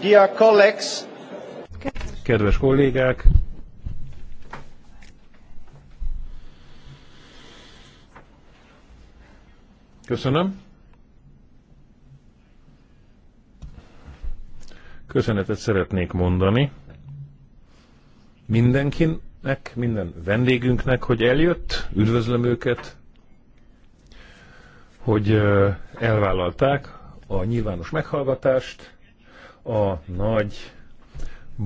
Dear colleagues. Kedves kollégák. Köszönöm. Köszönetet szeretnék mondani mindenkinek, minden vendégünknek, hogy eljött. Üdvözlöm őket, hogy elvállalták a nyilvános meghallgatást a nagy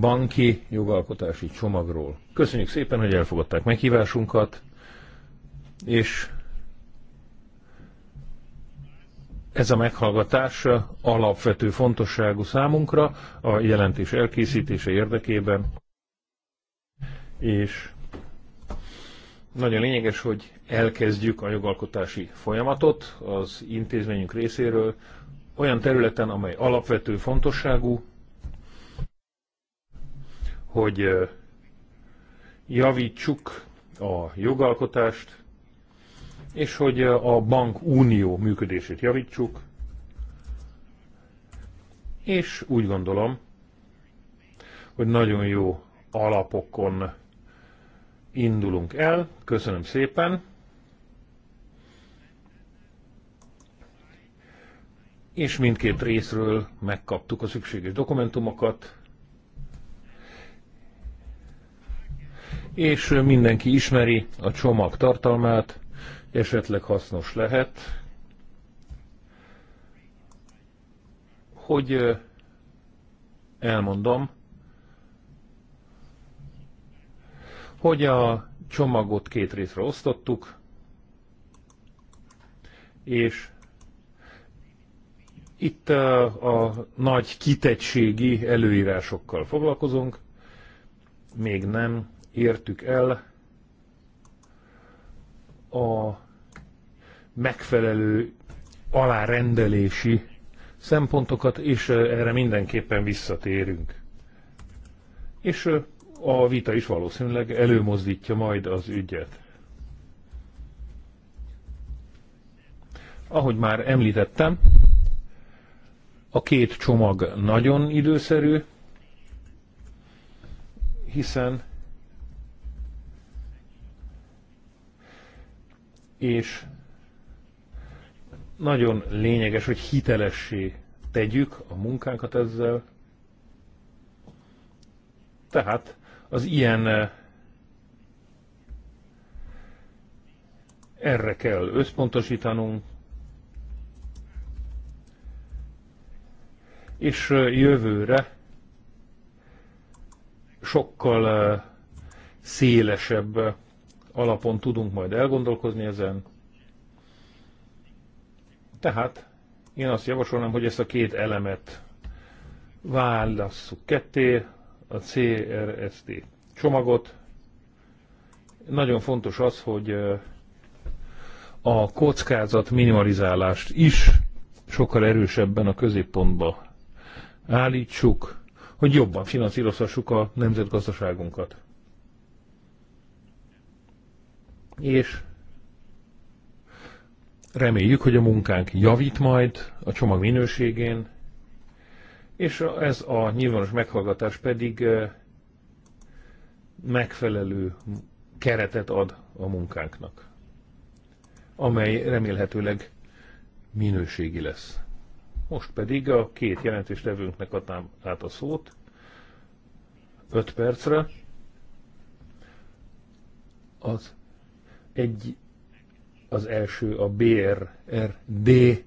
banki jogalkotási csomagról. Köszönjük szépen, hogy elfogadták meghívásunkat, és ez a meghallgatás alapvető fontosságú számunkra a jelentés elkészítése érdekében, és nagyon lényeges, hogy elkezdjük a jogalkotási folyamatot az intézményünk részéről, olyan területen, amely alapvető fontosságú, hogy javítsuk a jogalkotást, és hogy a bank unió működését javítsuk, és úgy gondolom, hogy nagyon jó alapokon indulunk el. Köszönöm szépen! és mindkét részről megkaptuk a szükséges dokumentumokat, és mindenki ismeri a csomag tartalmát, esetleg hasznos lehet, hogy elmondom, hogy a csomagot két részre osztottuk, és itt a, a nagy kitettségi előírásokkal foglalkozunk. Még nem értük el a megfelelő alárendelési szempontokat, és erre mindenképpen visszatérünk. És a vita is valószínűleg előmozdítja majd az ügyet. Ahogy már említettem, a két csomag nagyon időszerű, hiszen és nagyon lényeges, hogy hitelessé tegyük a munkánkat ezzel. Tehát az ilyen eh, erre kell összpontosítanunk, és jövőre sokkal szélesebb alapon tudunk majd elgondolkozni ezen. Tehát én azt javasolnám, hogy ezt a két elemet válasszuk ketté, a CRSD csomagot. Nagyon fontos az, hogy a kockázat minimalizálást is sokkal erősebben a középpontba állítsuk, hogy jobban finanszírozhassuk a nemzetgazdaságunkat. És reméljük, hogy a munkánk javít majd a csomag minőségén, és ez a nyilvános meghallgatás pedig eh, megfelelő keretet ad a munkánknak, amely remélhetőleg minőségi lesz. Most pedig a két jelentéstevőnknek adnám át a szót, 5 percre. Az egy, az első a BRRD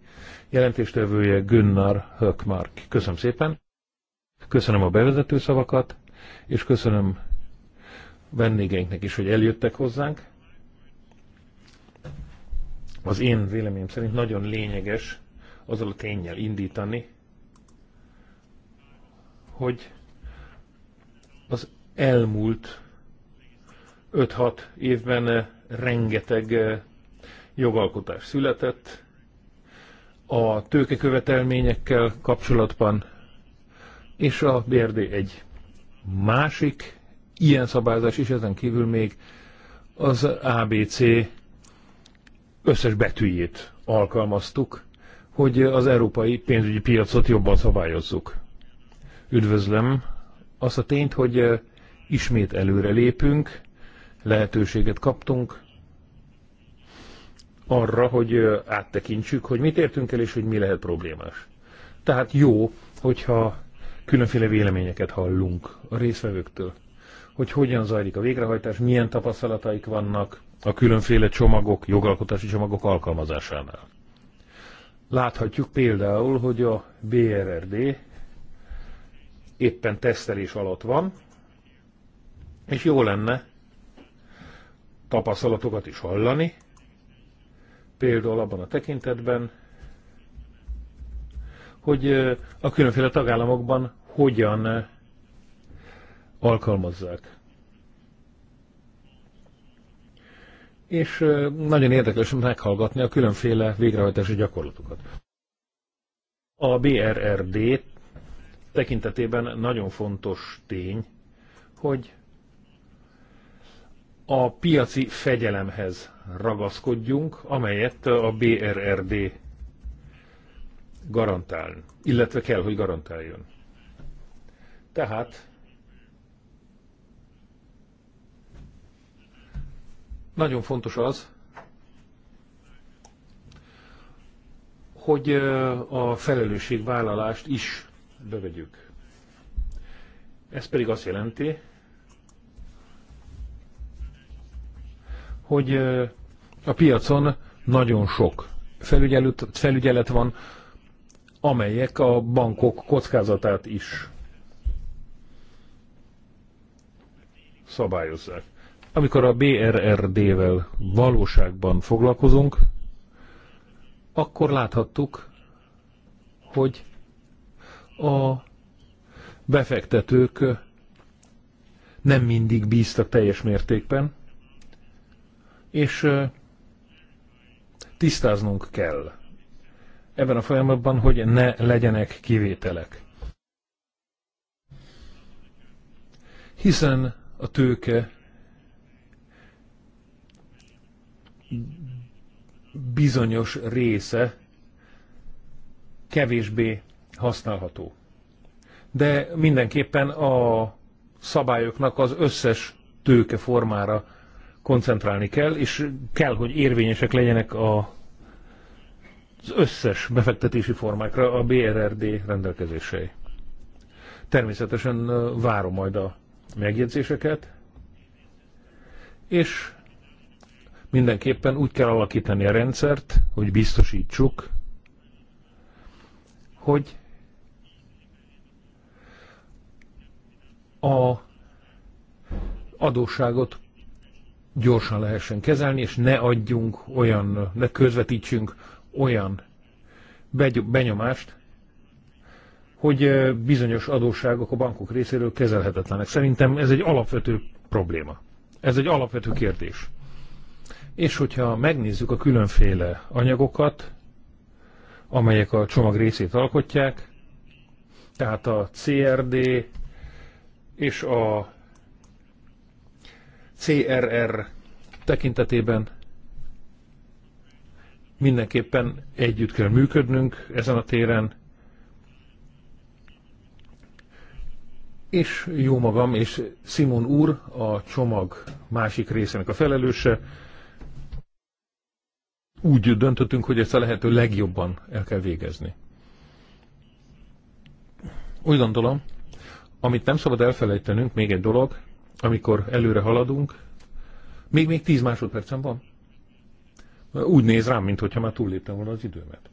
jelentéstevője Gunnar Hökmark. Köszönöm szépen. Köszönöm a bevezető szavakat, és köszönöm vendégeinknek is, hogy eljöttek hozzánk. Az én véleményem szerint nagyon lényeges, azzal a tényel indítani, hogy az elmúlt 5-6 évben eh, rengeteg eh, jogalkotás született, a tőkekövetelményekkel kapcsolatban, és a BRD egy másik ilyen szabályzás is ezen kívül még az ABC összes betűjét alkalmaztuk, hogy az európai pénzügyi piacot jobban szabályozzuk. Üdvözlöm azt a tényt, hogy ismét előre lépünk, lehetőséget kaptunk arra, hogy áttekintsük, hogy mit értünk el, és hogy mi lehet problémás. Tehát jó, hogyha különféle véleményeket hallunk a részvevőktől, hogy hogyan zajlik a végrehajtás, milyen tapasztalataik vannak a különféle csomagok, jogalkotási csomagok alkalmazásánál. Láthatjuk például, hogy a BRRD éppen tesztelés alatt van, és jó lenne tapasztalatokat is hallani, például abban a tekintetben, hogy a különféle tagállamokban hogyan alkalmazzák. és nagyon érdekes meghallgatni a különféle végrehajtási gyakorlatokat. A BRRD tekintetében nagyon fontos tény, hogy a piaci fegyelemhez ragaszkodjunk, amelyet a BRRD garantál, illetve kell, hogy garantáljon. Tehát Nagyon fontos az, hogy a felelősségvállalást is bevegyük. Ez pedig azt jelenti, hogy a piacon nagyon sok felügyelet, felügyelet van, amelyek a bankok kockázatát is szabályozzák. Amikor a BRRD-vel valóságban foglalkozunk, akkor láthattuk, hogy a befektetők nem mindig bíztak teljes mértékben, és tisztáznunk kell ebben a folyamatban, hogy ne legyenek kivételek. Hiszen a tőke bizonyos része kevésbé használható. De mindenképpen a szabályoknak az összes tőke formára koncentrálni kell, és kell, hogy érvényesek legyenek a az összes befektetési formákra a BRRD rendelkezései. Természetesen várom majd a megjegyzéseket, és Mindenképpen úgy kell alakítani a rendszert, hogy biztosítsuk, hogy a adósságot gyorsan lehessen kezelni, és ne adjunk olyan, ne közvetítsünk olyan benyomást, hogy bizonyos adósságok a bankok részéről kezelhetetlenek. Szerintem ez egy alapvető probléma. Ez egy alapvető kérdés. És hogyha megnézzük a különféle anyagokat, amelyek a csomag részét alkotják, tehát a CRD és a CRR tekintetében mindenképpen együtt kell működnünk ezen a téren, és jó magam, és Simon úr a csomag másik részének a felelőse, úgy döntöttünk, hogy ezt a lehető legjobban el kell végezni. Úgy gondolom, amit nem szabad elfelejtenünk, még egy dolog, amikor előre haladunk, még még tíz másodpercen van. Úgy néz rám, mintha már túlléptem volna az időmet.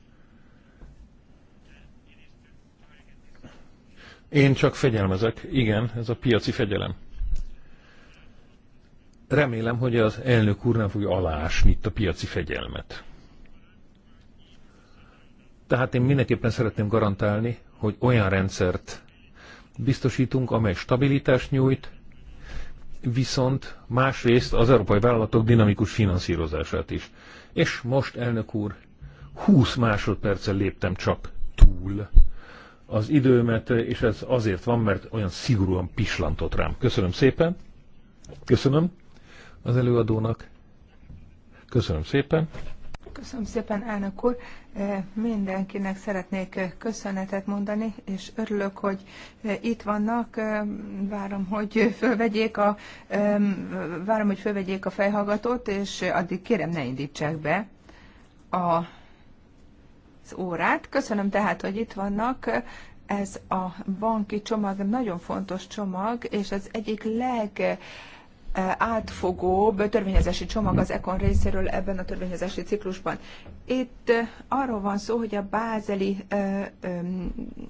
Én csak fegyelmezek. Igen, ez a piaci fegyelem. Remélem, hogy az elnök úr nem fogja aláásni itt a piaci fegyelmet. Tehát én mindenképpen szeretném garantálni, hogy olyan rendszert biztosítunk, amely stabilitást nyújt, viszont másrészt az európai vállalatok dinamikus finanszírozását is. És most, elnök úr, 20 másodperccel léptem csak túl az időmet, és ez azért van, mert olyan szigorúan pislantott rám. Köszönöm szépen. Köszönöm az előadónak. Köszönöm szépen. Köszönöm szépen, elnök úr. E, mindenkinek szeretnék e, köszönetet mondani, és örülök, hogy e, itt vannak. Várom, hogy fölvegyék a, várom, hogy fölvegyék a fejhallgatót, és addig kérem, ne indítsák be a, az órát. Köszönöm tehát, hogy itt vannak. Ez a banki csomag nagyon fontos csomag, és az egyik leg átfogóbb törvényezési csomag az ECON részéről ebben a törvényezési ciklusban. Itt eh, arról van szó, hogy a bázeli eh,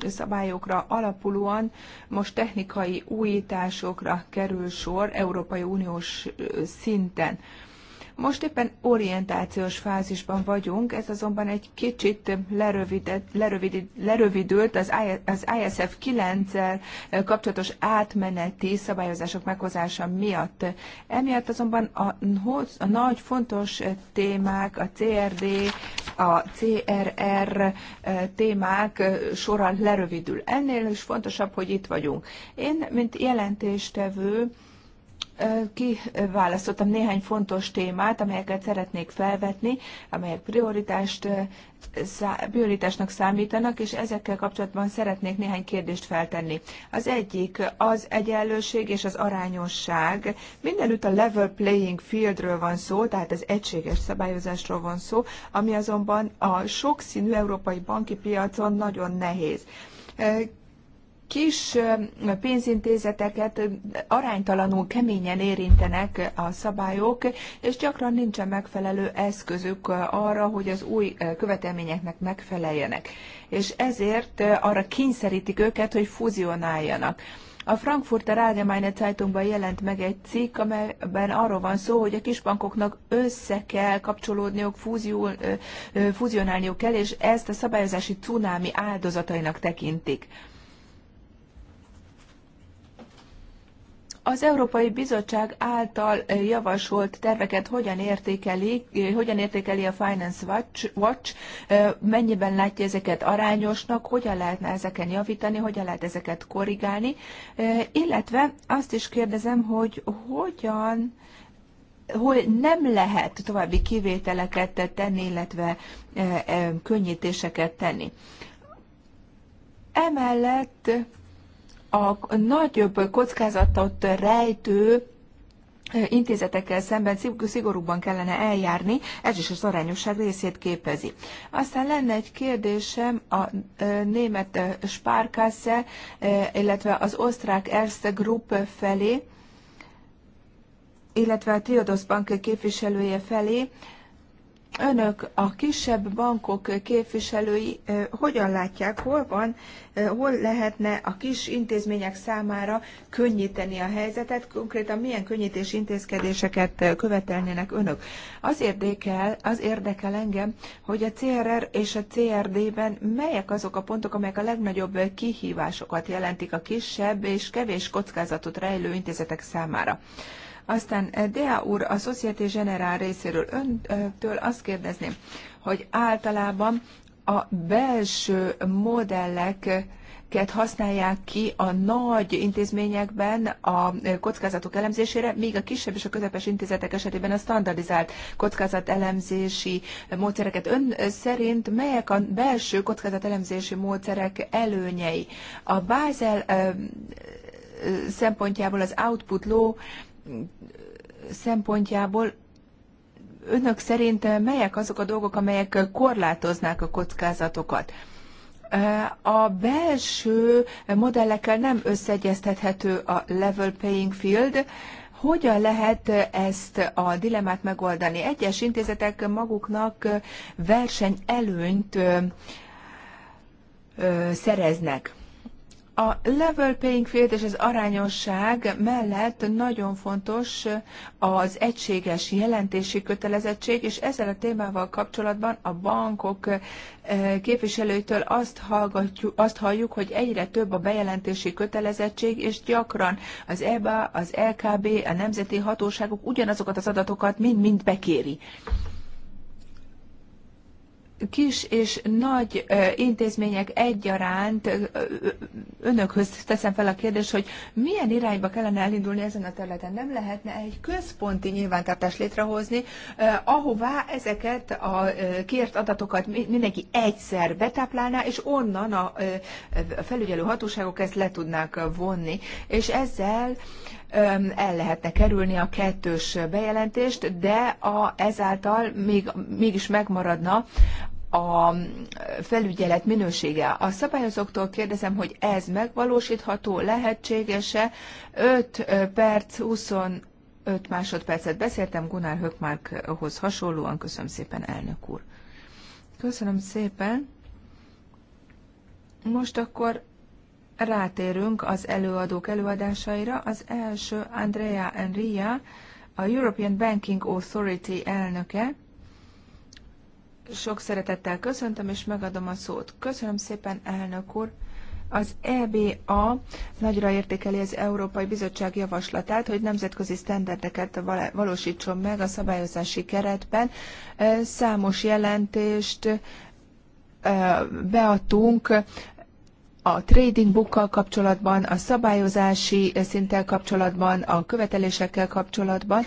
szabályokra alapulóan most technikai újításokra kerül sor Európai Uniós eh, szinten. Most éppen orientációs fázisban vagyunk, ez azonban egy kicsit lerövidült az, ISF 9-el kapcsolatos átmeneti szabályozások meghozása miatt. Emiatt azonban a, a nagy fontos témák, a CRD, a CRR témák során lerövidül. Ennél is fontosabb, hogy itt vagyunk. Én, mint jelentéstevő, kiválasztottam néhány fontos témát, amelyeket szeretnék felvetni, amelyek prioritást, prioritásnak számítanak, és ezekkel kapcsolatban szeretnék néhány kérdést feltenni. Az egyik az egyenlőség és az arányosság. Mindenütt a level playing fieldről van szó, tehát az egységes szabályozásról van szó, ami azonban a sokszínű európai banki piacon nagyon nehéz kis pénzintézeteket aránytalanul keményen érintenek a szabályok, és gyakran nincsen megfelelő eszközük arra, hogy az új követelményeknek megfeleljenek. És ezért arra kényszerítik őket, hogy fúzionáljanak. A Frankfurter Allgemeine Zeitungban jelent meg egy cikk, amelyben arról van szó, hogy a kisbankoknak össze kell kapcsolódniuk, fúzió, fúzionálniuk kell, és ezt a szabályozási cunámi áldozatainak tekintik. Az Európai Bizottság által eh, javasolt terveket hogyan értékeli, eh, hogyan értékeli a Finance Watch, Watch, eh, mennyiben látja ezeket arányosnak, hogyan lehetne ezeken javítani, hogyan lehet ezeket korrigálni, illetve azt is kérdezem, hogy hogyan hogy nem lehet további kivételeket tenni, illetve könnyítéseket tenni. Emellett a nagyobb kockázatot rejtő intézetekkel szemben szigorúbban kellene eljárni, ez is az arányosság részét képezi. Aztán lenne egy kérdésem a német Sparkasse, illetve az osztrák Erste Group felé, illetve a Triodos Bank képviselője felé, Önök, a kisebb bankok képviselői hogyan látják, hol van, hol lehetne a kis intézmények számára könnyíteni a helyzetet, konkrétan milyen könnyítés intézkedéseket követelnének önök? Az érdekel, az érdekel engem, hogy a CRR és a CRD-ben melyek azok a pontok, amelyek a legnagyobb kihívásokat jelentik a kisebb és kevés kockázatot rejlő intézetek számára. Aztán eh, Dea úr a Société Generál részéről öntől azt kérdezném, hogy általában a belső modellek ket használják ki a nagy intézményekben a kockázatok elemzésére, míg a kisebb és a közepes intézetek esetében a standardizált kockázat elemzési módszereket. Ön szerint melyek a belső kockázat elemzési módszerek előnyei? A Basel eh, szempontjából az output law szempontjából önök szerint melyek azok a dolgok, amelyek korlátoznák a kockázatokat? A belső modellekkel nem összeegyeztethető a level playing field, hogyan lehet ezt a dilemát megoldani? Egyes intézetek maguknak versenyelőnyt szereznek. A level playing field és az arányosság mellett nagyon fontos az egységes jelentési kötelezettség, és ezzel a témával kapcsolatban a bankok eh, képviselőitől azt, hallgatjuk, azt halljuk, hogy egyre több a bejelentési kötelezettség, és gyakran az EBA, az LKB, a nemzeti hatóságok ugyanazokat az adatokat mind-mind bekéri kis és nagy intézmények egyaránt, önökhöz teszem fel a kérdést, hogy milyen irányba kellene elindulni ezen a területen. Nem lehetne egy központi nyilvántartást létrehozni, ahová ezeket a kért adatokat mindenki egyszer betáplálná, és onnan a felügyelő hatóságok ezt le tudnák vonni. És ezzel el lehetne kerülni a kettős bejelentést, de a, ezáltal még, mégis megmaradna a felügyelet minősége. A szabályozóktól kérdezem, hogy ez megvalósítható, lehetséges-e? 5 perc, 25 másodpercet beszéltem Gunnar Hökmarkhoz hasonlóan. Köszönöm szépen, elnök úr. Köszönöm szépen. Most akkor rátérünk az előadók előadásaira. Az első Andrea Enria, a European Banking Authority elnöke. Sok szeretettel köszöntöm, és megadom a szót. Köszönöm szépen, elnök úr! Az EBA nagyra értékeli az Európai Bizottság javaslatát, hogy nemzetközi sztenderdeket valósítson meg a szabályozási keretben. Számos jelentést beadtunk a trading bookkal kapcsolatban, a szabályozási szinttel kapcsolatban, a követelésekkel kapcsolatban.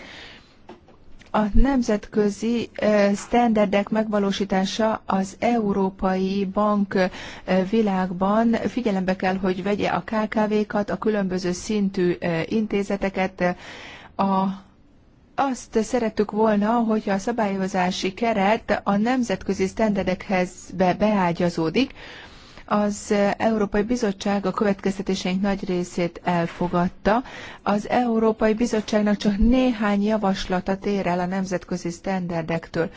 A nemzetközi eh, standardek megvalósítása az európai bank eh, világban figyelembe kell, hogy vegye a KKV-kat, a különböző szintű eh, intézeteket, a azt szerettük volna, hogyha a szabályozási keret a nemzetközi sztenderdekhez beágyazódik, az Európai Bizottság a következtetéseink nagy részét elfogadta. Az Európai Bizottságnak csak néhány javaslata tér el a nemzetközi sztenderdektől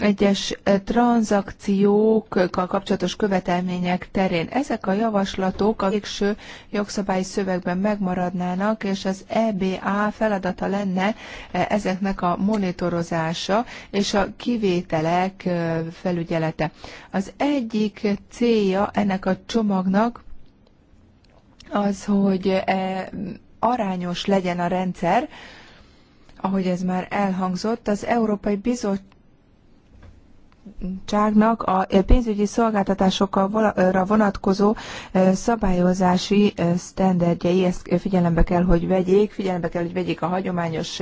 egyes eh, tranzakciókkal kapcsolatos követelmények terén. Ezek a javaslatok a végső jogszabályi szövegben megmaradnának, és az EBA feladata lenne eh, ezeknek a monitorozása és a kivételek eh, felügyelete. Az egyik célja ennek a csomagnak az, hogy arányos legyen a rendszer, ahogy ez már elhangzott, az Európai Bizottság bizottságnak a eh, pénzügyi szolgáltatásokra vonatkozó eh, szabályozási eh, sztenderdjei, ezt figyelembe kell, hogy vegyék, figyelembe kell, hogy vegyék a hagyományos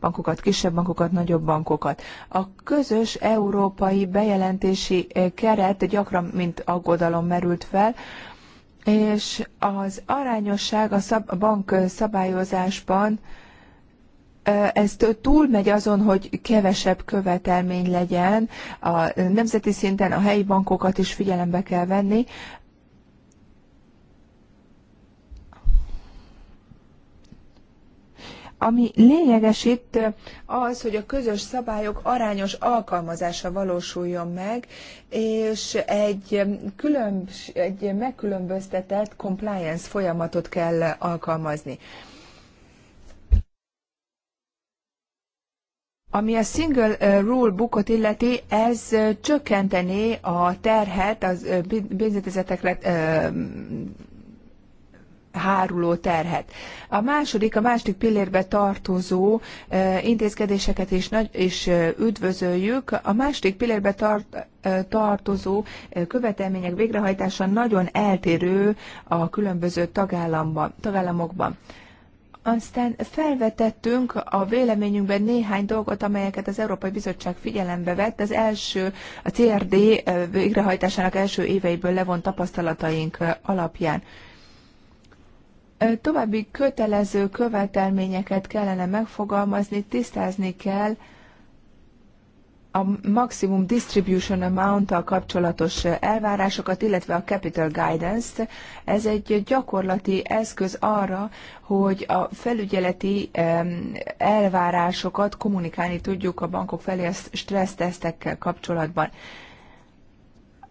bankokat, kisebb bankokat, nagyobb bankokat. A közös európai bejelentési keret gyakran, mint aggodalom merült fel, és az arányosság a, szab- a bank szabályozásban ez túlmegy azon, hogy kevesebb követelmény legyen, a nemzeti szinten a helyi bankokat is figyelembe kell venni, Ami lényeges itt az, hogy a közös szabályok arányos alkalmazása valósuljon meg, és egy, különbs, egy megkülönböztetett compliance folyamatot kell alkalmazni. Ami a Single uh, Rule Bookot illeti, ez uh, csökkenteni a terhet, az pénzintézetekre uh, háruló terhet. A második, a második pillérbe tartozó intézkedéseket is, nagy, is üdvözöljük. A második pillérbe tart, tartozó követelmények végrehajtása nagyon eltérő a különböző tagállamokban. Aztán felvetettünk a véleményünkben néhány dolgot, amelyeket az Európai Bizottság figyelembe vett. Az első, a CRD eh, végrehajtásának első éveiből levont tapasztalataink eh, alapján. Eh, további kötelező követelményeket kellene megfogalmazni, tisztázni kell, a maximum distribution amount-tal kapcsolatos eh, elvárásokat, illetve a capital guidance, ez egy gyakorlati eszköz arra, hogy a felügyeleti elvárásokat kommunikálni tudjuk a bankok felé a stressztesztekkel kapcsolatban.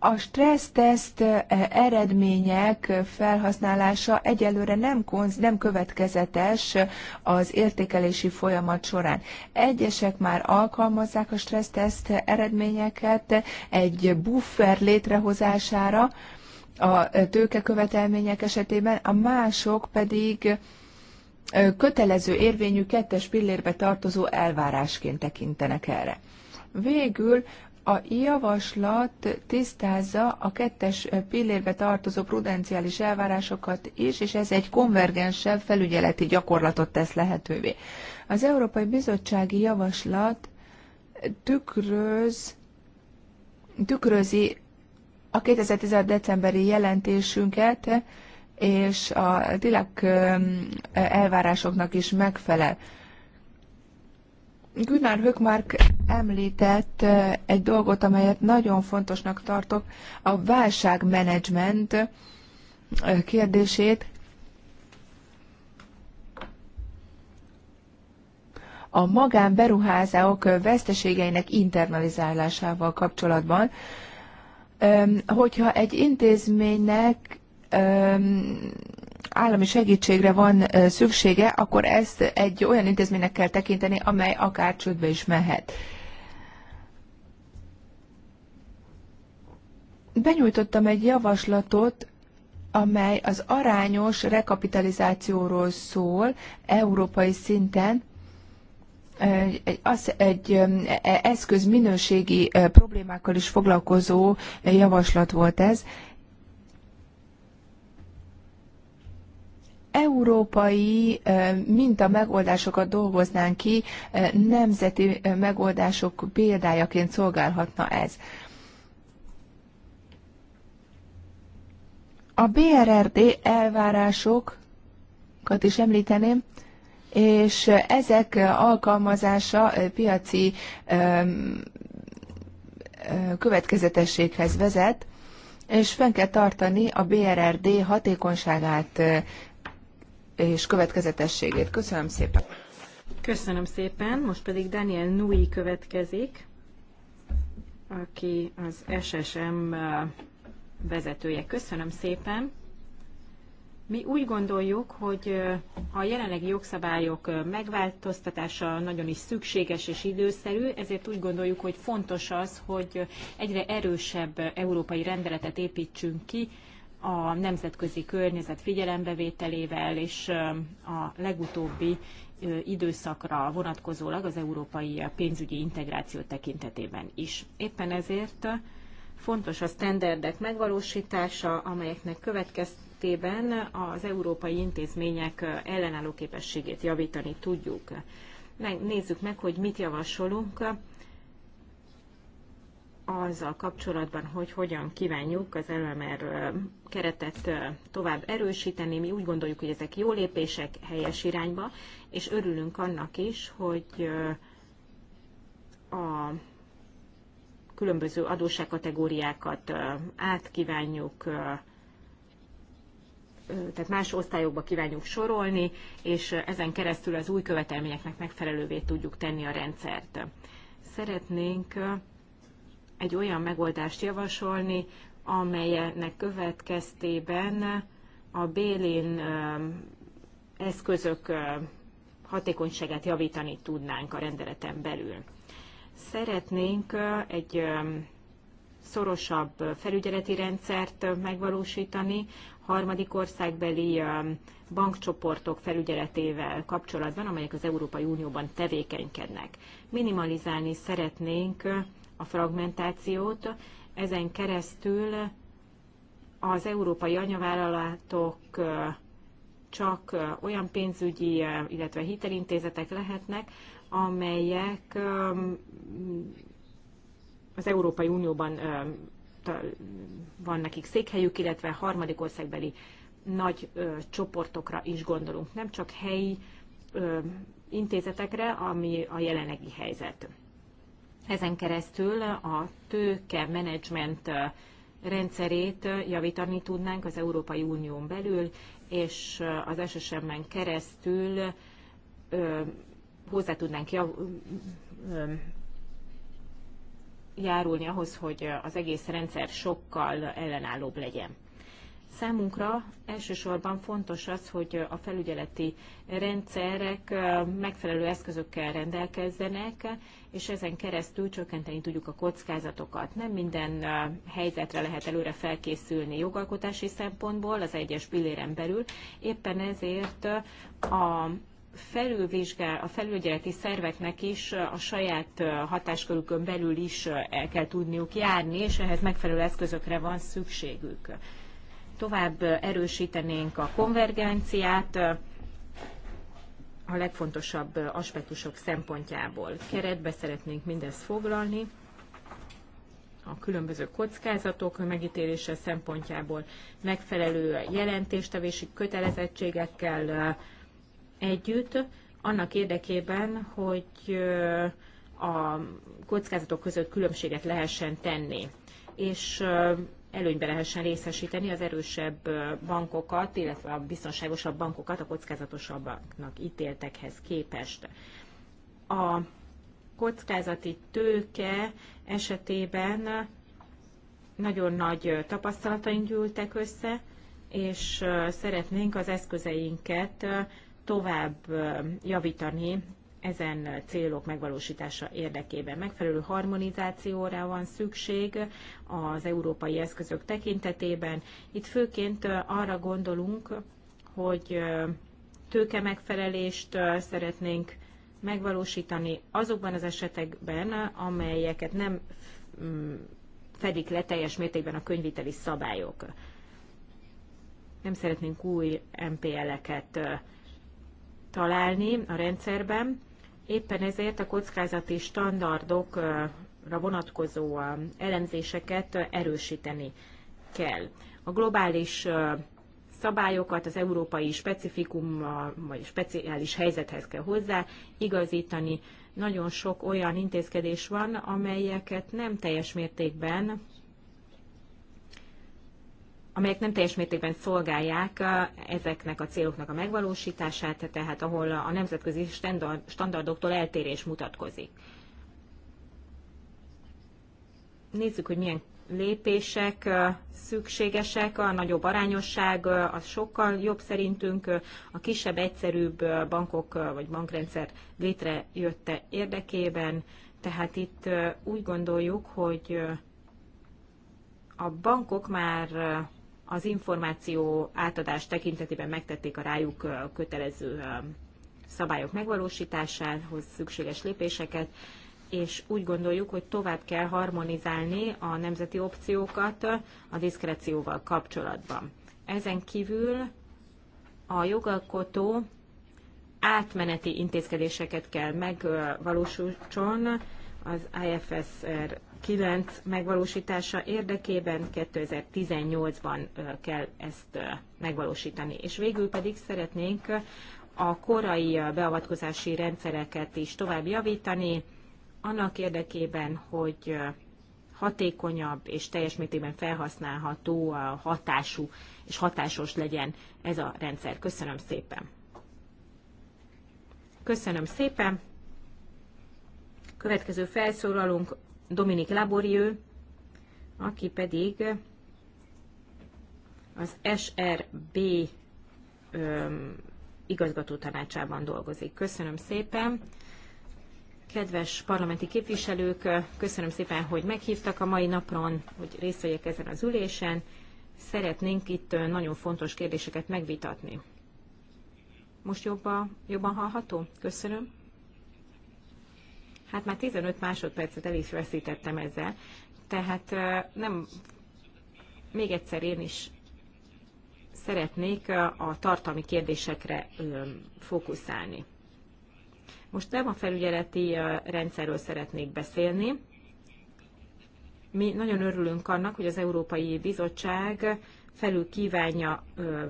A stresszteszt eh, eredmények felhasználása egyelőre nem, konz, nem következetes az értékelési folyamat során. Egyesek már alkalmazzák a stresszteszt eredményeket egy buffer létrehozására a tőkekövetelmények esetében, a mások pedig eh, kötelező érvényű kettes pillérbe tartozó elvárásként tekintenek erre. Végül a javaslat tisztázza a kettes pillérbe tartozó prudenciális elvárásokat is, és ez egy konvergensebb felügyeleti gyakorlatot tesz lehetővé. Az Európai Bizottsági Javaslat tükröz, tükrözi a 2010. decemberi jelentésünket, és a tilak elvárásoknak is megfelel. Gunnar Hökmark említett egy dolgot, amelyet nagyon fontosnak tartok, a válságmenedzsment kérdését. A magánberuházások veszteségeinek internalizálásával kapcsolatban, hogyha egy intézménynek állami segítségre van szüksége, akkor ezt egy olyan intézménynek kell tekinteni, amely akár csődbe is mehet. Benyújtottam egy javaslatot, amely az arányos rekapitalizációról szól európai szinten, egy, az, egy e- eszköz minőségi problémákkal is foglalkozó javaslat volt ez, európai minta megoldásokat dolgoznánk ki, nemzeti megoldások példájaként szolgálhatna ez. A BRRD elvárásokat is említeném, és ezek alkalmazása piaci következetességhez vezet, és fenn kell tartani a BRRD hatékonyságát és következetességét. Köszönöm szépen! Köszönöm szépen, most pedig Daniel Nui következik, aki az SSM uh, vezetője. Köszönöm szépen! Mi úgy gondoljuk, hogy uh, a jelenlegi jogszabályok uh, megváltoztatása nagyon is szükséges és időszerű, ezért úgy gondoljuk, hogy fontos az, hogy egyre erősebb európai rendeletet építsünk ki, a nemzetközi környezet figyelembevételével és a legutóbbi időszakra vonatkozólag az európai pénzügyi integráció tekintetében is. Éppen ezért fontos a standardek megvalósítása, amelyeknek következtében az európai intézmények ellenálló képességét javítani tudjuk. Nézzük meg, hogy mit javasolunk azzal kapcsolatban, hogy hogyan kívánjuk az LMR keretet tovább erősíteni. Mi úgy gondoljuk, hogy ezek jó lépések helyes irányba, és örülünk annak is, hogy a különböző adósságkategóriákat átkívánjuk, tehát más osztályokba kívánjuk sorolni, és ezen keresztül az új követelményeknek megfelelővé tudjuk tenni a rendszert. Szeretnénk egy olyan megoldást javasolni, amelynek következtében a Bélin eszközök hatékonyságát javítani tudnánk a rendeleten belül. Szeretnénk egy szorosabb felügyeleti rendszert megvalósítani harmadik országbeli bankcsoportok felügyeletével kapcsolatban, amelyek az Európai Unióban tevékenykednek. Minimalizálni szeretnénk a fragmentációt, ezen keresztül az európai anyavállalatok csak olyan pénzügyi, illetve hitelintézetek lehetnek, amelyek az Európai Unióban van nekik székhelyük, illetve harmadik országbeli nagy csoportokra is gondolunk, nem csak helyi intézetekre, ami a jelenlegi helyzet. Ezen keresztül a tőke menedzsment rendszerét javítani tudnánk az Európai Unión belül, és az SSM-en keresztül hozzá tudnánk jav, járulni ahhoz, hogy az egész rendszer sokkal ellenállóbb legyen. Számunkra elsősorban fontos az, hogy a felügyeleti rendszerek megfelelő eszközökkel rendelkezzenek, és ezen keresztül csökkenteni tudjuk a kockázatokat. Nem minden helyzetre lehet előre felkészülni jogalkotási szempontból az egyes pilléren belül, éppen ezért a felülvizsgál, a felügyeleti szerveknek is a saját hatáskörükön belül is el kell tudniuk járni, és ehhez megfelelő eszközökre van szükségük tovább erősítenénk a konvergenciát a legfontosabb aspektusok szempontjából. Keretbe szeretnénk mindezt foglalni a különböző kockázatok megítélése szempontjából megfelelő jelentéstevési kötelezettségekkel együtt, annak érdekében, hogy a kockázatok között különbséget lehessen tenni. És előnybe lehessen részesíteni az erősebb bankokat, illetve a biztonságosabb bankokat a kockázatosabbaknak ítéltekhez képest. A kockázati tőke esetében nagyon nagy tapasztalataink gyűltek össze, és szeretnénk az eszközeinket tovább javítani ezen célok megvalósítása érdekében. Megfelelő harmonizációra van szükség az európai eszközök tekintetében. Itt főként arra gondolunk, hogy tőke megfelelést szeretnénk megvalósítani azokban az esetekben, amelyeket nem mm, fedik le teljes mértékben a könyviteli szabályok. Nem szeretnénk új MPL-eket találni a rendszerben, Éppen ezért a kockázati standardokra vonatkozó elemzéseket erősíteni kell. A globális szabályokat az európai specifikum vagy speciális helyzethez kell hozzá igazítani. Nagyon sok olyan intézkedés van, amelyeket nem teljes mértékben amelyek nem teljes mértékben szolgálják ezeknek a céloknak a megvalósítását, tehát ahol a nemzetközi standardoktól eltérés mutatkozik. Nézzük, hogy milyen lépések szükségesek, a nagyobb arányosság az sokkal jobb szerintünk, a kisebb, egyszerűbb bankok vagy bankrendszer létrejötte érdekében, tehát itt úgy gondoljuk, hogy a bankok már az információ átadás tekintetében megtették a rájuk kötelező szabályok megvalósításához szükséges lépéseket, és úgy gondoljuk, hogy tovább kell harmonizálni a nemzeti opciókat a diszkrecióval kapcsolatban. Ezen kívül a jogalkotó átmeneti intézkedéseket kell megvalósítson az IFSR 9 megvalósítása érdekében 2018-ban kell ezt megvalósítani. És végül pedig szeretnénk a korai beavatkozási rendszereket is tovább javítani, annak érdekében, hogy hatékonyabb és teljes mértékben felhasználható, hatású és hatásos legyen ez a rendszer. Köszönöm szépen! Köszönöm szépen! Következő felszólalunk Dominik Laborieu, aki pedig az SRB igazgató tanácsában dolgozik. Köszönöm szépen! Kedves parlamenti képviselők, köszönöm szépen, hogy meghívtak a mai napon, hogy részt vegyek ezen az ülésen. Szeretnénk itt nagyon fontos kérdéseket megvitatni. Most jobban, jobban hallható? Köszönöm. Hát már 15 másodpercet el is veszítettem ezzel, tehát nem, még egyszer én is szeretnék a tartalmi kérdésekre fókuszálni. Most nem a felügyeleti rendszerről szeretnék beszélni. Mi nagyon örülünk annak, hogy az Európai Bizottság felül kívánja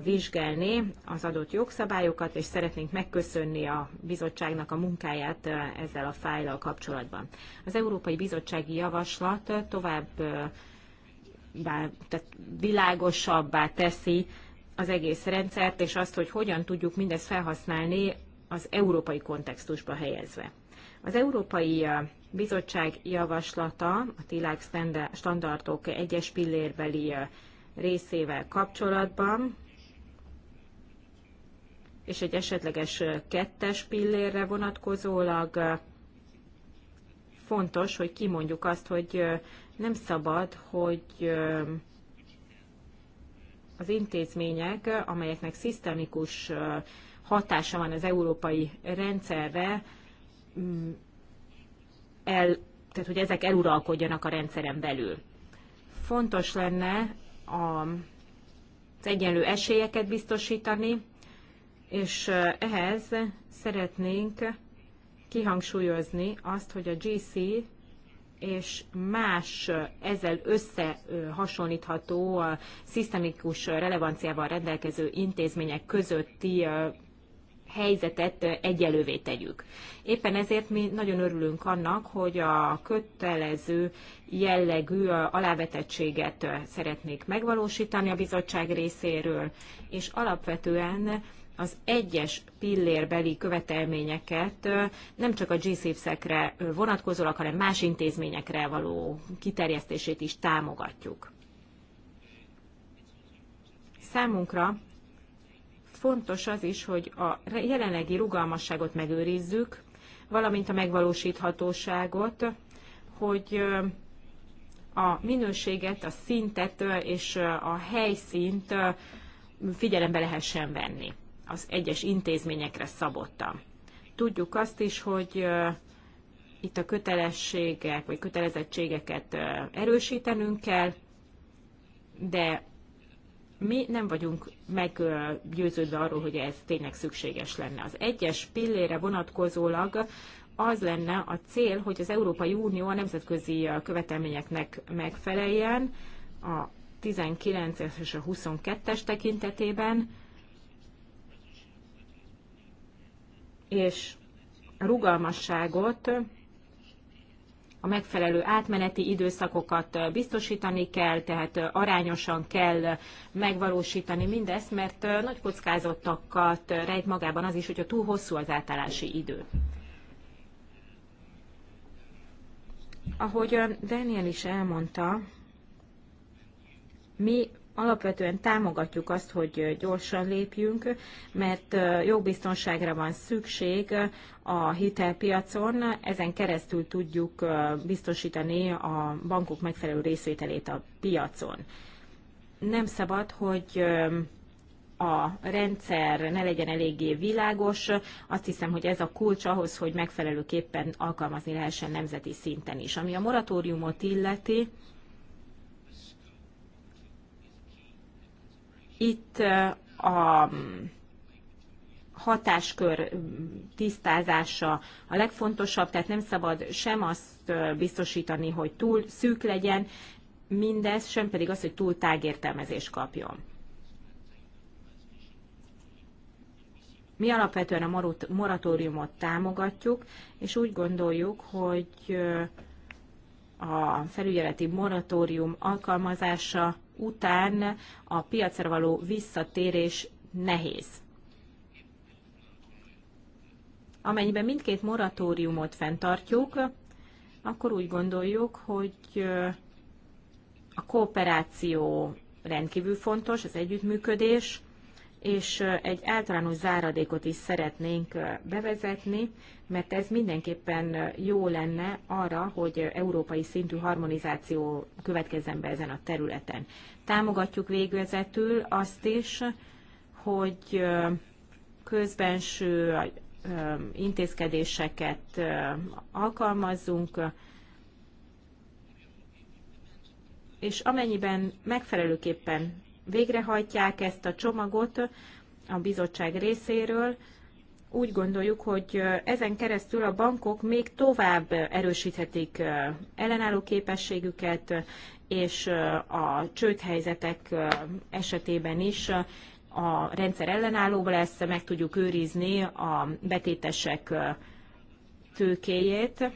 vizsgálni az adott jogszabályokat, és szeretnénk megköszönni a bizottságnak a munkáját ezzel a fájlal kapcsolatban. Az Európai Bizottsági Javaslat tovább bár, tehát világosabbá teszi az egész rendszert, és azt, hogy hogyan tudjuk mindezt felhasználni az európai kontextusba helyezve. Az Európai Bizottság javaslata a TILAG standardok egyes pillérbeli részével kapcsolatban, és egy esetleges kettes pillérre vonatkozólag fontos, hogy kimondjuk azt, hogy nem szabad, hogy az intézmények, amelyeknek szisztemikus hatása van az európai rendszerre, mm, el, tehát hogy ezek eluralkodjanak a rendszeren belül. Fontos lenne az egyenlő esélyeket biztosítani, és ehhez szeretnénk kihangsúlyozni azt, hogy a GC és más ezzel összehasonlítható, szisztemikus relevanciával rendelkező intézmények közötti helyzetet egyelővé tegyük. Éppen ezért mi nagyon örülünk annak, hogy a kötelező jellegű alávetettséget szeretnék megvalósítani a bizottság részéről, és alapvetően az egyes pillérbeli követelményeket nem csak a g szekre vonatkozólag, hanem más intézményekre való kiterjesztését is támogatjuk. Számunkra Fontos az is, hogy a jelenlegi rugalmasságot megőrizzük, valamint a megvalósíthatóságot, hogy a minőséget, a szintet és a helyszínt figyelembe lehessen venni az egyes intézményekre szabottan. Tudjuk azt is, hogy itt a kötelességek vagy kötelezettségeket erősítenünk kell, de mi nem vagyunk meggyőződve arról, hogy ez tényleg szükséges lenne. Az egyes pillére vonatkozólag az lenne a cél, hogy az Európai Unió a nemzetközi követelményeknek megfeleljen a 19-es és a 22-es tekintetében, és rugalmasságot a megfelelő átmeneti időszakokat biztosítani kell, tehát arányosan kell megvalósítani mindezt, mert nagy kockázatokat rejt magában az is, hogyha túl hosszú az átállási idő. Ahogy Daniel is elmondta, mi alapvetően támogatjuk azt, hogy gyorsan lépjünk, mert jogbiztonságra van szükség a hitelpiacon, ezen keresztül tudjuk biztosítani a bankok megfelelő részvételét a piacon. Nem szabad, hogy a rendszer ne legyen eléggé világos. Azt hiszem, hogy ez a kulcs ahhoz, hogy megfelelőképpen alkalmazni lehessen nemzeti szinten is. Ami a moratóriumot illeti, Itt a hatáskör tisztázása a legfontosabb, tehát nem szabad sem azt biztosítani, hogy túl szűk legyen mindez, sem pedig az, hogy túl tágértelmezést kapjon. Mi alapvetően a moratóriumot támogatjuk, és úgy gondoljuk, hogy a felügyeleti moratórium alkalmazása után a piacra való visszatérés nehéz. Amennyiben mindkét moratóriumot fenntartjuk, akkor úgy gondoljuk, hogy a kooperáció rendkívül fontos, az együttműködés, és egy általános záradékot is szeretnénk bevezetni, mert ez mindenképpen jó lenne arra, hogy európai szintű harmonizáció következzen be ezen a területen. Támogatjuk végvezetül azt is, hogy közbenső intézkedéseket alkalmazzunk, és amennyiben megfelelőképpen végrehajtják ezt a csomagot a bizottság részéről. Úgy gondoljuk, hogy ezen keresztül a bankok még tovább erősíthetik ellenálló képességüket, és a csődhelyzetek esetében is a rendszer ellenálló lesz, meg tudjuk őrizni a betétesek tőkéjét,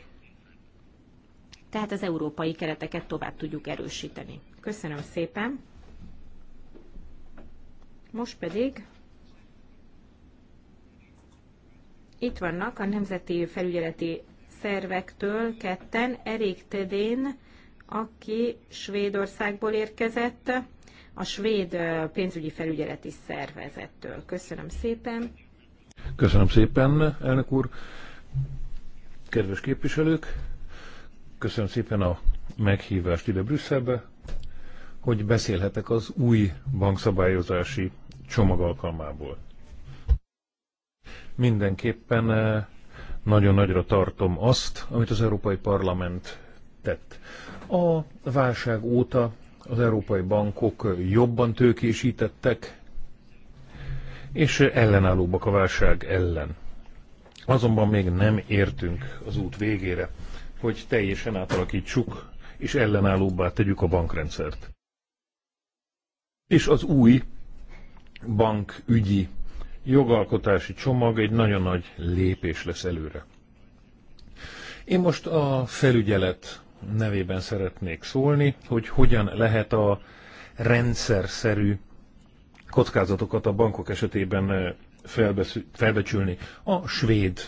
tehát az európai kereteket tovább tudjuk erősíteni. Köszönöm szépen! Most pedig itt vannak a Nemzeti Felügyeleti Szervektől ketten, Erik Tedén, aki Svédországból érkezett, a Svéd Pénzügyi Felügyeleti Szervezettől. Köszönöm szépen. Köszönöm szépen, elnök úr. Kedves képviselők, köszönöm szépen a meghívást ide Brüsszelbe, hogy beszélhetek az új bankszabályozási csomag alkalmából. Mindenképpen eh, nagyon nagyra tartom azt, amit az Európai Parlament tett. A válság óta az európai bankok jobban tőkésítettek, és ellenállóbbak a válság ellen. Azonban még nem értünk az út végére, hogy teljesen átalakítsuk és ellenállóbbá tegyük a bankrendszert. És az új bankügyi jogalkotási csomag egy nagyon nagy lépés lesz előre. Én most a felügyelet nevében szeretnék szólni, hogy hogyan lehet a rendszer szerű kockázatokat a bankok esetében felbecsülni. A svéd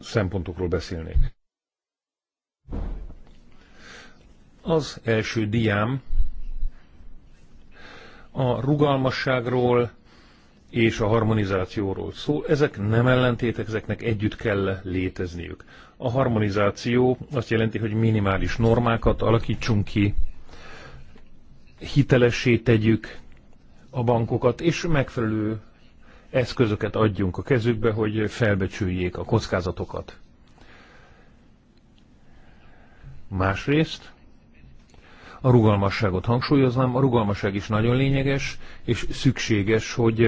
szempontokról beszélnék. Az első diám a rugalmasságról és a harmonizációról szól. Ezek nem ellentétek, ezeknek együtt kell létezniük. A harmonizáció azt jelenti, hogy minimális normákat alakítsunk ki, hitelessé tegyük a bankokat, és megfelelő eszközöket adjunk a kezükbe, hogy felbecsüljék a kockázatokat. Másrészt a rugalmasságot hangsúlyoznám, a rugalmasság is nagyon lényeges, és szükséges, hogy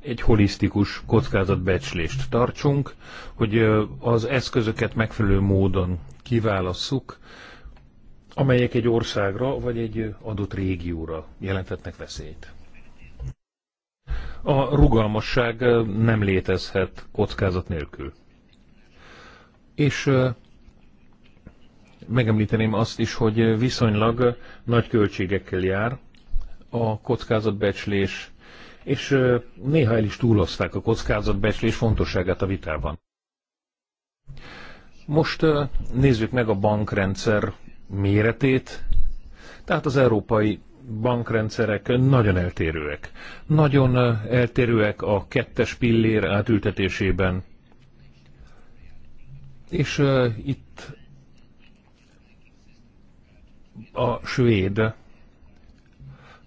egy holisztikus kockázatbecslést tartsunk, hogy az eszközöket megfelelő módon kiválasszuk, amelyek egy országra vagy egy adott régióra jelentetnek veszélyt. A rugalmasság nem létezhet kockázat nélkül. És megemlíteném azt is, hogy viszonylag nagy költségekkel jár a kockázatbecslés, és néha el is túlozták a kockázatbecslés fontosságát a vitában. Most nézzük meg a bankrendszer méretét. Tehát az európai bankrendszerek nagyon eltérőek. Nagyon eltérőek a kettes pillér átültetésében. És uh, itt a svéd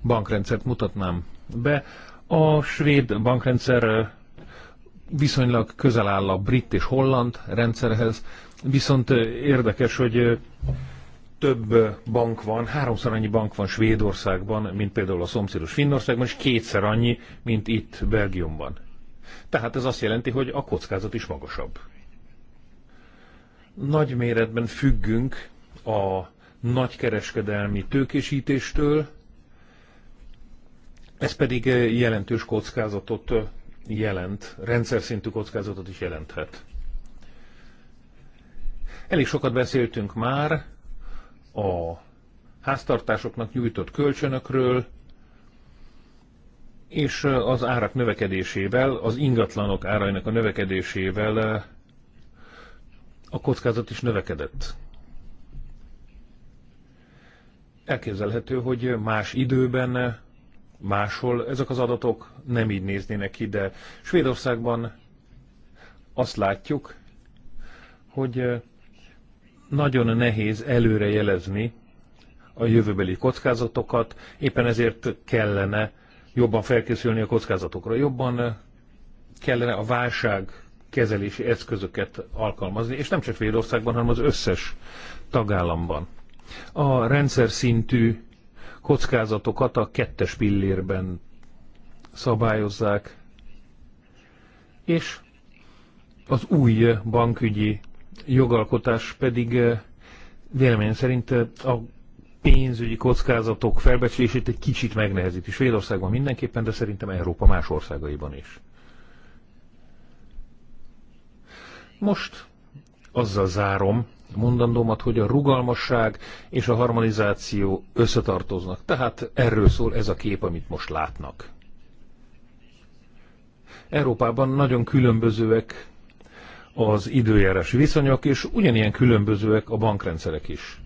bankrendszert mutatnám be. A svéd bankrendszer viszonylag közel áll a brit és holland rendszerhez, viszont érdekes, hogy több bank van, háromszor annyi bank van Svédországban, mint például a szomszédos Finnországban, és kétszer annyi, mint itt Belgiumban. Tehát ez azt jelenti, hogy a kockázat is magasabb. Nagy méretben függünk a nagykereskedelmi tőkésítéstől, ez pedig eh, jelentős kockázatot eh, jelent, rendszer szintű kockázatot is jelenthet. Elég sokat beszéltünk már a háztartásoknak nyújtott kölcsönökről, és eh, az árak növekedésével, az ingatlanok árainak a növekedésével a kockázat is növekedett elképzelhető, hogy más időben, máshol ezek az adatok nem így néznének ki, de Svédországban azt látjuk, hogy nagyon nehéz előre jelezni a jövőbeli kockázatokat, éppen ezért kellene jobban felkészülni a kockázatokra, jobban kellene a válság kezelési eszközöket alkalmazni, és nem csak Svédországban, hanem az összes tagállamban a rendszer szintű kockázatokat a kettes pillérben szabályozzák, és az új bankügyi jogalkotás pedig eh, véleményem szerint eh, a pénzügyi kockázatok felbecslését egy kicsit megnehezíti. Svédországban mindenképpen, de szerintem Európa más országaiban is. Most azzal zárom mondandómat, hogy a rugalmasság és a harmonizáció összetartoznak. Tehát erről szól ez a kép, amit most látnak. Európában nagyon különbözőek az időjárási viszonyok, és ugyanilyen különbözőek a bankrendszerek is.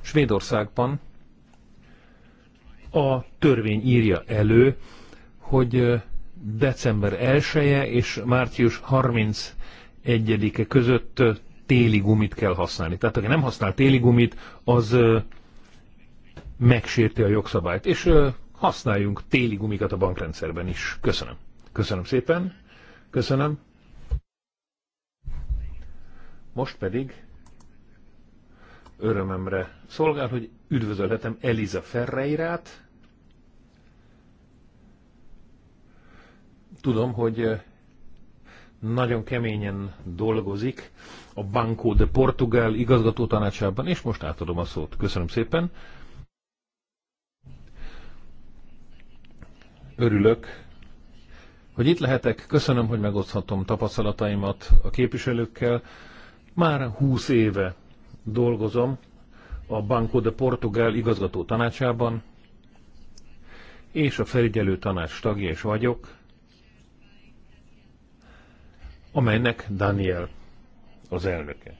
Svédországban a törvény írja elő, hogy december 1 -e és március 31-e között téli gumit kell használni. Tehát aki nem használ téli gumit, az megsérti a jogszabályt. És használjunk téli gumikat a bankrendszerben is. Köszönöm. Köszönöm szépen. Köszönöm. Most pedig örömemre szolgál, hogy üdvözölhetem Eliza Ferreirát. Tudom, hogy nagyon keményen dolgozik a Banco de Portugal igazgató tanácsában, és most átadom a szót. Köszönöm szépen. Örülök, hogy itt lehetek. Köszönöm, hogy megoszthatom tapasztalataimat a képviselőkkel. Már 20 éve dolgozom a Banco de Portugal igazgató tanácsában, és a felügyelő tanács tagja is vagyok, amelynek Daniel az elnöke.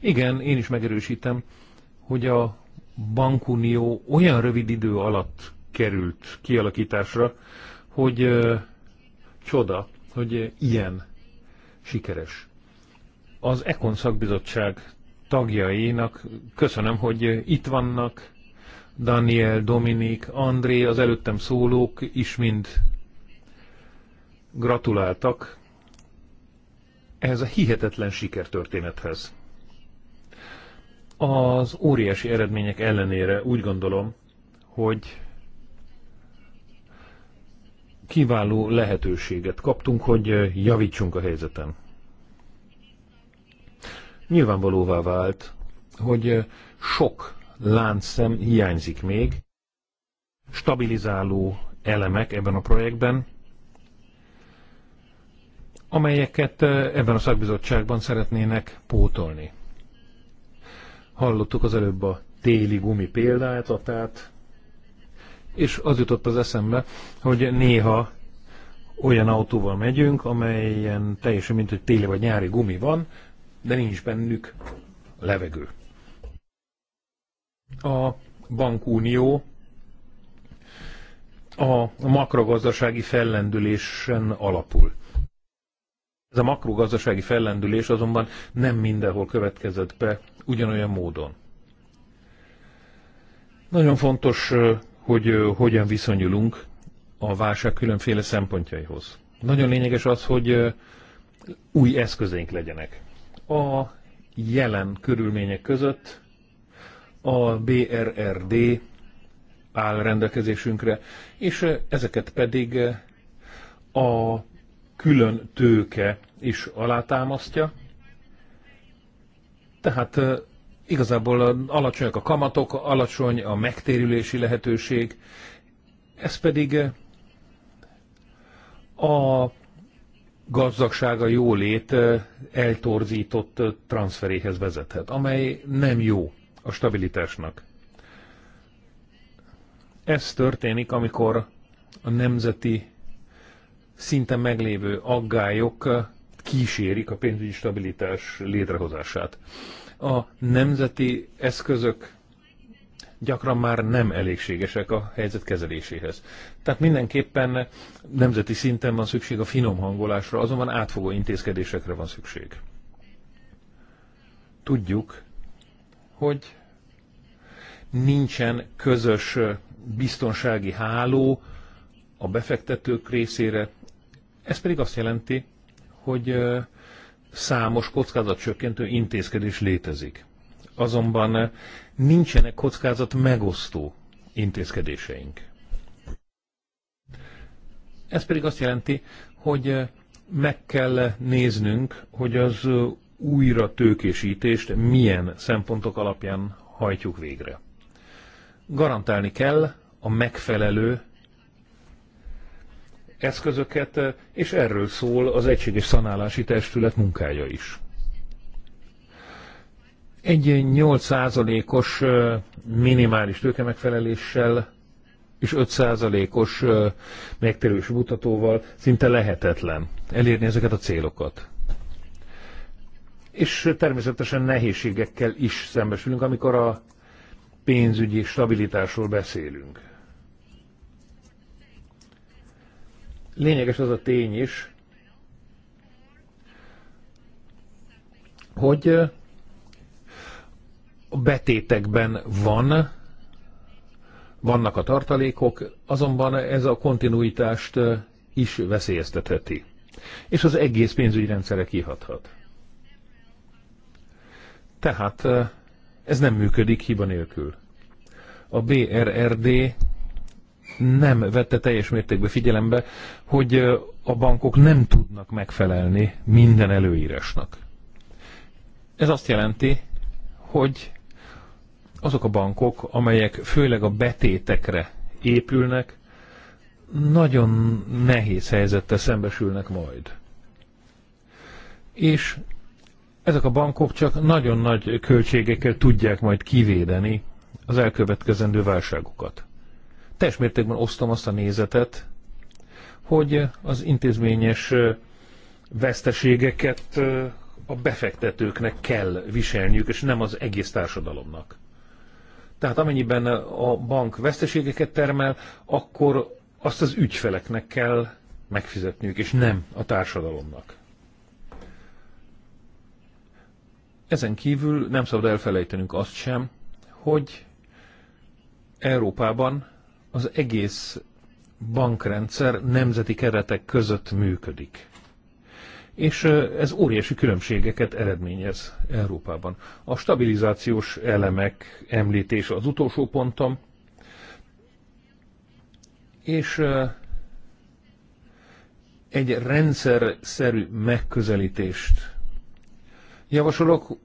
Igen, én is megerősítem, hogy a bankunió olyan rövid idő alatt került kialakításra, hogy ö, csoda, hogy ilyen sikeres. Az Ekon szakbizottság tagjainak köszönöm, hogy itt vannak, Daniel, Dominik, André, az előttem szólók is mind gratuláltak ehhez a hihetetlen sikertörténethez. Az óriási eredmények ellenére úgy gondolom, hogy kiváló lehetőséget kaptunk, hogy javítsunk a helyzeten. Nyilvánvalóvá vált, hogy sok láncszem hiányzik még, stabilizáló elemek ebben a projektben, amelyeket eh, ebben a szakbizottságban szeretnének pótolni. Hallottuk az előbb a téli gumi példáját, tehát, és az jutott az eszembe, hogy néha olyan autóval megyünk, amelyen teljesen mint, hogy téli vagy nyári gumi van, de nincs bennük levegő. A bankunió a makrogazdasági fellendülésen alapul. Ez a makrogazdasági fellendülés azonban nem mindenhol következett be ugyanolyan módon. Nagyon fontos, hogy hogyan viszonyulunk a válság különféle szempontjaihoz. Nagyon lényeges az, hogy új eszközeink legyenek. A jelen körülmények között a BRRD áll rendelkezésünkre, és ezeket pedig a külön tőke is alátámasztja. Tehát igazából alacsonyak a kamatok, alacsony a megtérülési lehetőség, ez pedig a gazdagsága jólét eltorzított transferéhez vezethet, amely nem jó a stabilitásnak. Ez történik, amikor a nemzeti szinte meglévő aggályok eh, kísérik a pénzügyi stabilitás létrehozását. A nemzeti eszközök gyakran már nem elégségesek a helyzet kezeléséhez. Tehát mindenképpen nemzeti szinten van szükség a finom hangolásra, azonban átfogó intézkedésekre van szükség. Tudjuk, hogy nincsen közös eh, biztonsági háló a befektetők részére, ez pedig azt jelenti, hogy számos kockázatcsökkentő intézkedés létezik. Azonban nincsenek kockázat megosztó intézkedéseink. Ez pedig azt jelenti, hogy meg kell néznünk, hogy az újra tőkésítést milyen szempontok alapján hajtjuk végre. Garantálni kell a megfelelő eszközöket, eh, és erről szól az Egységes Szanálási Testület munkája is. Egy 8%-os eh, minimális megfeleléssel és 5%-os eh, megtérülés mutatóval szinte lehetetlen elérni ezeket a célokat. És természetesen nehézségekkel is szembesülünk, amikor a pénzügyi stabilitásról beszélünk. Lényeges az a tény is, hogy a betétekben van, vannak a tartalékok, azonban ez a kontinuitást is veszélyeztetheti. És az egész pénzügyi rendszere kihathat. Tehát ez nem működik hiba nélkül. A BRRD nem vette teljes mértékben figyelembe, hogy a bankok nem tudnak megfelelni minden előírásnak. Ez azt jelenti, hogy azok a bankok, amelyek főleg a betétekre épülnek, nagyon nehéz helyzettel szembesülnek majd. És ezek a bankok csak nagyon nagy költségekkel tudják majd kivédeni az elkövetkezendő válságokat teljes mértékben osztom azt a nézetet, hogy az intézményes veszteségeket a befektetőknek kell viselniük, és nem az egész társadalomnak. Tehát amennyiben a bank veszteségeket termel, akkor azt az ügyfeleknek kell megfizetniük, és nem a társadalomnak. Ezen kívül nem szabad elfelejtenünk azt sem, hogy Európában az egész bankrendszer nemzeti keretek között működik. És ez óriási különbségeket eredményez Európában. A stabilizációs elemek említése az utolsó pontom, és egy rendszer-szerű megközelítést javasolok,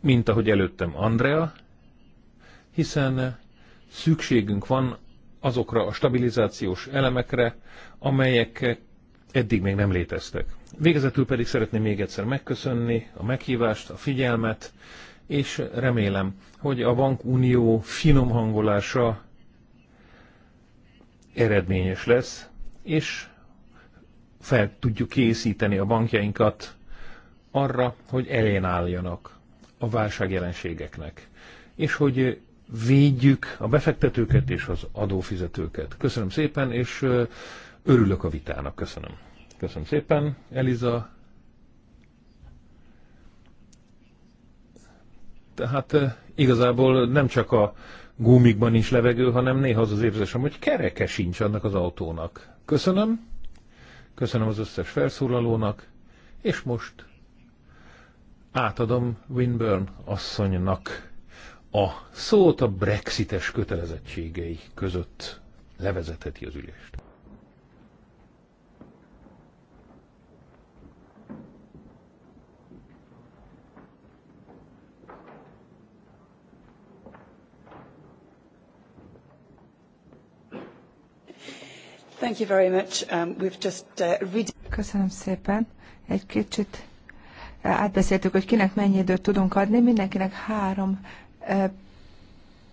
mint ahogy előttem Andrea, hiszen szükségünk van azokra a stabilizációs elemekre, amelyek eddig még nem léteztek. Végezetül pedig szeretném még egyszer megköszönni a meghívást, a figyelmet, és remélem, hogy a bankunió finom hangolása eredményes lesz, és fel tudjuk készíteni a bankjainkat arra, hogy elén álljanak a válságjelenségeknek, és hogy védjük a befektetőket és az adófizetőket. Köszönöm szépen, és örülök a vitának. Köszönöm. Köszönöm szépen, Eliza. Tehát igazából nem csak a gumikban is levegő, hanem néha az az érzésem, hogy kereke sincs annak az autónak. Köszönöm. Köszönöm az összes felszólalónak, és most átadom Winburn asszonynak a szót a brexites kötelezettségei között levezetheti az ülést. Thank you very much. Um, we've just uh, read... Köszönöm szépen. Egy kicsit uh, átbeszéltük, hogy kinek mennyi időt tudunk adni. Mindenkinek három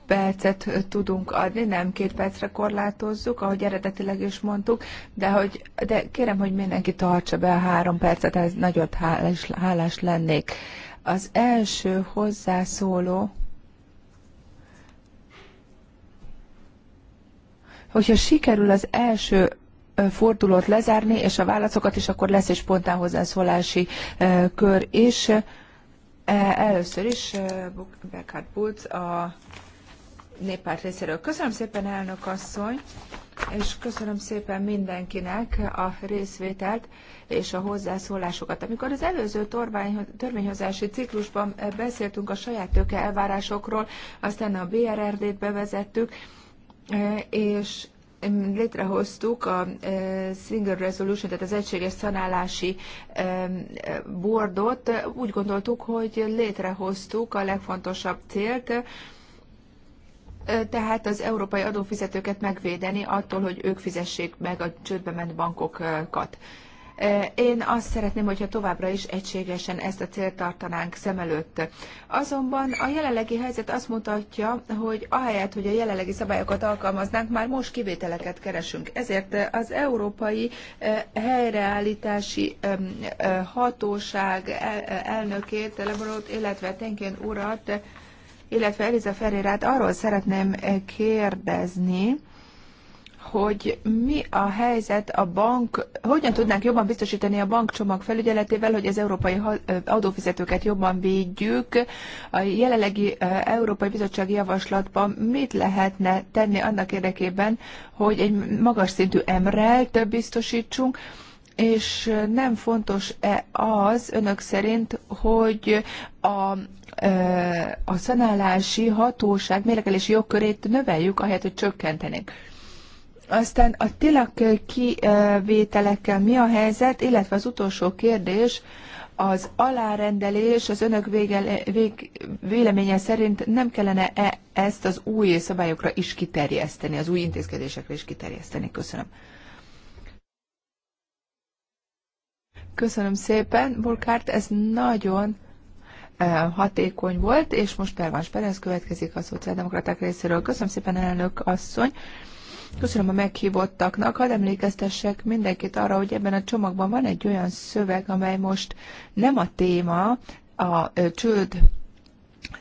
percet tudunk adni, nem két percre korlátozzuk, ahogy eredetileg is mondtuk, de, hogy, de kérem, hogy mindenki tartsa be a három percet, ez nagyon hálás, hálás lennék. Az első hozzászóló, hogyha sikerül az első fordulót lezárni, és a válaszokat is, akkor lesz egy spontán hozzászólási kör is. És E, először is e, Beckhardt Bult a néppárt részéről. Köszönöm szépen, elnök asszony, és köszönöm szépen mindenkinek a részvételt és a hozzászólásokat. Amikor az előző torvány, törvényhozási ciklusban e, beszéltünk a saját tőke elvárásokról, aztán a BRRD-t bevezettük, és létrehoztuk a Single Resolution, tehát az egységes szanálási bordot. Úgy gondoltuk, hogy létrehoztuk a legfontosabb célt, tehát az európai adófizetőket megvédeni attól, hogy ők fizessék meg a csődbe ment bankokat. Én azt szeretném, hogyha továbbra is egységesen ezt a célt tartanánk szem előtt. Azonban a jelenlegi helyzet azt mutatja, hogy ahelyett, hogy a jelenlegi szabályokat alkalmaznánk, már most kivételeket keresünk. Ezért az Európai Helyreállítási Hatóság elnökét, Leborot, illetve Tenkén urat, illetve Eliza Ferrérát arról szeretném kérdezni, hogy mi a helyzet a bank, hogyan tudnánk jobban biztosítani a bankcsomag felügyeletével, hogy az európai adófizetőket jobban védjük. A jelenlegi Európai Bizottsági Javaslatban mit lehetne tenni annak érdekében, hogy egy magas szintű emrelt biztosítsunk, és nem fontos-e az önök szerint, hogy a, a szanálási hatóság mérekelési jogkörét növeljük, ahelyett, hogy csökkentenénk? Aztán a tilak kivételekkel mi a helyzet, illetve az utolsó kérdés, az alárendelés az önök vége, vég, véleménye szerint nem kellene -e ezt az új szabályokra is kiterjeszteni, az új intézkedésekre is kiterjeszteni? Köszönöm. Köszönöm szépen, Burkhardt, ez nagyon e, hatékony volt, és most Pervans Perez következik a szociáldemokraták részéről. Köszönöm szépen, elnök asszony. Köszönöm a meghívottaknak. Hadd emlékeztessek mindenkit arra, hogy ebben a csomagban van egy olyan szöveg, amely most nem a téma, a csőd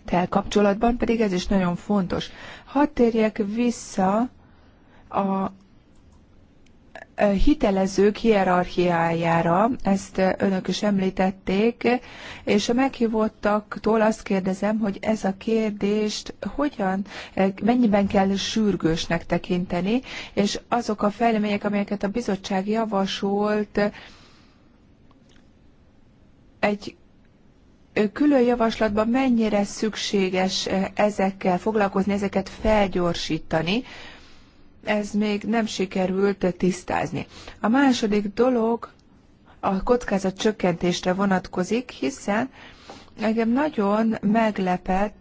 tel kapcsolatban, pedig ez is nagyon fontos. Hadd térjek vissza a hitelezők hierarchiájára, ezt önök is említették, és a meghívottaktól azt kérdezem, hogy ez a kérdést hogyan, mennyiben kell sürgősnek tekinteni, és azok a fejlemények, amelyeket a bizottság javasolt, egy külön javaslatban mennyire szükséges ezekkel foglalkozni, ezeket felgyorsítani, ez még nem sikerült tisztázni. A második dolog a kockázat csökkentésre vonatkozik, hiszen engem nagyon meglepett,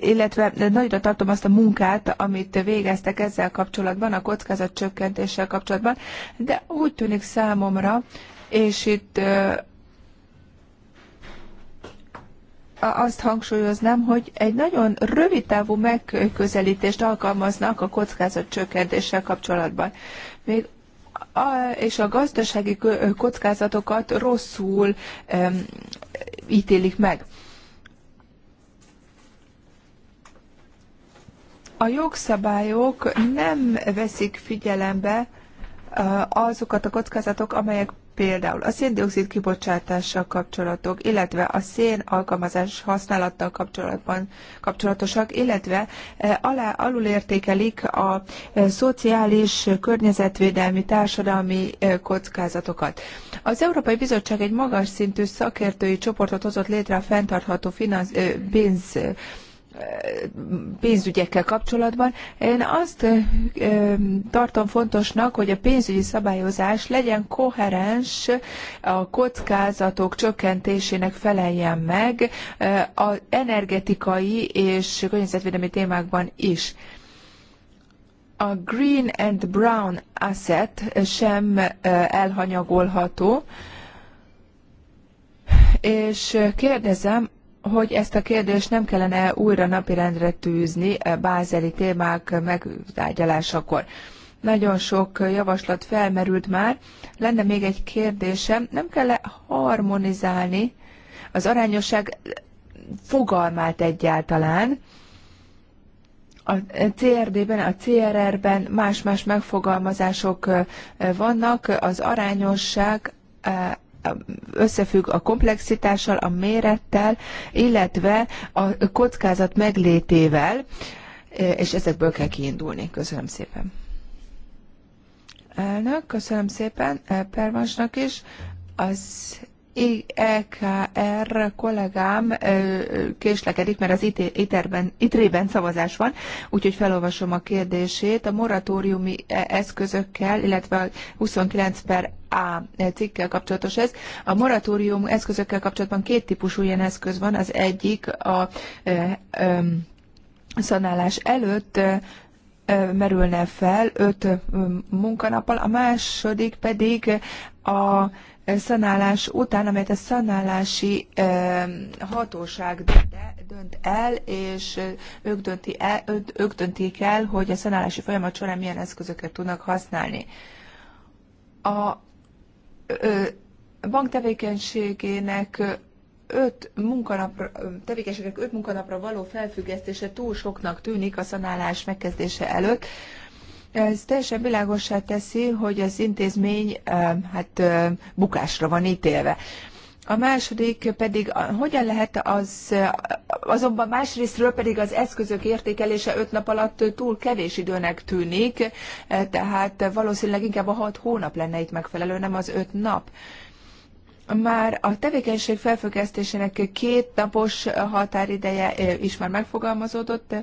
illetve nagyra tartom azt a munkát, amit végeztek ezzel kapcsolatban, a kockázat csökkentéssel kapcsolatban, de úgy tűnik számomra, és itt azt hangsúlyoznám, hogy egy nagyon rövid távú megközelítést alkalmaznak a kockázat csökkentéssel kapcsolatban. Még a, és a gazdasági kockázatokat rosszul um, ítélik meg. A jogszabályok nem veszik figyelembe azokat a kockázatok, amelyek például a széndiokszid kibocsátással kapcsolatok, illetve a szén alkalmazás használattal kapcsolatban kapcsolatosak, illetve eh, alá, alulértékelik a eh, szociális, környezetvédelmi, társadalmi eh, kockázatokat. Az Európai Bizottság egy magas szintű szakértői csoportot hozott létre a fenntartható finansz, pénz pénzügyekkel kapcsolatban. Én azt tartom fontosnak, hogy a pénzügyi szabályozás legyen koherens, a kockázatok csökkentésének feleljen meg az energetikai és környezetvédelmi témákban is a green and brown asset sem elhanyagolható, és kérdezem hogy ezt a kérdést nem kellene újra napirendre tűzni e bázeli témák megtárgyalásakor. Nagyon sok javaslat felmerült már. Lenne még egy kérdésem, nem kell -e harmonizálni az arányosság fogalmát egyáltalán? A CRD-ben, a CRR-ben más-más megfogalmazások e, vannak, az arányosság e, összefügg a komplexitással, a mérettel, illetve a kockázat meglétével, és ezekből kell kiindulni. Köszönöm szépen. Elnök, köszönöm szépen Pervansnak is. Az EKR kollégám késlekedik, mert az ITER-ben, ITRE-ben szavazás van, úgyhogy felolvasom a kérdését. A moratóriumi e, eszközökkel, illetve a 29 per a e, cikkkel kapcsolatos ez. A moratórium eszközökkel kapcsolatban két típusú ilyen eszköz van. Az egyik a e, szanálás előtt merülne fel öt munkanappal, a második pedig a szanálás után, amelyet a szanálási hatóság dönt el, és ők, dönti el, ők döntik el, hogy a szanálási folyamat során milyen eszközöket tudnak használni. A bank tevékenységének öt munkanapra, tevékenységek öt munkanapra való felfüggesztése túl soknak tűnik a szanálás megkezdése előtt, ez teljesen világosá teszi, hogy az intézmény hát bukásra van ítélve. A második pedig, hogyan lehet az, azonban másrésztről pedig az eszközök értékelése öt nap alatt túl kevés időnek tűnik, tehát valószínűleg inkább a hat hónap lenne itt megfelelő, nem az öt nap. Már a tevékenység felfüggesztésének két napos határideje is már megfogalmazódott,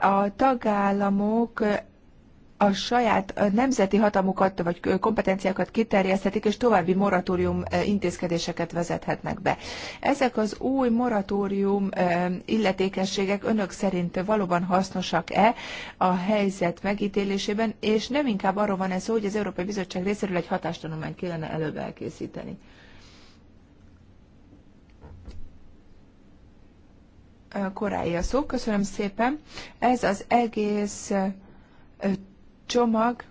a tagállamok a saját nemzeti hatalmukat vagy kompetenciákat kiterjeszthetik, és további moratórium intézkedéseket vezethetnek be. Ezek az új moratórium illetékességek önök szerint valóban hasznosak-e a helyzet megítélésében, és nem inkább arról van ez szó, hogy az Európai Bizottság részéről egy hatástanulmányt kellene előbb elkészíteni. Korái a szó. Köszönöm szépen. Ez az egész csomag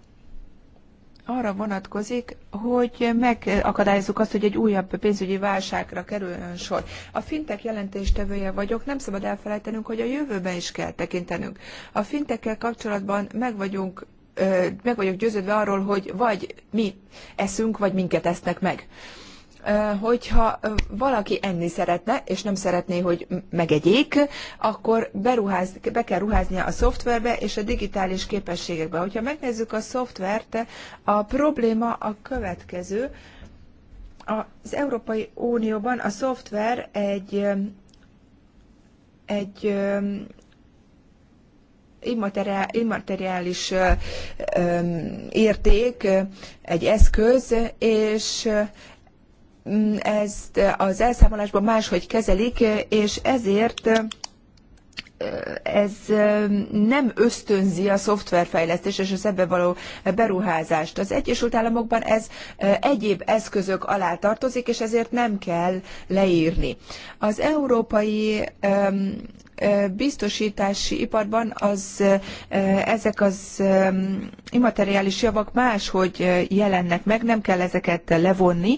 arra vonatkozik, hogy megakadályozzuk azt, hogy egy újabb pénzügyi válságra kerüljön sor. A fintek jelentéstevője vagyok, nem szabad elfelejtenünk, hogy a jövőben is kell tekintenünk. A fintekkel kapcsolatban meg vagyunk meg vagyok győződve arról, hogy vagy mi eszünk, vagy minket esznek meg hogyha valaki enni szeretne, és nem szeretné, hogy megegyék, akkor beruház, be kell ruháznia a szoftverbe és a digitális képességekbe. Hogyha megnézzük a szoftvert, a probléma a következő. Az Európai Unióban a szoftver egy, egy immateriális érték, egy eszköz, és ezt az elszámolásban máshogy kezelik, és ezért ez nem ösztönzi a szoftverfejlesztést és az ebbe való beruházást. Az Egyesült Államokban ez egyéb eszközök alá tartozik, és ezért nem kell leírni. Az európai biztosítási iparban az, ezek az immateriális javak máshogy jelennek meg, nem kell ezeket levonni,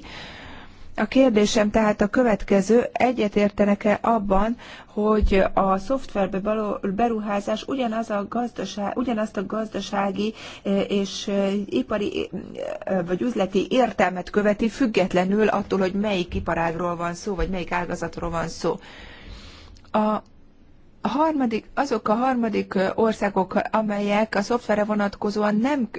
a kérdésem tehát a következő, egyetértenek-e abban, hogy a szoftverbe való beruházás ugyanaz a gazdaság, ugyanazt a gazdasági e, és e, ipari e, vagy üzleti értelmet követi, függetlenül attól, hogy melyik iparágról van szó, vagy melyik ágazatról van szó. A a harmadik, azok a harmadik országok, amelyek a szoftverre vonatkozóan nem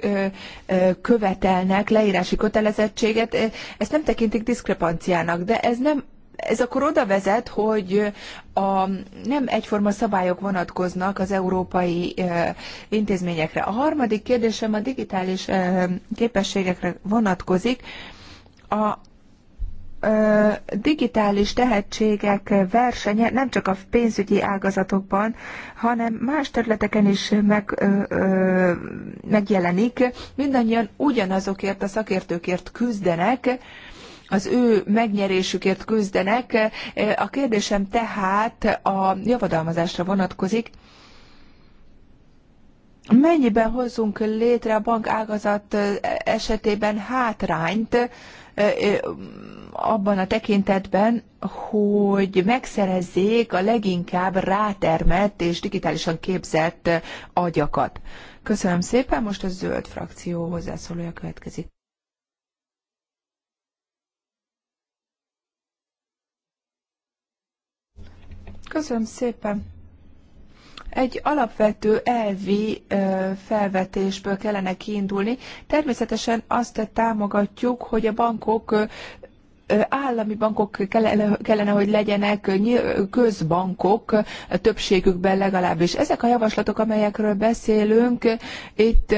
követelnek leírási kötelezettséget, ezt nem tekintik diszkrepanciának, de ez nem ez akkor oda vezet, hogy a, nem egyforma szabályok vonatkoznak az európai intézményekre. A harmadik kérdésem a digitális képességekre vonatkozik. A digitális tehetségek versenye nem csak a pénzügyi ágazatokban, hanem más területeken is meg, megjelenik. Mindannyian ugyanazokért a szakértőkért küzdenek, az ő megnyerésükért küzdenek. A kérdésem tehát a javadalmazásra vonatkozik. Mennyiben hozzunk létre a ágazat esetében hátrányt, abban a tekintetben, hogy megszerezzék a leginkább rátermett és digitálisan képzett agyakat. Köszönöm szépen, most a zöld frakció hozzászólója következik. Köszönöm szépen. Egy alapvető elvi felvetésből kellene kiindulni. Természetesen azt támogatjuk, hogy a bankok állami bankok kellene, hogy legyenek, közbankok többségükben legalábbis. Ezek a javaslatok, amelyekről beszélünk, itt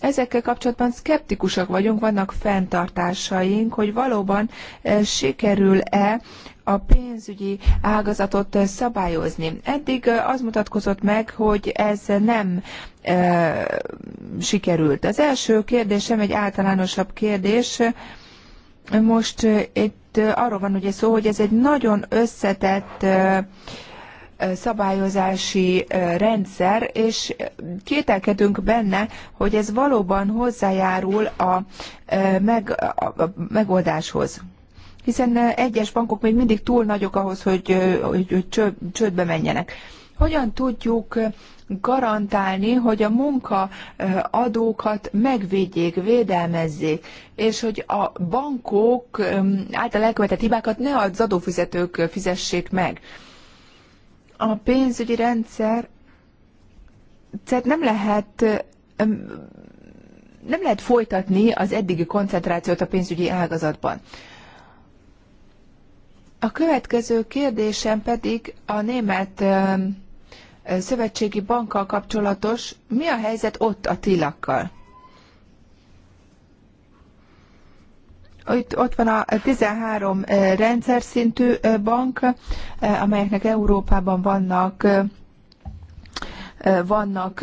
Ezekkel kapcsolatban szkeptikusak vagyunk, vannak fenntartásaink, hogy valóban eh, sikerül-e a pénzügyi ágazatot eh, szabályozni. Eddig eh, az mutatkozott meg, hogy ez nem e, sikerült. Az első kérdésem egy általánosabb kérdés. E, most itt arról van ugye szó, hogy ez egy nagyon összetett szabályozási rendszer, és kételkedünk benne, hogy ez valóban hozzájárul a, meg, a megoldáshoz. Hiszen egyes bankok még mindig túl nagyok ahhoz, hogy, hogy, hogy csődbe menjenek. Hogyan tudjuk garantálni, hogy a munkaadókat megvédjék, védelmezzék, és hogy a bankok által elkövetett hibákat ne az adófizetők fizessék meg. A pénzügyi rendszer tehát nem lehet nem lehet folytatni az eddigi koncentrációt a pénzügyi ágazatban. A következő kérdésem pedig a német szövetségi bankkal kapcsolatos. Mi a helyzet ott a tilakkal? Itt, ott van a 13 rendszer szintű bank, amelyeknek Európában vannak vannak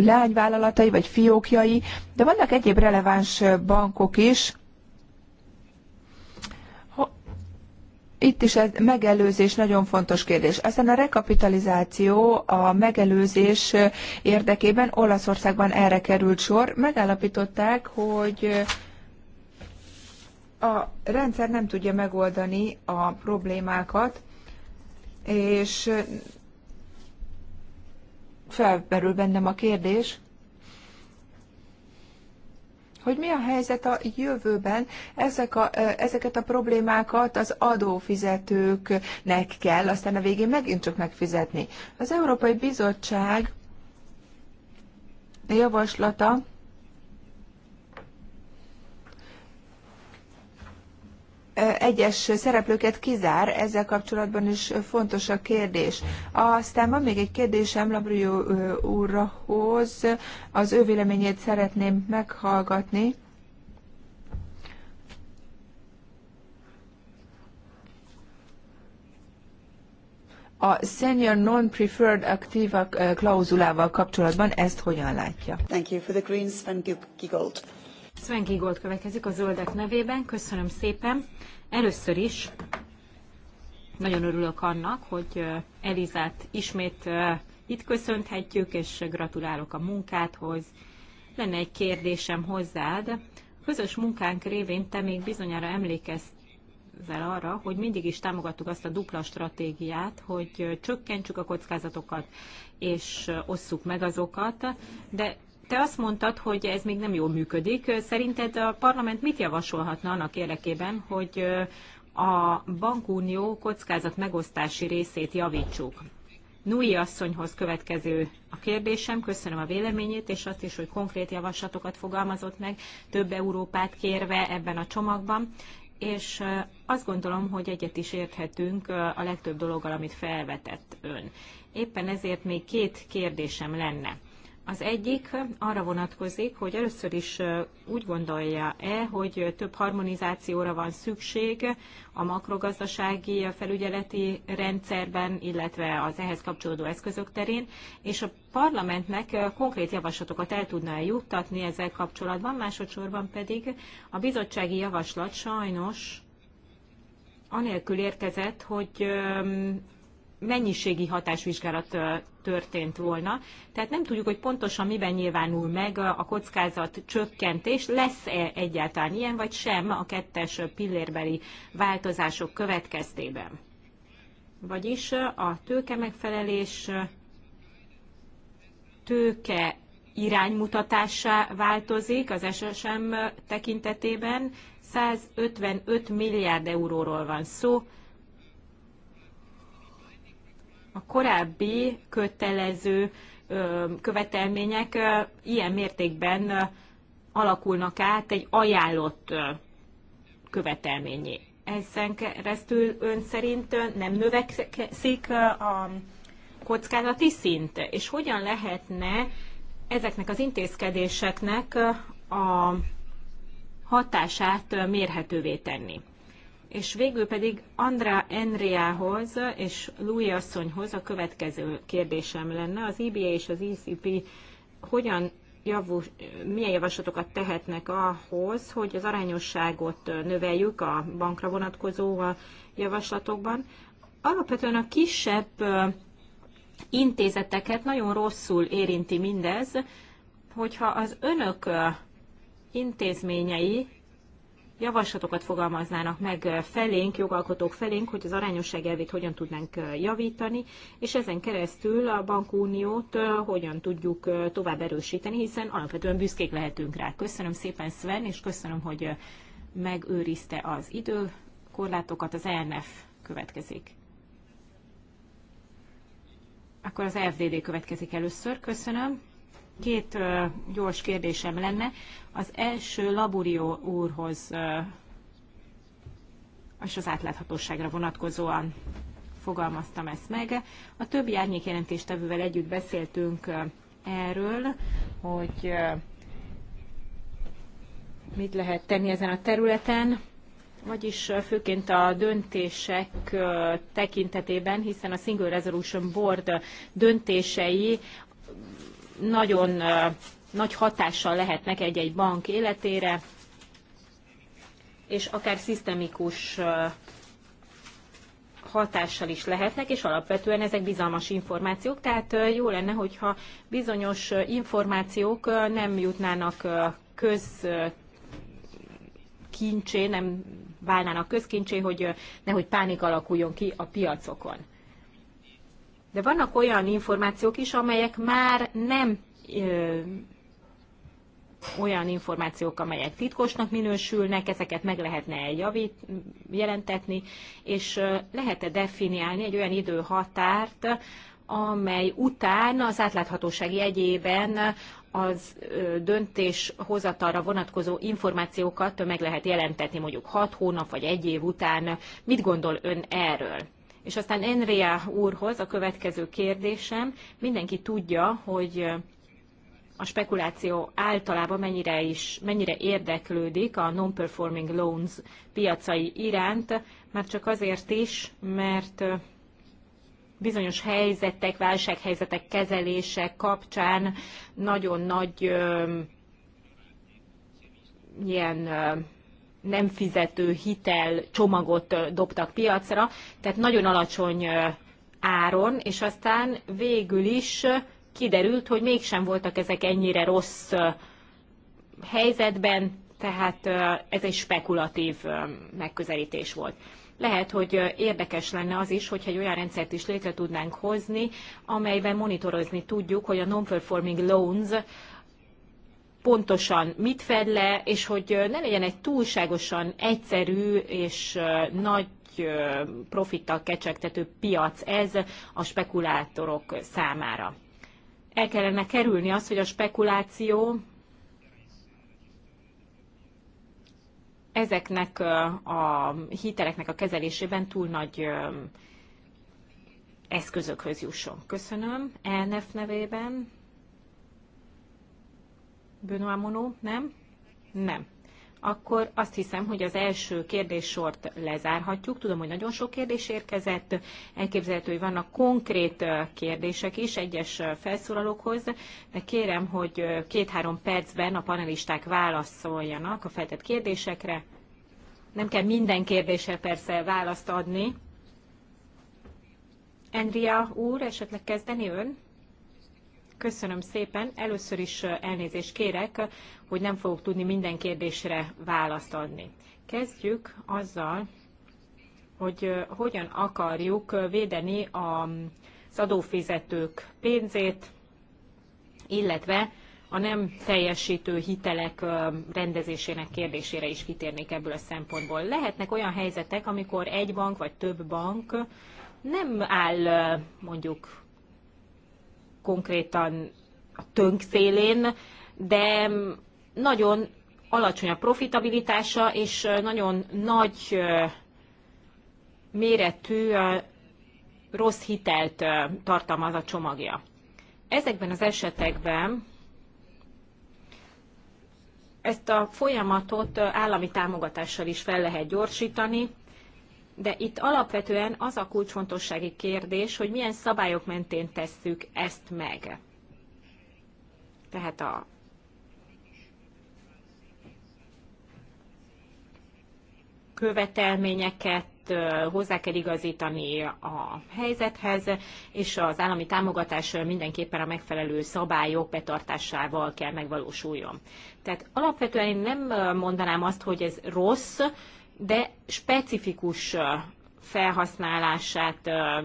lányvállalatai vagy fiókjai, de vannak egyéb releváns bankok is, itt is ez megelőzés nagyon fontos kérdés. Aztán a rekapitalizáció a megelőzés érdekében Olaszországban erre került sor. Megállapították, hogy a rendszer nem tudja megoldani a problémákat, és felmerül bennem a kérdés, hogy mi a helyzet a jövőben, ezek a, ezeket a problémákat az adófizetőknek kell, aztán a végén megint csak megfizetni. Az Európai Bizottság javaslata egyes szereplőket kizár, ezzel kapcsolatban is fontos a kérdés. Aztán van még egy kérdésem Labrió úrhoz, az ő véleményét szeretném meghallgatni. A senior non-preferred aktívak klauzulával kapcsolatban ezt hogyan látja? Thank you for the Greens, Van Sven Gigolt következik a zöldek nevében. Köszönöm szépen. Először is nagyon örülök annak, hogy Elizát ismét itt köszönthetjük, és gratulálok a munkádhoz. Lenne egy kérdésem hozzád. közös munkánk révén te még bizonyára emlékezzel arra, hogy mindig is támogattuk azt a dupla stratégiát, hogy csökkentsük a kockázatokat, és osszuk meg azokat, de te azt mondtad, hogy ez még nem jól működik. Szerinted a parlament mit javasolhatna annak érdekében, hogy a bankunió kockázat megosztási részét javítsuk? Nui asszonyhoz következő a kérdésem, köszönöm a véleményét, és azt is, hogy konkrét javaslatokat fogalmazott meg, több Európát kérve ebben a csomagban, és azt gondolom, hogy egyet is érthetünk a legtöbb dologgal, amit felvetett ön. Éppen ezért még két kérdésem lenne. Az egyik arra vonatkozik, hogy először is úgy gondolja-e, hogy több harmonizációra van szükség a makrogazdasági felügyeleti rendszerben, illetve az ehhez kapcsolódó eszközök terén, és a parlamentnek konkrét javaslatokat el tudná juttatni ezzel kapcsolatban, másodszorban pedig a bizottsági javaslat sajnos anélkül érkezett, hogy mennyiségi hatásvizsgálat történt volna. Tehát nem tudjuk, hogy pontosan miben nyilvánul meg a kockázat csökkentés, lesz-e egyáltalán ilyen, vagy sem a kettes pillérbeli változások következtében. Vagyis a tőke megfelelés tőke iránymutatása változik az SSM tekintetében. 155 milliárd euróról van szó, a korábbi kötelező követelmények ilyen mértékben alakulnak át egy ajánlott követelményé. Ezen keresztül ön szerint nem növekszik a kockázati szint, és hogyan lehetne ezeknek az intézkedéseknek a hatását mérhetővé tenni. És végül pedig Andrá Enriához és Lúi asszonyhoz a következő kérdésem lenne. Az IBA e és az ICP e hogyan javus, milyen javaslatokat tehetnek ahhoz, hogy az arányosságot növeljük a bankra vonatkozó javaslatokban. Alapvetően a kisebb intézeteket nagyon rosszul érinti mindez, hogyha az önök intézményei javaslatokat fogalmaznának meg felénk, jogalkotók felénk, hogy az arányosság elvét hogyan tudnánk javítani, és ezen keresztül a bankuniót hogyan tudjuk tovább erősíteni, hiszen alapvetően büszkék lehetünk rá. Köszönöm szépen Sven, és köszönöm, hogy megőrizte az időkorlátokat, az ENF következik. Akkor az FDD következik először, köszönöm. Két gyors kérdésem lenne. Az első Laburió úrhoz és az átláthatóságra vonatkozóan fogalmaztam ezt meg. A többi árnyékjelentéstevővel együtt beszéltünk erről, hogy mit lehet tenni ezen a területen, vagyis főként a döntések tekintetében, hiszen a Single Resolution Board döntései nagyon nagy hatással lehetnek egy-egy bank életére, és akár szisztemikus hatással is lehetnek, és alapvetően ezek bizalmas információk, tehát jó lenne, hogyha bizonyos információk nem jutnának köz kincsé, nem válnának közkincsé, hogy nehogy pánik alakuljon ki a piacokon. De vannak olyan információk is, amelyek már nem olyan információk, amelyek titkosnak minősülnek, ezeket meg lehetne javít, jelentetni, és lehet-e definiálni egy olyan időhatárt, amely után az átláthatóság jegyében az döntéshozatalra vonatkozó információkat meg lehet jelentetni mondjuk hat hónap vagy egy év után. Mit gondol ön erről? És aztán Enria úrhoz a következő kérdésem. Mindenki tudja, hogy a spekuláció általában mennyire, is, mennyire érdeklődik a non-performing loans piacai iránt, már csak azért is, mert bizonyos helyzetek, válsághelyzetek kezelése kapcsán nagyon nagy ö, ilyen ö, nem fizető hitel csomagot dobtak piacra, tehát nagyon alacsony áron, és aztán végül is kiderült, hogy mégsem voltak ezek ennyire rossz helyzetben, tehát ez egy spekulatív megközelítés volt. Lehet, hogy érdekes lenne az is, hogyha egy olyan rendszert is létre tudnánk hozni, amelyben monitorozni tudjuk, hogy a non-performing loans pontosan mit fed le, és hogy ne legyen egy túlságosan egyszerű és nagy profittal kecsegtető piac ez a spekulátorok számára el kellene kerülni azt, hogy a spekuláció ezeknek a hiteleknek a kezelésében túl nagy eszközökhöz jusson. Köszönöm. ELNF nevében. Benoît Monod, nem? Nem akkor azt hiszem, hogy az első kérdéssort lezárhatjuk. Tudom, hogy nagyon sok kérdés érkezett, elképzelhető, hogy vannak konkrét kérdések is egyes felszólalókhoz, de kérem, hogy két-három percben a panelisták válaszoljanak a feltett kérdésekre. Nem kell minden kérdésre persze választ adni. Andrea úr, esetleg kezdeni ön? Köszönöm szépen. Először is elnézést kérek, hogy nem fogok tudni minden kérdésre választ adni. Kezdjük azzal, hogy hogyan akarjuk védeni az adófizetők pénzét, illetve a nem teljesítő hitelek rendezésének kérdésére is kitérnék ebből a szempontból. Lehetnek olyan helyzetek, amikor egy bank vagy több bank nem áll mondjuk konkrétan a tönk szélén, de nagyon alacsony a profitabilitása, és nagyon nagy méretű rossz hitelt tartalmaz a csomagja. Ezekben az esetekben ezt a folyamatot állami támogatással is fel lehet gyorsítani, de itt alapvetően az a kulcsfontossági kérdés, hogy milyen szabályok mentén tesszük ezt meg. Tehát a követelményeket hozzá kell igazítani a helyzethez, és az állami támogatás mindenképpen a megfelelő szabályok betartásával kell megvalósuljon. Tehát alapvetően én nem mondanám azt, hogy ez rossz, de specifikus felhasználását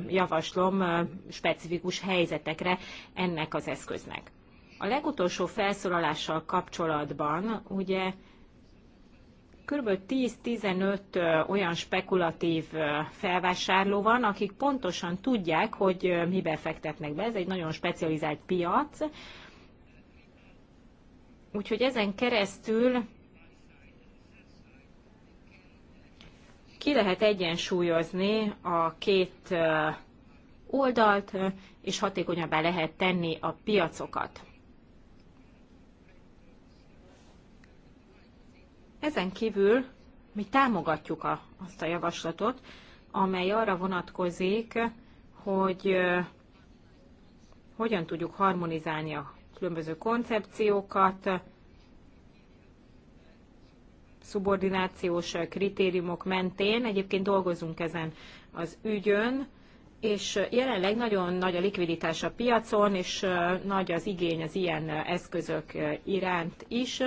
javaslom specifikus helyzetekre ennek az eszköznek. A legutolsó felszólalással kapcsolatban ugye kb. 10-15 olyan spekulatív felvásárló van, akik pontosan tudják, hogy mibe fektetnek be. Ez egy nagyon specializált piac. Úgyhogy ezen keresztül ki lehet egyensúlyozni a két oldalt, és hatékonyabbá lehet tenni a piacokat. Ezen kívül mi támogatjuk a, azt a javaslatot, amely arra vonatkozik, hogy hogyan tudjuk harmonizálni a különböző koncepciókat, szubordinációs kritériumok mentén. Egyébként dolgozunk ezen az ügyön, és jelenleg nagyon nagy a likviditás a piacon, és nagy az igény az ilyen eszközök iránt is,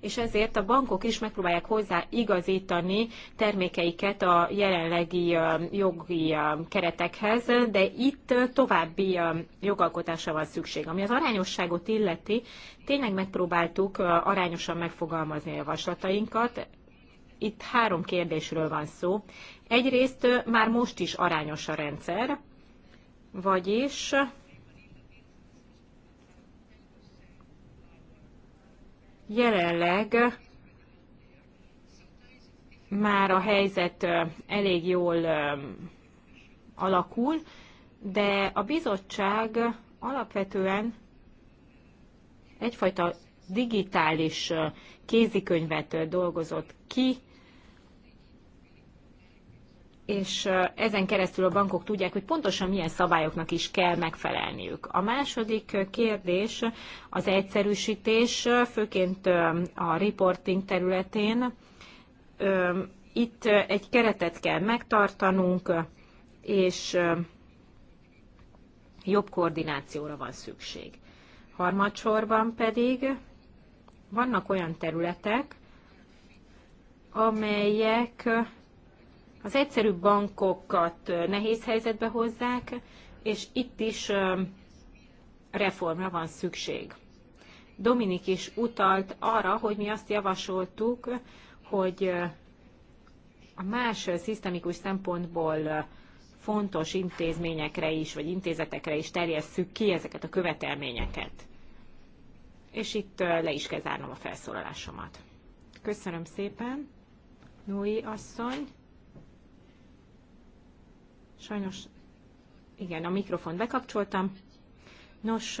és ezért a bankok is megpróbálják hozzá igazítani termékeiket a jelenlegi jogi keretekhez, de itt további jogalkotásra van szükség. Ami az arányosságot illeti, tényleg megpróbáltuk arányosan megfogalmazni a javaslatainkat, itt három kérdésről van szó. Egyrészt már most is arányos a rendszer, vagyis jelenleg már a helyzet elég jól alakul, de a bizottság alapvetően egyfajta digitális kézikönyvet dolgozott ki, és ezen keresztül a bankok tudják, hogy pontosan milyen szabályoknak is kell megfelelniük. A második kérdés az egyszerűsítés, főként a reporting területén. Itt egy keretet kell megtartanunk, és jobb koordinációra van szükség. Harmadsorban pedig vannak olyan területek, amelyek az egyszerű bankokat nehéz helyzetbe hozzák, és itt is reformra van szükség. Dominik is utalt arra, hogy mi azt javasoltuk, hogy a más szisztemikus szempontból fontos intézményekre is, vagy intézetekre is terjesszük ki ezeket a követelményeket. És itt le is kell zárnom a felszólalásomat. Köszönöm szépen, Nui asszony. Sajnos, igen, a mikrofon bekapcsoltam. Nos,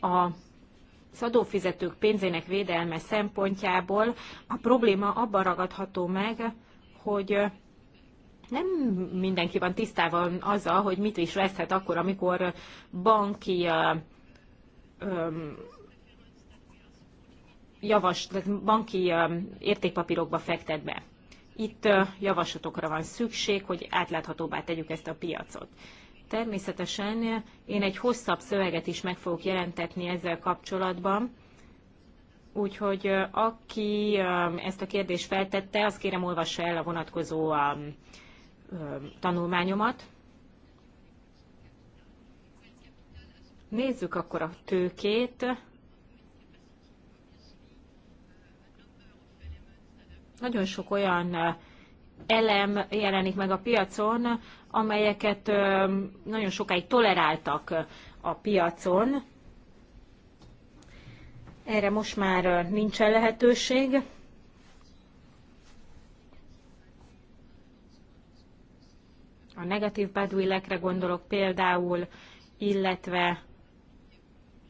a szadófizetők pénzének védelme szempontjából a probléma abban ragadható meg, hogy nem mindenki van tisztában azzal, hogy mit is veszhet akkor, amikor banki javas, banki értékpapírokba fektet be. Itt javaslatokra van szükség, hogy átláthatóbbá tegyük ezt a piacot. Természetesen én egy hosszabb szöveget is meg fogok jelentetni ezzel kapcsolatban, úgyhogy aki ezt a kérdést feltette, azt kérem olvassa el a vonatkozó tanulmányomat. Nézzük akkor a tőkét. Nagyon sok olyan eh, elem jelenik meg a piacon, amelyeket eh, nagyon sokáig toleráltak eh, a piacon. Erre most már nincsen lehetőség. A negatív badwillekre gondolok például, illetve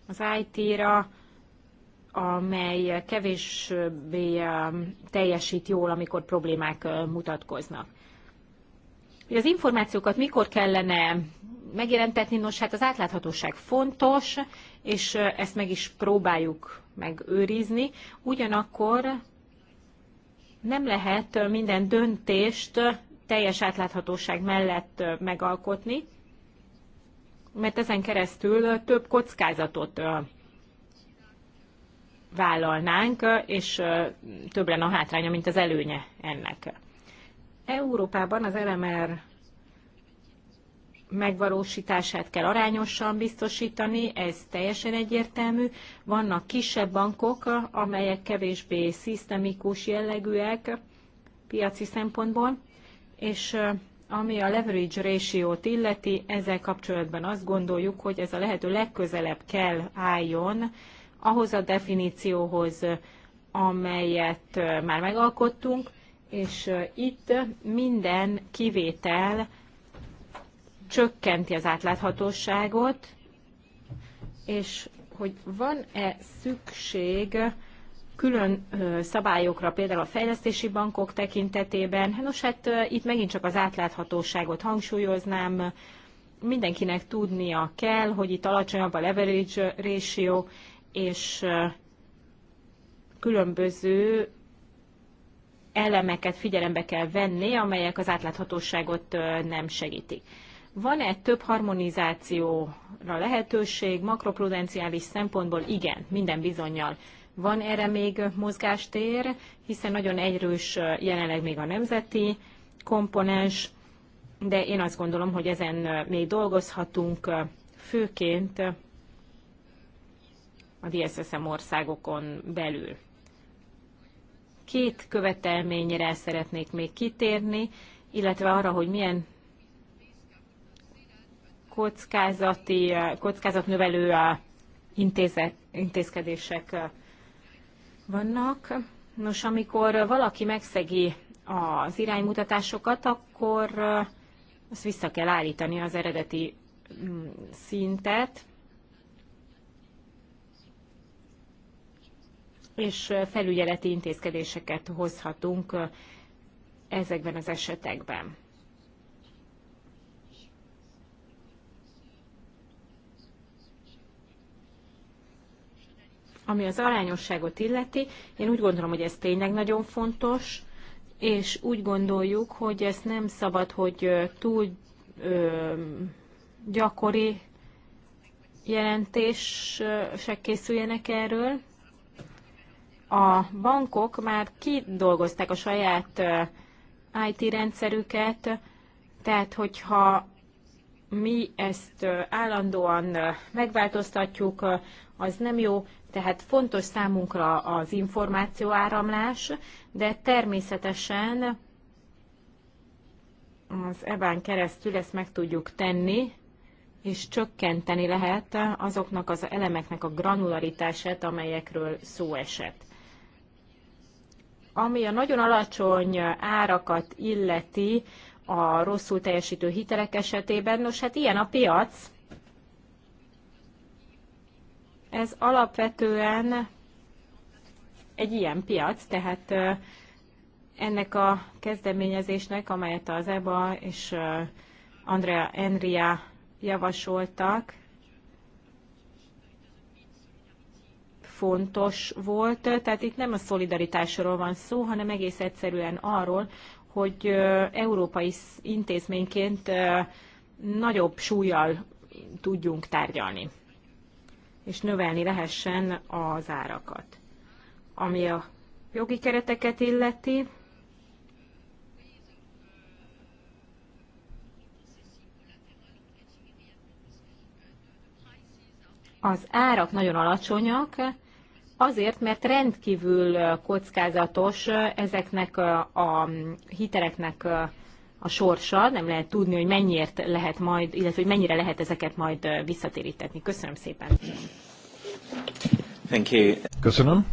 az IT-ra, amely kevésbé teljesít jól, amikor problémák mutatkoznak. Hogy az információkat mikor kellene megjelentetni, nos hát az átláthatóság fontos, és ezt meg is próbáljuk megőrizni. Ugyanakkor nem lehet minden döntést teljes átláthatóság mellett megalkotni, mert ezen keresztül több kockázatot vállalnánk, és több lenne a hátránya, mint az előnye ennek. Európában az LMR megvalósítását kell arányosan biztosítani, ez teljesen egyértelmű. Vannak kisebb bankok, amelyek kevésbé szisztemikus jellegűek piaci szempontból, és ami a leverage ratio-t illeti, ezzel kapcsolatban azt gondoljuk, hogy ez a lehető legközelebb kell álljon ahhoz a definícióhoz, amelyet már megalkottunk, és itt minden kivétel csökkenti az átláthatóságot, és hogy van-e szükség külön szabályokra, például a fejlesztési bankok tekintetében. Nos, hát itt megint csak az átláthatóságot hangsúlyoznám. Mindenkinek tudnia kell, hogy itt alacsonyabb a leverage ratio, és különböző elemeket figyelembe kell venni, amelyek az átláthatóságot nem segítik. Van-e több harmonizációra lehetőség makroprudenciális szempontból? Igen, minden bizonyal. Van erre még mozgástér, hiszen nagyon egyrős jelenleg még a nemzeti komponens, de én azt gondolom, hogy ezen még dolgozhatunk, főként a DSSM országokon belül. Két követelményre szeretnék még kitérni, illetve arra, hogy milyen kockázati, eh, kockázatnövelő eh, intézet, intézkedések eh, vannak. Nos, amikor valaki megszegi az iránymutatásokat, akkor azt vissza kell állítani az eredeti mm, szintet, és felügyeleti intézkedéseket hozhatunk ezekben az esetekben. Ami az arányosságot illeti, én úgy gondolom, hogy ez tényleg nagyon fontos, és úgy gondoljuk, hogy ezt nem szabad, hogy túl ö, gyakori jelentések készüljenek erről, a bankok már kidolgozták a saját IT rendszerüket, tehát hogyha mi ezt állandóan megváltoztatjuk, az nem jó, tehát fontos számunkra az információ áramlás, de természetesen az EBAN keresztül ezt meg tudjuk tenni, és csökkenteni lehet azoknak az elemeknek a granularitását, amelyekről szó esett ami a nagyon alacsony árakat illeti a rosszul teljesítő hitelek esetében, nos hát ilyen a piac. Ez alapvetően egy ilyen piac, tehát ennek a kezdeményezésnek, amelyet az EBA és Andrea Enria javasoltak, fontos volt. Tehát itt nem a szolidaritásról van szó, hanem egész egyszerűen arról, hogy európai intézményként nagyobb súlyjal tudjunk tárgyalni, és növelni lehessen az árakat. Ami a jogi kereteket illeti, az árak nagyon alacsonyak, Azért, mert rendkívül kockázatos ezeknek a hiteleknek a sorsa, nem lehet tudni, hogy mennyiért lehet majd, illetve hogy mennyire lehet ezeket majd visszatérítetni. Köszönöm szépen. Thank you. Köszönöm.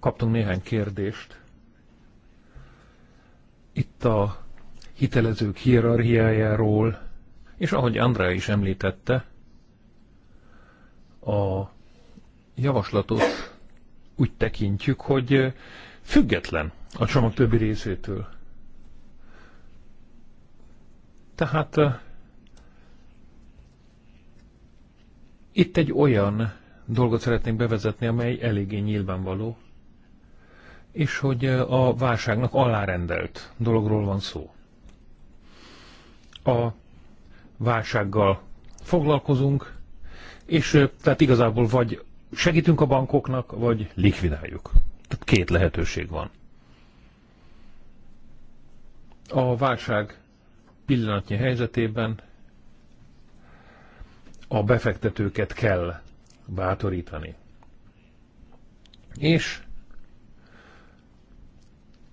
Kaptunk néhány kérdést. Itt a hitelezők hierarchiájáról, és ahogy Andrea is említette, a javaslatot úgy tekintjük, hogy független a csomag többi részétől. Tehát eh, itt egy olyan dolgot szeretnénk bevezetni, amely eléggé nyilvánvaló, és hogy eh, a válságnak alárendelt dologról van szó. A válsággal foglalkozunk, és tehát igazából vagy segítünk a bankoknak, vagy likvidáljuk. Tehát két lehetőség van. A válság pillanatnyi helyzetében a befektetőket kell bátorítani. És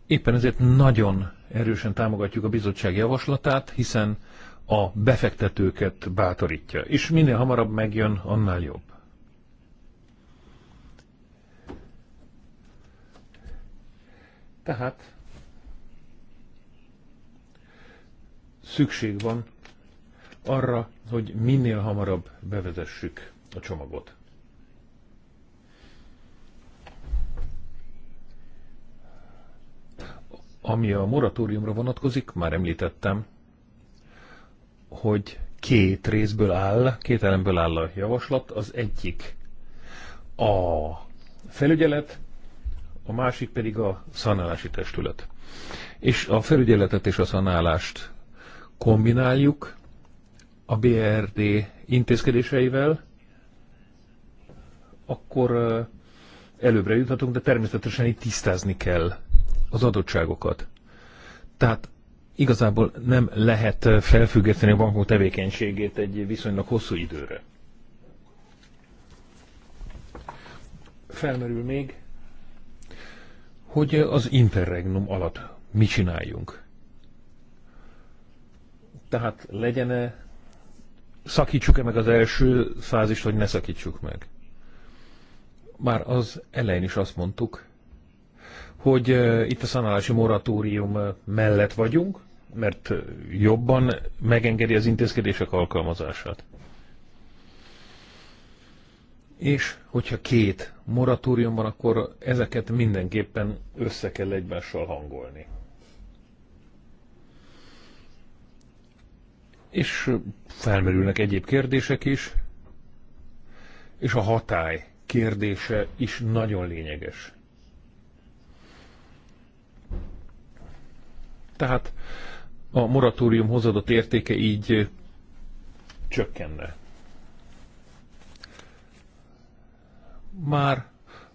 éppen ezért nagyon erősen támogatjuk a bizottság javaslatát, hiszen a befektetőket bátorítja, és minél hamarabb megjön, annál jobb. Tehát szükség van arra, hogy minél hamarabb bevezessük a csomagot. Ami a moratóriumra vonatkozik, már említettem, hogy két részből áll, két elemből áll a javaslat. Az egyik a felügyelet, a másik pedig a szanálási testület. És a felügyeletet és a szanálást kombináljuk a BRD intézkedéseivel, akkor előbbre juthatunk, de természetesen itt tisztázni kell az adottságokat. Tehát igazából nem lehet felfüggeszteni a bankok tevékenységét egy viszonylag hosszú időre. Felmerül még, hogy az interregnum alatt mi csináljunk. Tehát legyen-e, szakítsuk-e meg az első fázist, vagy ne szakítsuk meg? Már az elején is azt mondtuk, hogy itt a szanálási moratórium mellett vagyunk, mert jobban megengedi az intézkedések alkalmazását. És hogyha két moratórium van, akkor ezeket mindenképpen össze kell egymással hangolni. És felmerülnek egyéb kérdések is, és a hatály kérdése is nagyon lényeges. Tehát a moratórium hozadott értéke így csökkenne. Már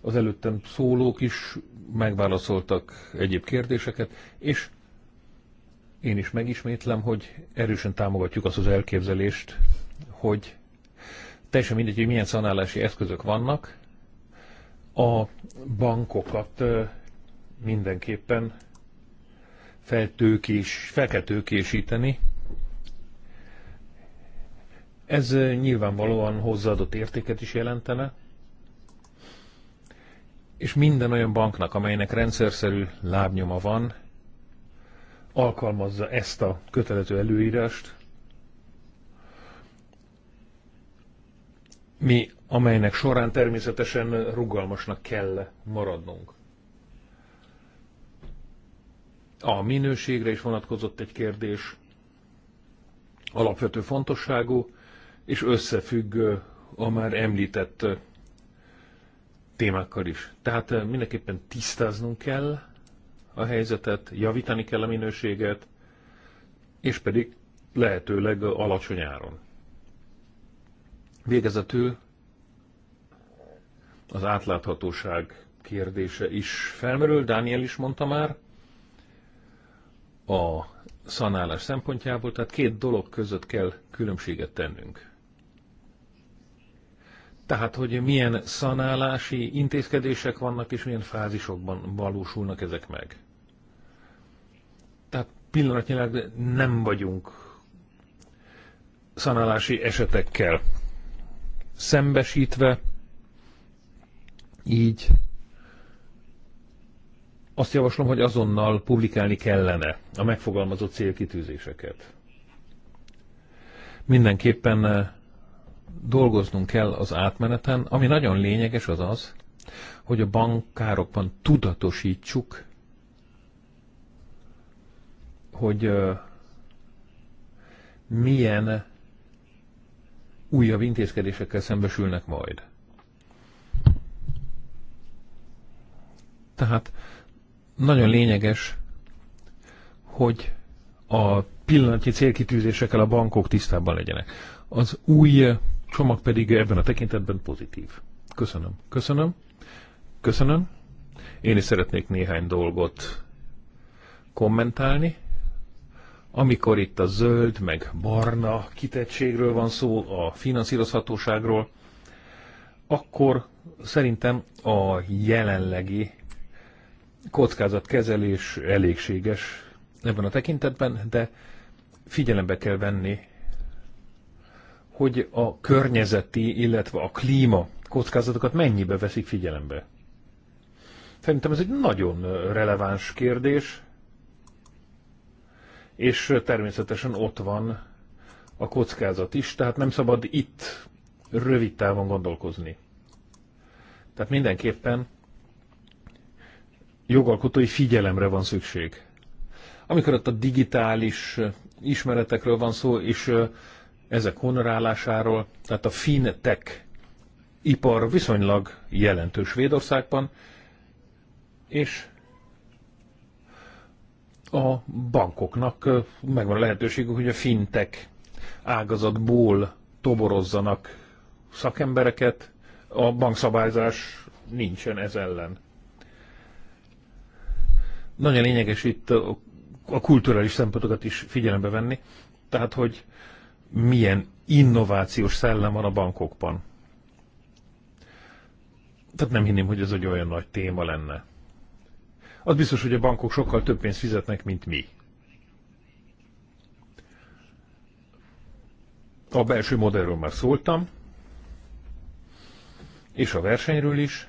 az előttem szólók is megválaszoltak egyéb kérdéseket, és én is megismétlem, hogy erősen támogatjuk azt az elképzelést, hogy teljesen mindegy, hogy milyen szanálási eszközök vannak, a bankokat mindenképpen feltőkés, fel kell tőkésíteni. Ez nyilvánvalóan hozzáadott értéket is jelentene, és minden olyan banknak, amelynek rendszerszerű lábnyoma van, alkalmazza ezt a kötelező előírást, mi, amelynek során természetesen rugalmasnak kell maradnunk. A minőségre is vonatkozott egy kérdés, alapvető fontosságú, és összefügg a már említett témákkal is. Tehát mindenképpen tisztáznunk kell a helyzetet, javítani kell a minőséget, és pedig lehetőleg alacsony áron. Végezetül az átláthatóság kérdése is felmerül, Dániel is mondta már, a szanálás szempontjából, tehát két dolog között kell különbséget tennünk. Tehát, hogy milyen szanálási intézkedések vannak, és milyen fázisokban valósulnak ezek meg. Tehát pillanatnyilag nem vagyunk szanálási esetekkel szembesítve, így azt javaslom, hogy azonnal publikálni kellene a megfogalmazott célkitűzéseket. Mindenképpen eh, dolgoznunk kell az átmeneten. Ami nagyon lényeges az az, hogy a bankárokban tudatosítsuk, hogy eh, milyen újabb intézkedésekkel szembesülnek majd. Tehát nagyon lényeges, hogy a pillanatnyi célkitűzésekkel a bankok tisztában legyenek. Az új csomag pedig ebben a tekintetben pozitív. Köszönöm. Köszönöm. Köszönöm. Én is szeretnék néhány dolgot kommentálni. Amikor itt a zöld, meg barna kitettségről van szó, a finanszírozhatóságról, akkor szerintem a jelenlegi kockázatkezelés elégséges ebben a tekintetben, de figyelembe kell venni, hogy a környezeti, illetve a klíma kockázatokat mennyibe veszik figyelembe. Szerintem ez egy nagyon releváns kérdés, és természetesen ott van a kockázat is, tehát nem szabad itt rövid távon gondolkozni. Tehát mindenképpen jogalkotói figyelemre van szükség. Amikor ott a digitális ismeretekről van szó, és ezek honorálásáról, tehát a fintech ipar viszonylag jelentős Védországban, és a bankoknak megvan a lehetőségük, hogy a fintech ágazatból toborozzanak szakembereket, a bankszabályzás nincsen ez ellen. Nagyon lényeges itt a, kulturális szempontokat is figyelembe venni, tehát hogy milyen innovációs szellem van a bankokban. Tehát nem hinném, hogy ez egy olyan nagy téma lenne. Az biztos, hogy a bankok sokkal több pénzt fizetnek, mint mi. A belső modellről már szóltam, és a versenyről is,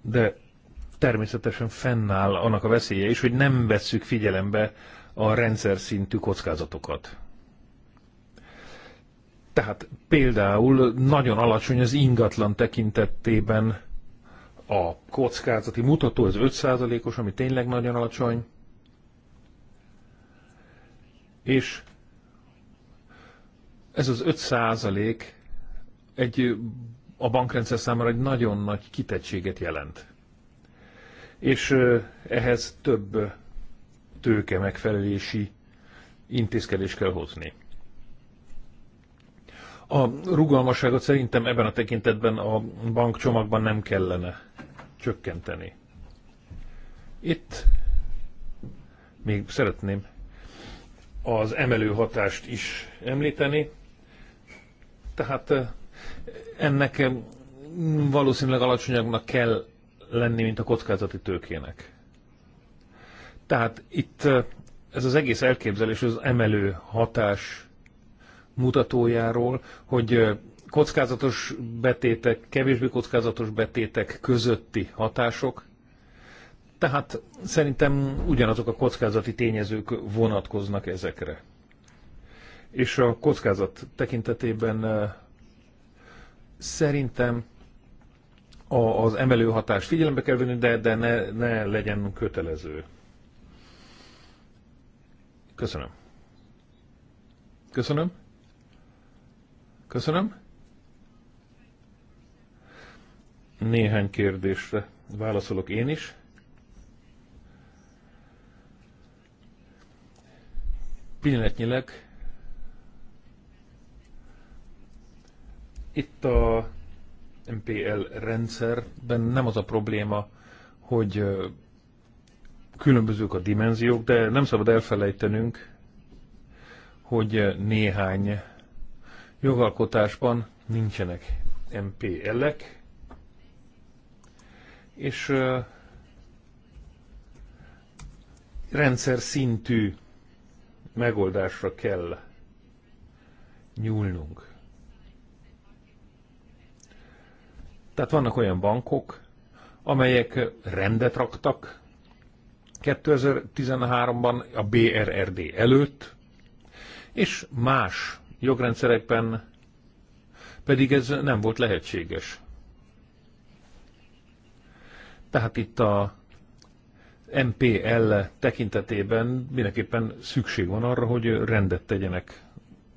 de természetesen fennáll annak a veszélye is, hogy nem vesszük figyelembe a rendszer szintű kockázatokat. Tehát például nagyon alacsony az ingatlan tekintetében a kockázati mutató, ez 5%-os, ami tényleg nagyon alacsony, és ez az 5% egy, a bankrendszer számára egy nagyon nagy kitettséget jelent és ehhez több tőke megfelelési intézkedést kell hozni. A rugalmasságot szerintem ebben a tekintetben a bankcsomagban nem kellene csökkenteni. Itt még szeretném az emelő hatást is említeni. Tehát ennek valószínűleg alacsonyabbnak kell lenni, mint a kockázati tőkének. Tehát itt ez az egész elképzelés az emelő hatás mutatójáról, hogy kockázatos betétek, kevésbé kockázatos betétek közötti hatások, tehát szerintem ugyanazok a kockázati tényezők vonatkoznak ezekre. És a kockázat tekintetében szerintem az emelő hatást figyelembe kell venni, de, de ne, ne legyen kötelező. Köszönöm. Köszönöm. Köszönöm. Néhány kérdésre válaszolok én is. Pillanatnyileg itt a MPL rendszerben nem az a probléma, hogy különbözők a dimenziók, de nem szabad elfelejtenünk, hogy néhány jogalkotásban nincsenek MPL-ek, és rendszer szintű megoldásra kell nyúlnunk. Tehát vannak olyan bankok, amelyek rendet raktak 2013-ban a BRRD előtt, és más jogrendszerekben pedig ez nem volt lehetséges. Tehát itt a MPL tekintetében mindenképpen szükség van arra, hogy rendet tegyenek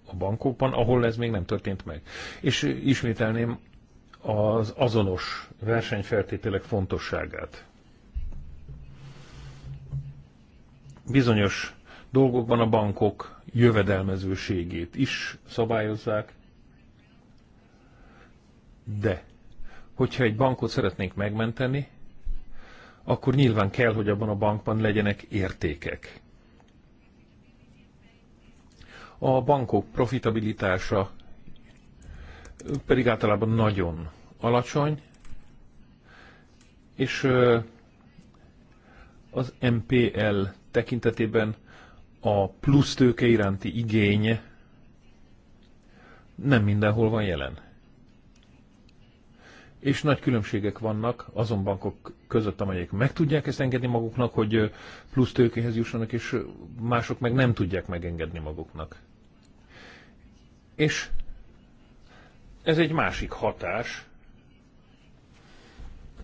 a bankokban, ahol ez még nem történt meg. És ismételném az azonos versenyfeltételek fontosságát. Bizonyos dolgokban a bankok jövedelmezőségét is szabályozzák, de hogyha egy bankot szeretnénk megmenteni, akkor nyilván kell, hogy abban a bankban legyenek értékek. A bankok profitabilitása pedig általában nagyon alacsony, és az MPL tekintetében a plusz tőke iránti igény nem mindenhol van jelen. És nagy különbségek vannak azon bankok között, amelyek meg tudják ezt engedni maguknak, hogy plusz tőkéhez jussanak, és mások meg nem tudják megengedni maguknak. És ez egy másik hatás,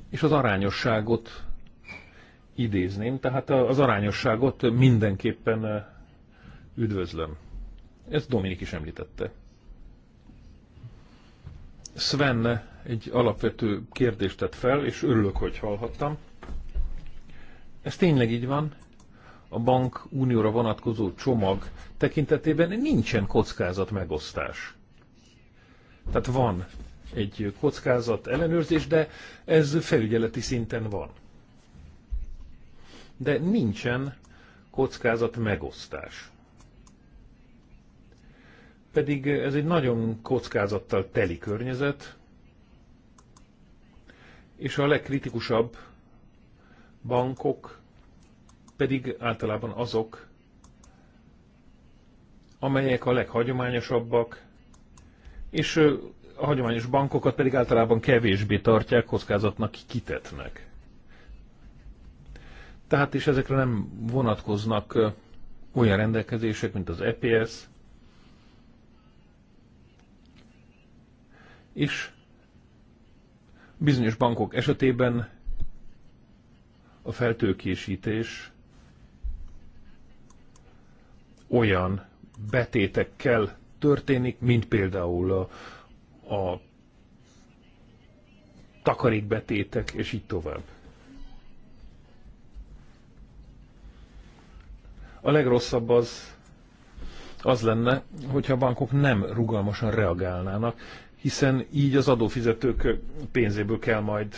és az arányosságot idézném, tehát az arányosságot mindenképpen eh, üdvözlöm. Ezt Dominik is említette. Sven egy alapvető kérdést tett fel, és örülök, hogy hallhattam. Ez tényleg így van. A bank unióra vonatkozó csomag tekintetében nincsen kockázat megosztás. Tehát van egy kockázat ellenőrzés, de ez felügyeleti szinten van. De nincsen kockázat megosztás. Pedig ez egy nagyon kockázattal teli környezet, és a legkritikusabb bankok pedig általában azok, amelyek a leghagyományosabbak, és a hagyományos bankokat pedig általában kevésbé tartják kockázatnak kitetnek. Tehát is ezekre nem vonatkoznak olyan rendelkezések, mint az EPS, és bizonyos bankok esetében a feltőkésítés olyan betétekkel történik, mint például a, a takarékbetétek, és így tovább. A legrosszabb az, az lenne, hogyha a bankok nem rugalmasan reagálnának, hiszen így az adófizetők pénzéből kell majd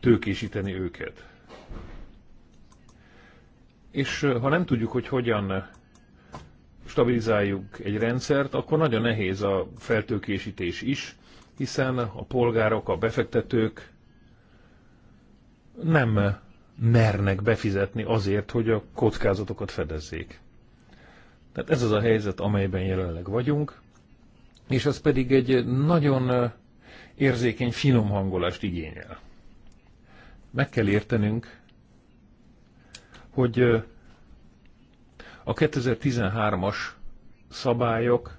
tőkésíteni őket. És ha nem tudjuk, hogy hogyan stabilizáljuk egy rendszert, akkor nagyon nehéz a feltőkésítés is, hiszen a polgárok, a befektetők nem mernek befizetni azért, hogy a kockázatokat fedezzék. Tehát ez az a helyzet, amelyben jelenleg vagyunk, és ez pedig egy nagyon érzékeny, finom hangolást igényel. Meg kell értenünk, hogy a 2013-as szabályok,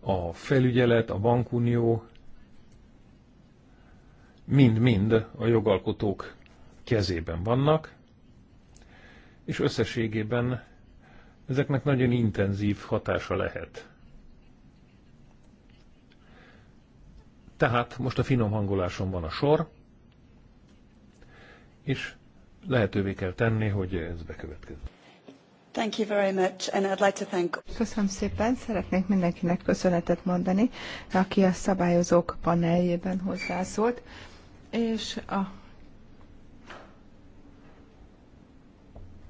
a felügyelet, a bankunió, mind-mind a jogalkotók kezében vannak, és összességében ezeknek nagyon intenzív hatása lehet. Tehát most a finom hangoláson van a sor, és lehetővé kell tenni, hogy ez bekövetkezzen. Köszönöm szépen, szeretnék mindenkinek köszönetet mondani, aki a szabályozók paneljében hozzászólt, és a,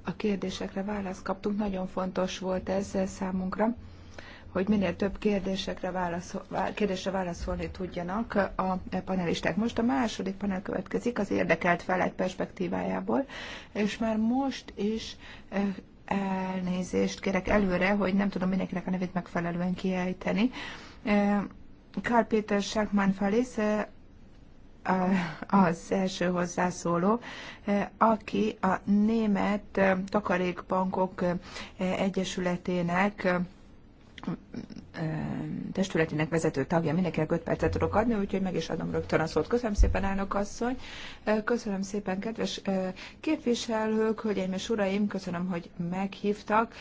a kérdésekre választ kaptunk, nagyon fontos volt ez számunkra hogy minél több kérdésekre válaszol, kérdésre válaszolni tudjanak a panelisták. Most a második panel következik az érdekelt felek perspektívájából, és már most is eh, elnézést kérek előre, hogy nem tudom mindenkinek a nevét megfelelően kiejteni. Karl Péter Sákmán Falész az első hozzászóló, aki a Német Takarékbankok Egyesületének testületének vezető tagja. Mindenkinek 5 percet tudok adni, úgyhogy meg is adom rögtön a szót. Köszönöm szépen, elnök asszony. Köszönöm szépen, kedves képviselők, hölgyeim és uraim, köszönöm, hogy meghívtak.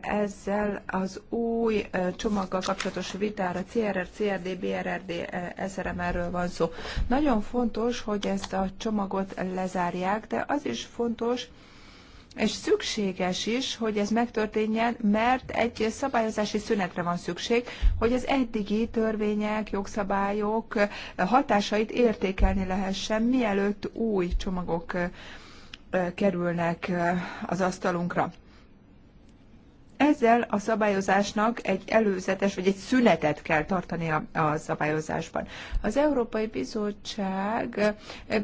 Ezzel az új csomaggal kapcsolatos vitára CRR, CRD, BRRD, SRMR-ről van szó. Nagyon fontos, hogy ezt a csomagot lezárják, de az is fontos, és szükséges is, hogy ez megtörténjen, mert egy szabályozási szünetre van szükség, hogy az eddigi törvények, jogszabályok hatásait értékelni lehessen, mielőtt új csomagok kerülnek az asztalunkra. Ezzel a szabályozásnak egy előzetes vagy egy szünetet kell tartani a, a szabályozásban. Az Európai Bizottság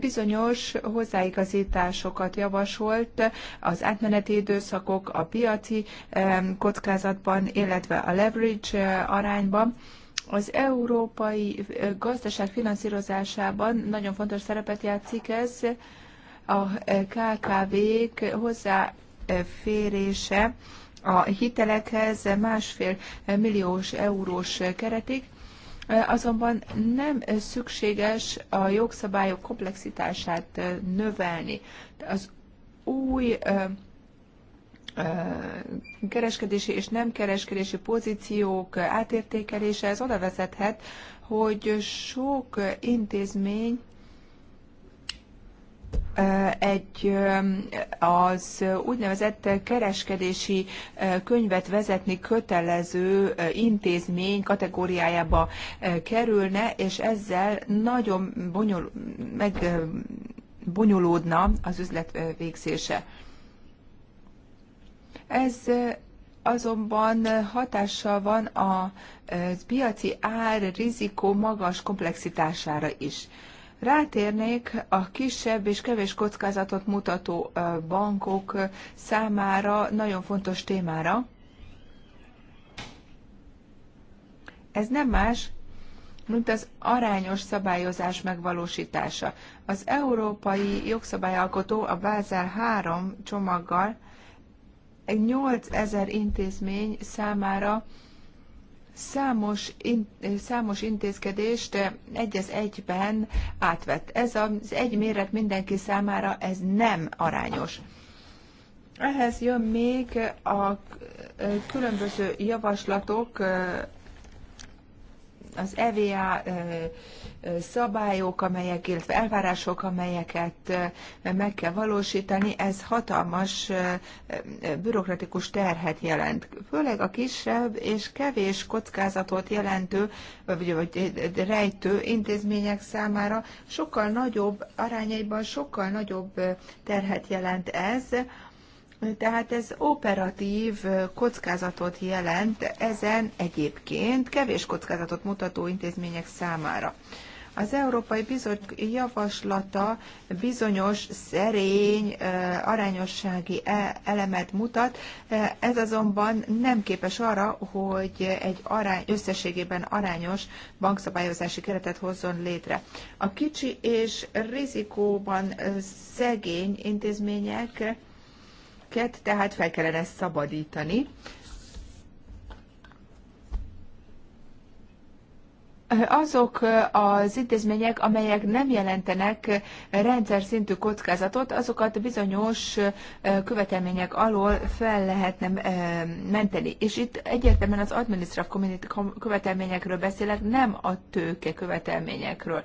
bizonyos hozzáigazításokat javasolt az átmeneti időszakok, a piaci kockázatban, illetve a leverage eh, arányban. Az európai eh, gazdaság finanszírozásában nagyon fontos szerepet játszik ez, a eh, KKV-k hozzáférése a hitelekhez másfél milliós eurós keretig, azonban nem szükséges a jogszabályok komplexitását növelni. Az új kereskedési és nem kereskedési pozíciók átértékelése, ez oda vezethet, hogy sok intézmény egy az úgynevezett kereskedési könyvet vezetni kötelező intézmény kategóriájába kerülne, és ezzel nagyon bonyol, meg, bonyolódna az üzlet végzése. Ez azonban hatással van a piaci ár rizikó magas komplexitására is. Rátérnék a kisebb és kevés kockázatot mutató bankok számára nagyon fontos témára. Ez nem más, mint az arányos szabályozás megvalósítása. Az európai jogszabályalkotó a Bázel 3 csomaggal 8000 intézmény számára számos, in, számos intézkedést egy az egyben átvett. Ez az egy méret mindenki számára, ez nem arányos. Ehhez jön még a különböző javaslatok az EVA szabályok, amelyek, illetve elvárások, amelyeket meg kell valósítani, ez hatalmas bürokratikus terhet jelent. Főleg a kisebb és kevés kockázatot jelentő, vagy, vagy rejtő intézmények számára sokkal nagyobb arányaiban, sokkal nagyobb terhet jelent ez, tehát ez operatív kockázatot jelent ezen egyébként kevés kockázatot mutató intézmények számára. Az Európai Bizottság javaslata bizonyos szerény arányossági e, elemet mutat, ez azonban nem képes arra, hogy egy arány, összességében arányos bankszabályozási keretet hozzon létre. A kicsi és rizikóban szegény intézmények őket, tehát fel kellene szabadítani. azok az intézmények, amelyek nem jelentenek rendszer szintű kockázatot, azokat bizonyos követelmények alól fel lehetne eh, menteni. És itt egyértelműen az adminisztratív követelményekről beszélek, nem a tőke követelményekről.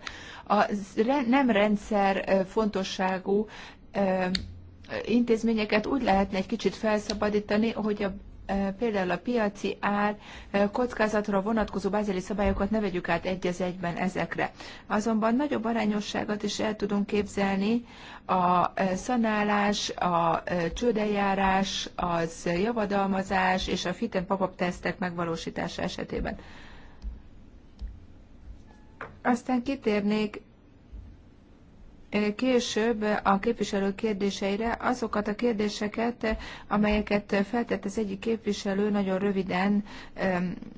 A nem rendszer eh, fontosságú eh, intézményeket úgy lehetne egy kicsit felszabadítani, hogy a e, például a piaci ár e, kockázatra vonatkozó bázeli szabályokat ne vegyük át egy az egyben ezekre. Azonban nagyobb arányosságot is el tudunk képzelni a e, szanálás, a csődeljárás, az javadalmazás és a fit and pop-up tesztek megvalósítása esetében. Aztán kitérnék később a képviselő kérdéseire azokat a kérdéseket, amelyeket feltett az egyik képviselő, nagyon röviden,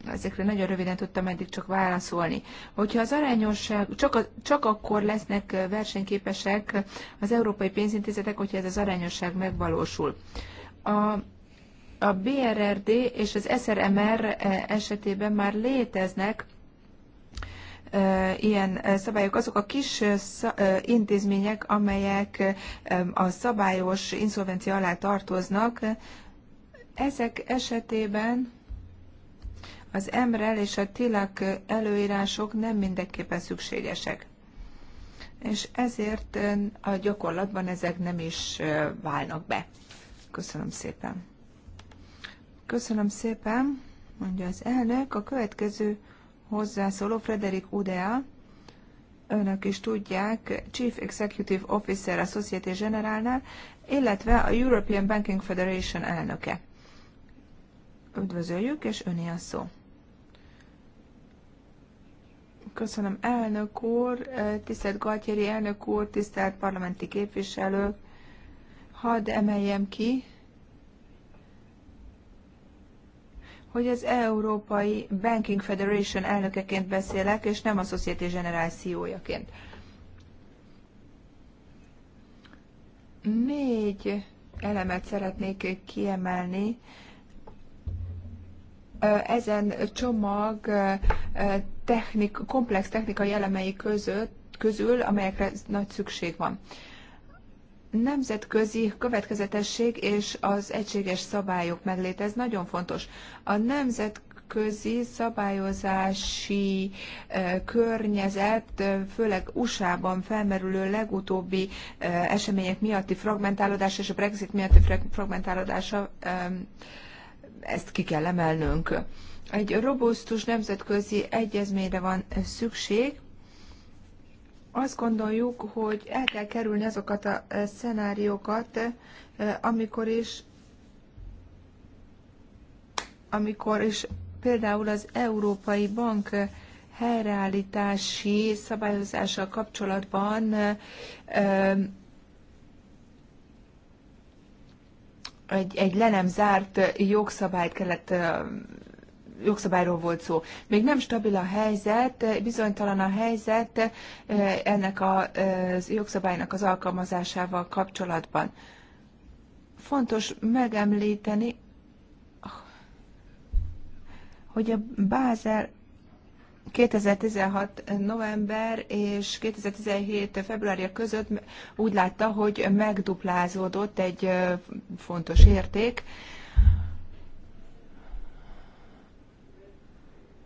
ezekre nagyon röviden tudtam eddig csak válaszolni. Hogyha az arányosság, csak, csak akkor lesznek versenyképesek az európai pénzintézetek, hogyha ez az arányosság megvalósul. A a BRRD és az SRMR esetében már léteznek ilyen szabályok azok a kis intézmények, amelyek a szabályos inszolvencia alá tartoznak. Ezek esetében az emrel és a tilak előírások nem mindenképpen szükségesek. És ezért a gyakorlatban ezek nem is válnak be. Köszönöm szépen. Köszönöm szépen, mondja az elnök. A következő hozzászóló Frederik Udea, önök is tudják, Chief Executive Officer a Société Generálnál, illetve a European Banking Federation elnöke. Üdvözöljük, és öné a szó. Köszönöm, elnök úr, tisztelt Galtieri elnök úr, tisztelt parlamenti képviselők. Hadd emeljem ki, hogy az Európai Banking Federation elnökeként beszélek, és nem a Société Générale CEO-jaként. Négy elemet szeretnék kiemelni. Ezen csomag technik, komplex technikai elemei között, közül, amelyekre nagy szükség van nemzetközi következetesség és az egységes szabályok megléte, ez nagyon fontos. A nemzet nemzetközi szabályozási eh, környezet, eh, főleg USA-ban felmerülő legutóbbi eh, események miatti fragmentálódás és a Brexit miatti fragmentálódása, ezt ki kell emelnünk. Egy robusztus nemzetközi egyezményre van szükség, azt gondoljuk, hogy el kell kerülni azokat a e, szenáriókat, e, amikor is amikor is például az Európai Bank helyreállítási szabályozással kapcsolatban e, egy, egy le nem zárt jogszabályt kellett jogszabályról volt szó. Még nem stabil a helyzet, bizonytalan a helyzet eh, ennek a eh, jogszabálynak az alkalmazásával kapcsolatban. Fontos megemlíteni, hogy a Bázel 2016. november és 2017. februárja között úgy látta, hogy megduplázódott egy eh, fontos érték,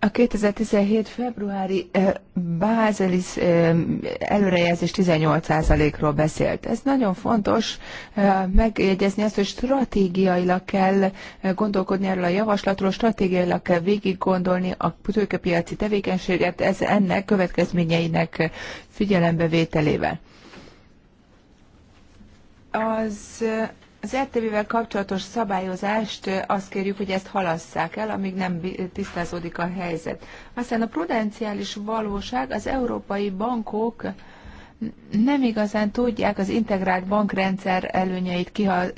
A 2017. februári eh, Bázelis eh, előrejelzés 18%-ról beszélt. Ez nagyon fontos eh, megjegyezni azt, hogy stratégiailag kell gondolkodni erről a javaslatról, stratégiailag kell végig gondolni a tőkepiaci tevékenységet, ez ennek következményeinek figyelembevételével. Az az RTV-vel kapcsolatos szabályozást azt kérjük, hogy ezt halasszák el, amíg nem tisztázódik a helyzet. Aztán a prudenciális valóság az európai bankok nem igazán tudják az integrált bankrendszer előnyeit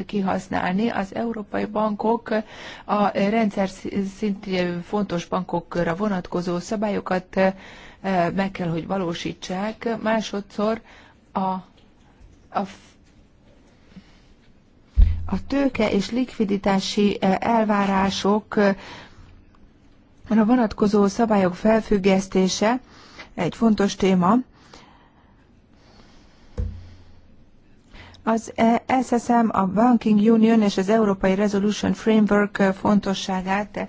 kihasználni. Az európai bankok a rendszer szintű fontos bankokra vonatkozó szabályokat meg kell, hogy valósítsák. Másodszor a, a a tőke és likviditási eh, elvárások a vonatkozó szabályok felfüggesztése egy fontos téma. Az eh, SSM, a Banking Union és az Európai Resolution Framework eh, fontosságát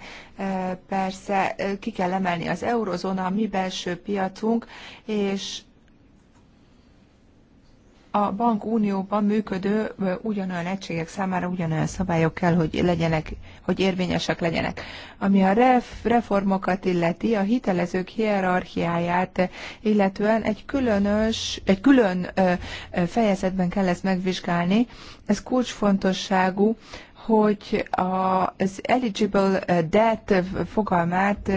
persze ki kell emelni az eurozóna, a mi belső piacunk, és a bankunióban működő ugyanolyan egységek számára ugyanolyan szabályok kell, hogy legyenek, hogy érvényesek legyenek. Ami a ref, reformokat illeti, a hitelezők hierarchiáját, illetően egy különös, egy külön fejezetben kell ezt megvizsgálni. Ez kulcsfontosságú, hogy az eligible debt fogalmát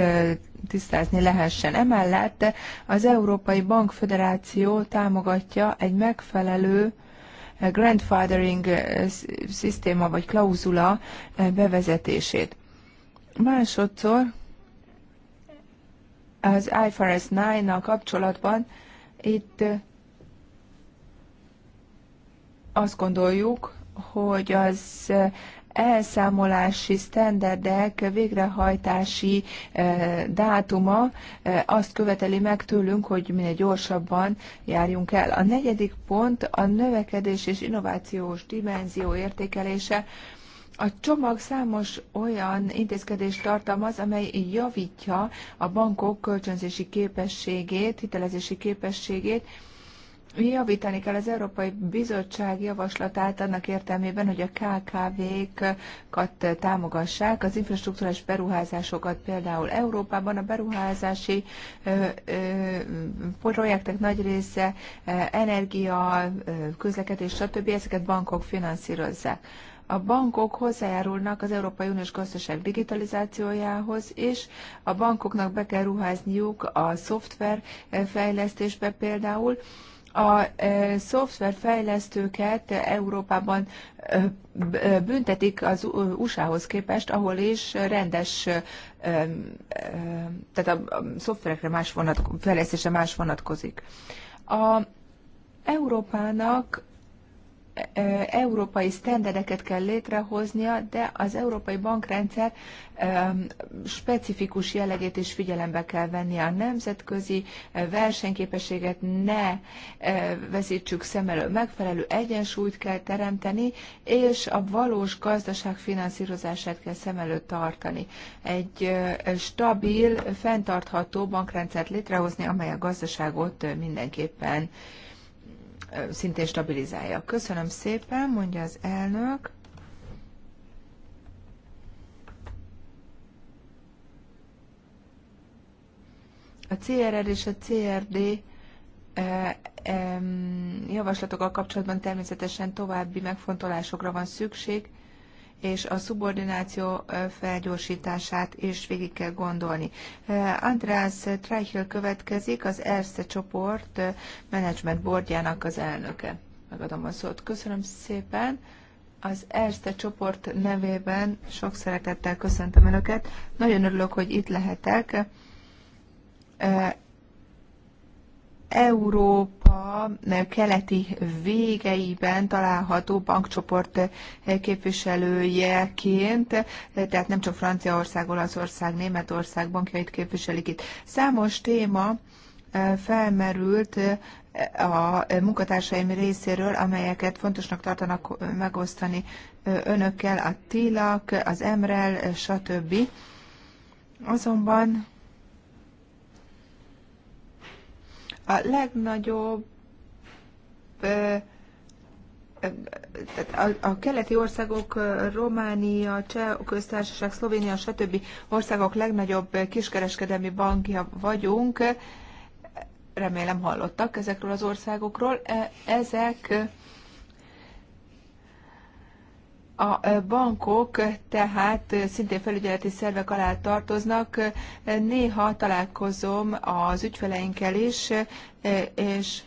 tisztázni lehessen. Emellett az Európai Föderáció támogatja egy megfelelő eh, grandfathering eh, szisztéma vagy klauzula eh, bevezetését. Másodszor az IFRS 9-nal kapcsolatban itt azt gondoljuk, hogy az elszámolási sztenderdek végrehajtási eh, dátuma eh, azt követeli meg tőlünk, hogy minél gyorsabban járjunk el. A negyedik pont a növekedés és innovációs dimenzió értékelése. A csomag számos olyan intézkedést tartalmaz, amely javítja a bankok kölcsönzési képességét, hitelezési képességét, Javítani kell az Európai Bizottság javaslatát annak értelmében, hogy a KKV-kat támogassák, az infrastruktúrás beruházásokat például Európában a beruházási projektek nagy része, energia, közlekedés, stb. ezeket bankok finanszírozzák. A bankok hozzájárulnak az Európai Uniós gazdaság digitalizációjához, és a bankoknak be kell ruházniuk a szoftverfejlesztésbe például, a e, szoftverfejlesztőket Európában e, e, büntetik az USA-hoz képest, ahol is rendes, tehát a szoftverekre más vonatko, fejlesztése más vonatkozik. A Európának európai sztendereket kell létrehoznia, de az európai bankrendszer specifikus jellegét is figyelembe kell venni. A nemzetközi versenyképességet ne veszítsük szem elől. Megfelelő egyensúlyt kell teremteni, és a valós gazdaság finanszírozását kell szem előtt tartani. Egy stabil, fenntartható bankrendszert létrehozni, amely a gazdaságot mindenképpen szintén stabilizálja. Köszönöm szépen, mondja az elnök. A CRR és a CRD e, javaslatokkal kapcsolatban természetesen további megfontolásokra van szükség, és a szubordináció felgyorsítását is végig kell gondolni. András Treichel következik, az ERSZE csoport menedzsment bordjának az elnöke. Megadom a szót. Köszönöm szépen. Az ERSZE csoport nevében sok szeretettel köszöntöm Önöket. Nagyon örülök, hogy itt lehetek Európa keleti végeiben található bankcsoport képviselőjeként, tehát nem csak Franciaország, Olaszország, Németország bankjait képviselik itt. Számos téma felmerült a munkatársaim részéről, amelyeket fontosnak tartanak megosztani önökkel, a TILAK, az EMREL, stb. Azonban a legnagyobb a, a keleti országok, Románia, Cseh köztársaság, Szlovénia, stb. országok legnagyobb kiskereskedelmi bankja vagyunk. Remélem hallottak ezekről az országokról. E, ezek a bankok tehát szintén felügyeleti szervek alá tartoznak. Néha találkozom az ügyfeleinkkel is, és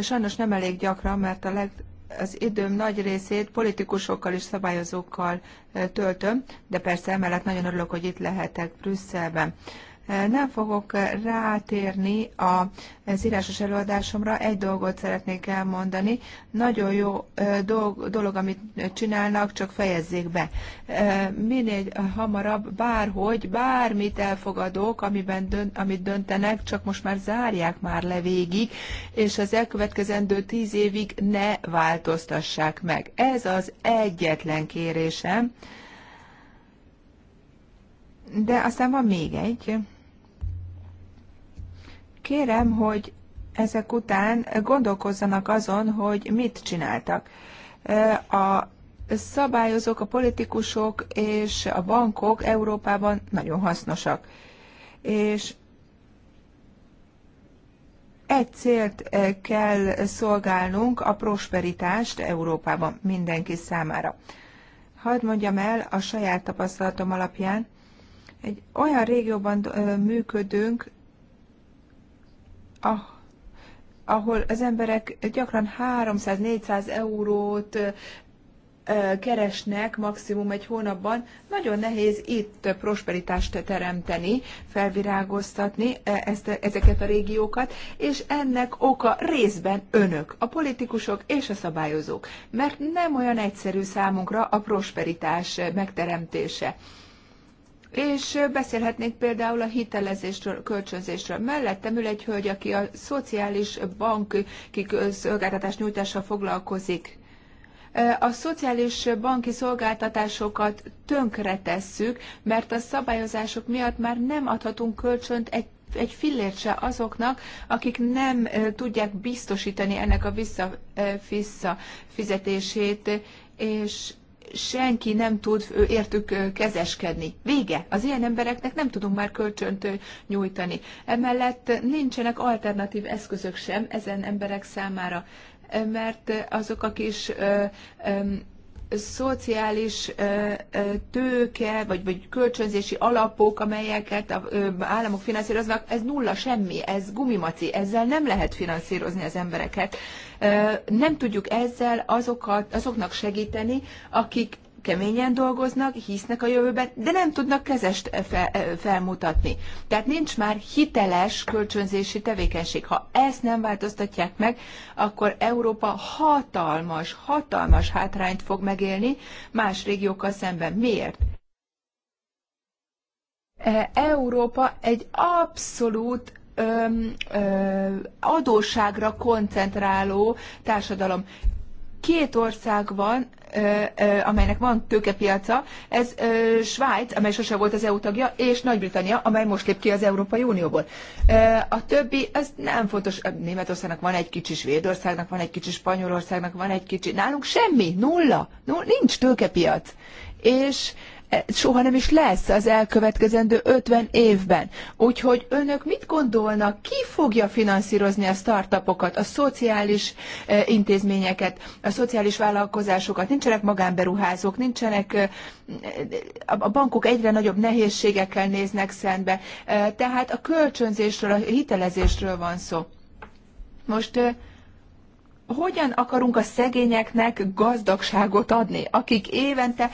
sajnos nem elég gyakran, mert a leg, az időm nagy részét politikusokkal és szabályozókkal töltöm, de persze emellett nagyon örülök, hogy itt lehetek Brüsszelben. Nem fogok rátérni az írásos előadásomra, egy dolgot szeretnék elmondani. Nagyon jó dolog, dolog amit csinálnak, csak fejezzék be. Minél hamarabb, bárhogy, bármit elfogadok, amiben dönt, amit döntenek, csak most már zárják már le végig, és az elkövetkezendő tíz évig ne változtassák meg. Ez az egyetlen kérésem. De aztán van még egy. Kérem, hogy ezek után gondolkozzanak azon, hogy mit csináltak. A szabályozók, a politikusok és a bankok Európában nagyon hasznosak. És egy célt kell szolgálnunk, a prosperitást Európában mindenki számára. Hadd mondjam el a saját tapasztalatom alapján, egy olyan régióban működünk, Ah, ahol az emberek gyakran 300-400 eurót keresnek maximum egy hónapban, nagyon nehéz itt prosperitást teremteni, felvirágoztatni ezt, ezeket a régiókat, és ennek oka részben önök, a politikusok és a szabályozók, mert nem olyan egyszerű számunkra a prosperitás megteremtése. És beszélhetnénk például a hitelezésről, kölcsönzésről. Mellettem ül egy hölgy, aki a szociális banki szolgáltatás nyújtással foglalkozik. A szociális banki szolgáltatásokat tönkre tesszük, mert a szabályozások miatt már nem adhatunk kölcsönt egy egy fillért se azoknak, akik nem tudják biztosítani ennek a visszafizetését, és senki nem tud értük kezeskedni. Vége. Az ilyen embereknek nem tudunk már kölcsönt nyújtani. Emellett nincsenek alternatív eszközök sem ezen emberek számára, mert azok a kis szociális tőke, vagy, vagy kölcsönzési alapok, amelyeket a államok finanszíroznak, ez nulla semmi, ez gumimaci, ezzel nem lehet finanszírozni az embereket nem tudjuk ezzel azokat, azoknak segíteni, akik keményen dolgoznak, hisznek a jövőben, de nem tudnak kezest fel, felmutatni. Tehát nincs már hiteles kölcsönzési tevékenység. Ha ezt nem változtatják meg, akkor Európa hatalmas, hatalmas hátrányt fog megélni más régiókkal szemben. Miért? Európa egy abszolút ö, ö, adósságra koncentráló társadalom. Két ország van, ö, ö, amelynek van tőkepiaca, ez ö, Svájc, amely sose volt az EU tagja, és Nagy-Britannia, amely most lép ki az Európai Unióból. a többi, ez nem fontos, Németországnak van egy kicsi, Svédországnak van egy kicsi, Spanyolországnak van egy kicsi, nálunk semmi, nulla, nulla nincs tőkepiac. És E, soha nem is lesz az elkövetkezendő 50 évben. Úgyhogy önök mit gondolnak, ki fogja finanszírozni a startupokat, a szociális e, intézményeket, a szociális vállalkozásokat? Nincsenek magánberuházók, nincsenek, e, a bankok egyre nagyobb nehézségekkel néznek szembe. Tehát a kölcsönzésről, a hitelezésről van szó. Most hogyan akarunk a szegényeknek gazdagságot adni, akik évente,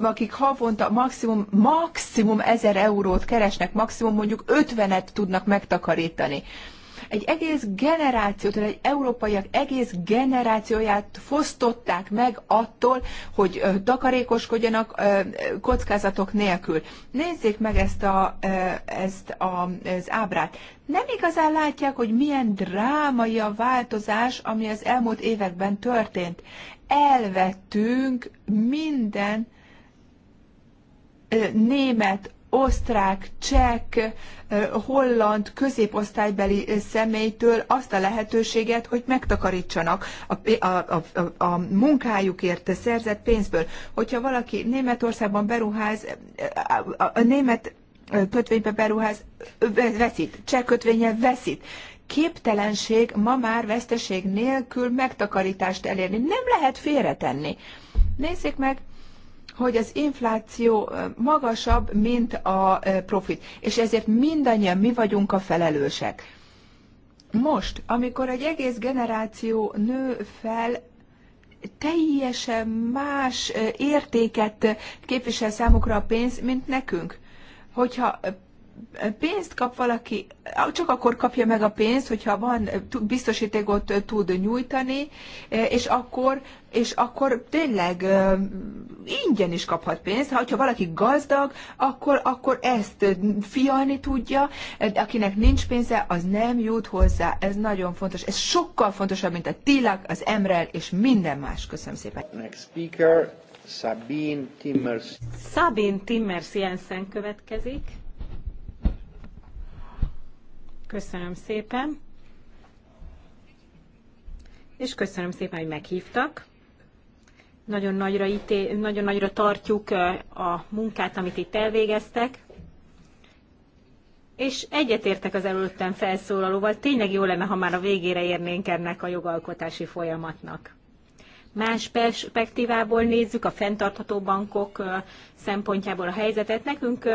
akik havonta maximum, maximum 1000 eurót keresnek, maximum mondjuk 50-et tudnak megtakarítani egy egész generációt, egy európaiak egész generációját fosztották meg attól, hogy takarékoskodjanak kockázatok nélkül. Nézzék meg ezt, a, ezt a, az ábrát. Nem igazán látják, hogy milyen drámai a változás, ami az elmúlt években történt. Elvettünk minden német, osztrák, csek, holland középosztálybeli személytől azt a lehetőséget, hogy megtakarítsanak a, a, a, a munkájukért szerzett pénzből. Hogyha valaki Németországban beruház, a, a, a német kötvénybe beruház, veszít, cseh kötvénye veszít képtelenség ma már veszteség nélkül megtakarítást elérni. Nem lehet félretenni. Nézzék meg, hogy az infláció magasabb, mint a profit, és ezért mindannyian mi vagyunk a felelősek. Most, amikor egy egész generáció nő fel, teljesen más értéket képvisel számukra a pénz, mint nekünk. Hogyha pénzt kap valaki, csak akkor kapja meg a pénzt, hogyha van biztosítékot tud nyújtani, és akkor, és akkor tényleg ingyen is kaphat pénzt. Ha valaki gazdag, akkor, akkor ezt fialni tudja, akinek nincs pénze, az nem jut hozzá. Ez nagyon fontos. Ez sokkal fontosabb, mint a tilak, az emrel és minden más. Köszönöm szépen. Next speaker, Sabine Timmers. Sabine Timmers Jensen következik. Köszönöm szépen. És köszönöm szépen, hogy meghívtak. Nagyon nagyra, íté, nagyon nagyra tartjuk a munkát, amit itt elvégeztek. És egyetértek az előttem felszólalóval, tényleg jó lenne, ha már a végére érnénk ennek a jogalkotási folyamatnak más perspektívából nézzük, a fenntartható bankok szempontjából a helyzetet. Nekünk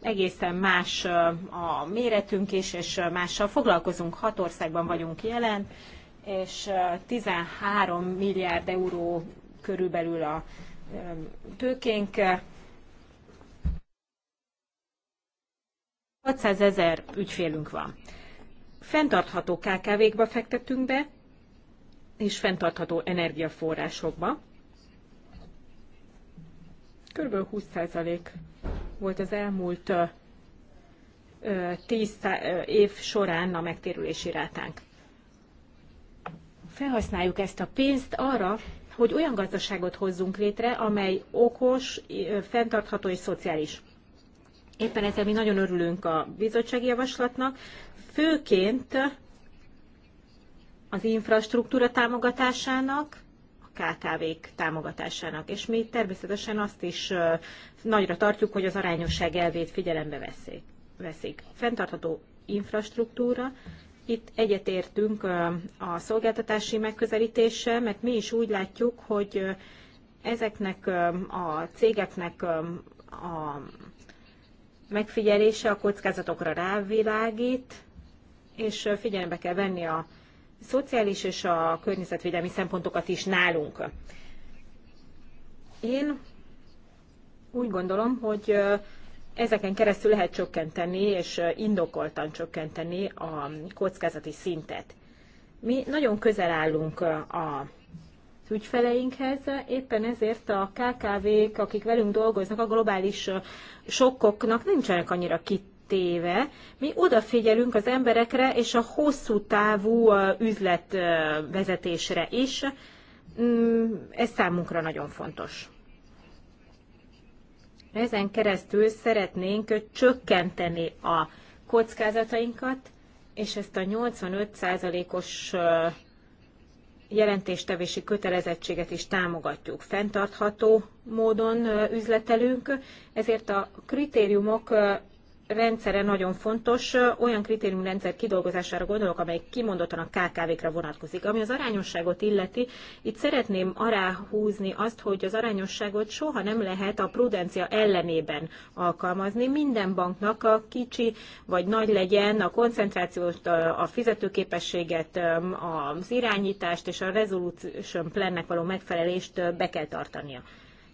egészen más a méretünk is, és mással foglalkozunk. Hat országban vagyunk jelen, és 13 milliárd euró körülbelül a tőkénk. 600 ezer ügyfélünk van. Fentartható KKV-kba fektetünk be, és fenntartható energiaforrásokba. Körülbelül 20% volt az elmúlt 10 év során a megtérülési rátánk. Felhasználjuk ezt a pénzt arra, hogy olyan gazdaságot hozzunk létre, amely okos, fenntartható és szociális. Éppen ezzel mi nagyon örülünk a bizottsági javaslatnak, főként az infrastruktúra támogatásának, a KKV-k támogatásának. És mi természetesen azt is nagyra tartjuk, hogy az arányosság elvét figyelembe veszik. Fentartható infrastruktúra, itt egyetértünk a szolgáltatási megközelítése, mert mi is úgy látjuk, hogy ezeknek a cégeknek a megfigyelése a kockázatokra rávilágít, és figyelembe kell venni a szociális és a környezetvédelmi szempontokat is nálunk. Én úgy gondolom, hogy ezeken keresztül lehet csökkenteni, és indokoltan csökkenteni a kockázati szintet. Mi nagyon közel állunk a ügyfeleinkhez, éppen ezért a KKV-k, akik velünk dolgoznak, a globális sokkoknak nincsenek annyira kit téve. Mi odafigyelünk az emberekre és a hosszú távú üzletvezetésre is. Mm, ez számunkra nagyon fontos. Ezen keresztül szeretnénk csökkenteni a kockázatainkat, és ezt a 85%-os jelentéstevési kötelezettséget is támogatjuk. Fenntartható módon üzletelünk, ezért a kritériumok rendszere nagyon fontos, olyan kritériumrendszer kidolgozására gondolok, amely kimondottan a KKV-kra vonatkozik. Ami az arányosságot illeti, itt szeretném aráhúzni azt, hogy az arányosságot soha nem lehet a prudencia ellenében alkalmazni. Minden banknak a kicsi vagy nagy legyen a koncentrációt, a fizetőképességet, az irányítást és a resolution plannek való megfelelést be kell tartania.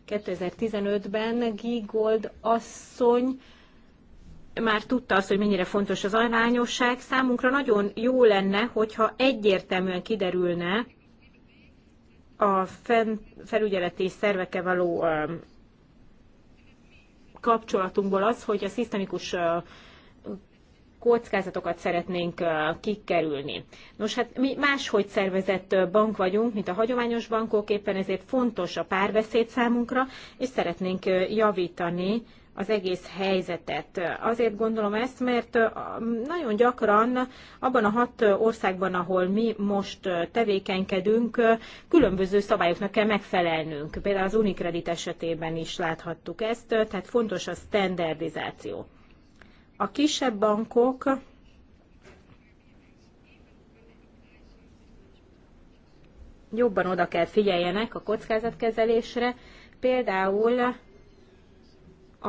2015-ben Gigold asszony már tudta azt, hogy mennyire fontos az arányosság. Számunkra nagyon jó lenne, hogyha egyértelműen kiderülne a felügyeleti szervekkel való kapcsolatunkból az, hogy a szisztemikus kockázatokat szeretnénk kikerülni. Nos, hát mi máshogy szervezett bank vagyunk, mint a hagyományos bankok, éppen ezért fontos a párbeszéd számunkra, és szeretnénk javítani az egész helyzetet. Azért gondolom ezt, mert nagyon gyakran abban a hat országban, ahol mi most tevékenykedünk, különböző szabályoknak kell megfelelnünk. Például az Unicredit esetében is láthattuk ezt, tehát fontos a standardizáció. A kisebb bankok jobban oda kell figyeljenek a kockázatkezelésre, például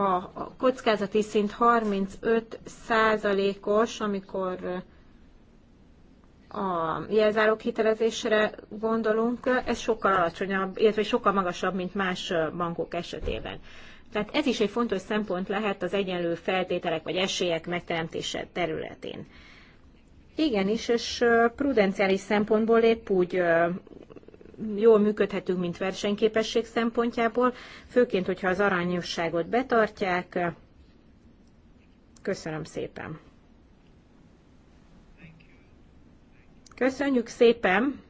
a kockázati szint 35%-os, amikor a jelzálók hitelezésre gondolunk, ez sokkal alacsonyabb, illetve sokkal magasabb, mint más bankok esetében. Tehát ez is egy fontos szempont lehet az egyenlő feltételek vagy esélyek megteremtése területén. Igen és prudenciális szempontból épp úgy jól működhetünk, mint versenyképesség szempontjából, főként, hogyha az arányosságot betartják. Köszönöm szépen! Köszönjük szépen,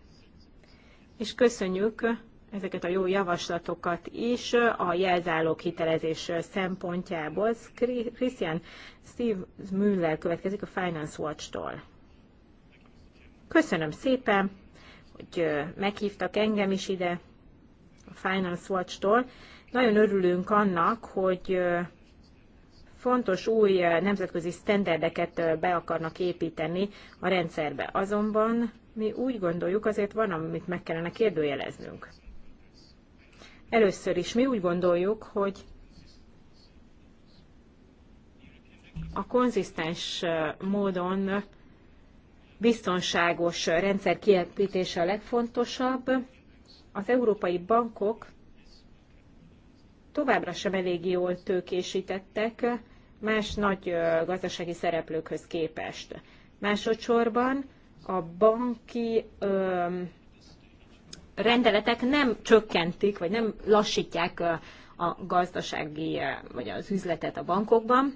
és köszönjük ezeket a jó javaslatokat is a jelzálók hitelezés szempontjából. Christian Steve Müller következik a Finance Watch-tól. Köszönöm szépen! hogy meghívtak engem is ide a Finance Watch-tól. Nagyon örülünk annak, hogy fontos új nemzetközi sztenderdeket be akarnak építeni a rendszerbe. Azonban mi úgy gondoljuk, azért van, amit meg kellene kérdőjeleznünk. Először is mi úgy gondoljuk, hogy a konzisztens módon biztonságos rendszer kiépítése a legfontosabb. Az európai bankok továbbra sem elég jól tőkésítettek más nagy gazdasági szereplőkhöz képest. Másodszorban a banki ö, rendeletek nem csökkentik, vagy nem lassítják a gazdasági, vagy az üzletet a bankokban.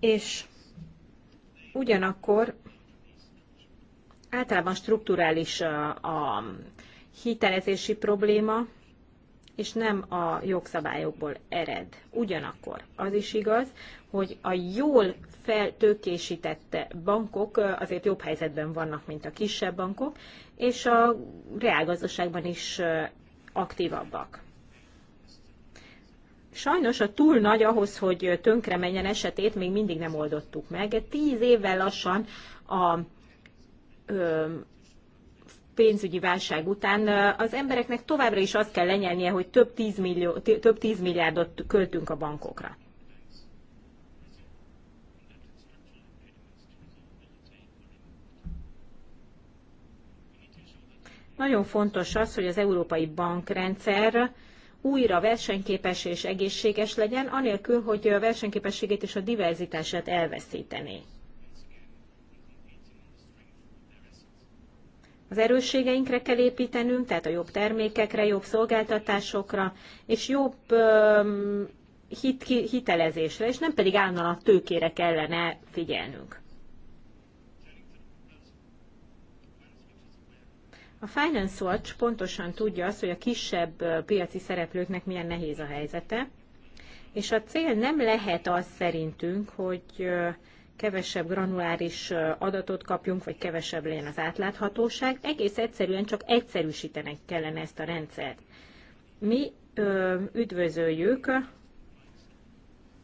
És ugyanakkor általában strukturális a hitelezési probléma, és nem a jogszabályokból ered. Ugyanakkor az is igaz, hogy a jól feltőkésített bankok azért jobb helyzetben vannak, mint a kisebb bankok, és a reálgazdaságban is aktívabbak. Sajnos a túl nagy ahhoz, hogy tönkre menjen esetét még mindig nem oldottuk meg. Tíz évvel lassan a ö, pénzügyi válság után az embereknek továbbra is azt kell lenyelnie, hogy több tíz millió, több tíz milliárdot költünk a bankokra. Nagyon fontos az, hogy az európai bankrendszer újra versenyképes és egészséges legyen, anélkül, hogy a versenyképességét és a diverzitását elveszítené. Az erősségeinkre kell építenünk, tehát a jobb termékekre, jobb szolgáltatásokra, és jobb hit, hitelezésre, és nem pedig állandóan a tőkére kellene figyelnünk. A Finance Watch pontosan tudja azt, hogy a kisebb piaci szereplőknek milyen nehéz a helyzete, és a cél nem lehet az szerintünk, hogy kevesebb granuláris adatot kapjunk, vagy kevesebb legyen az átláthatóság. Egész egyszerűen csak egyszerűsítenek kellene ezt a rendszert. Mi üdvözöljük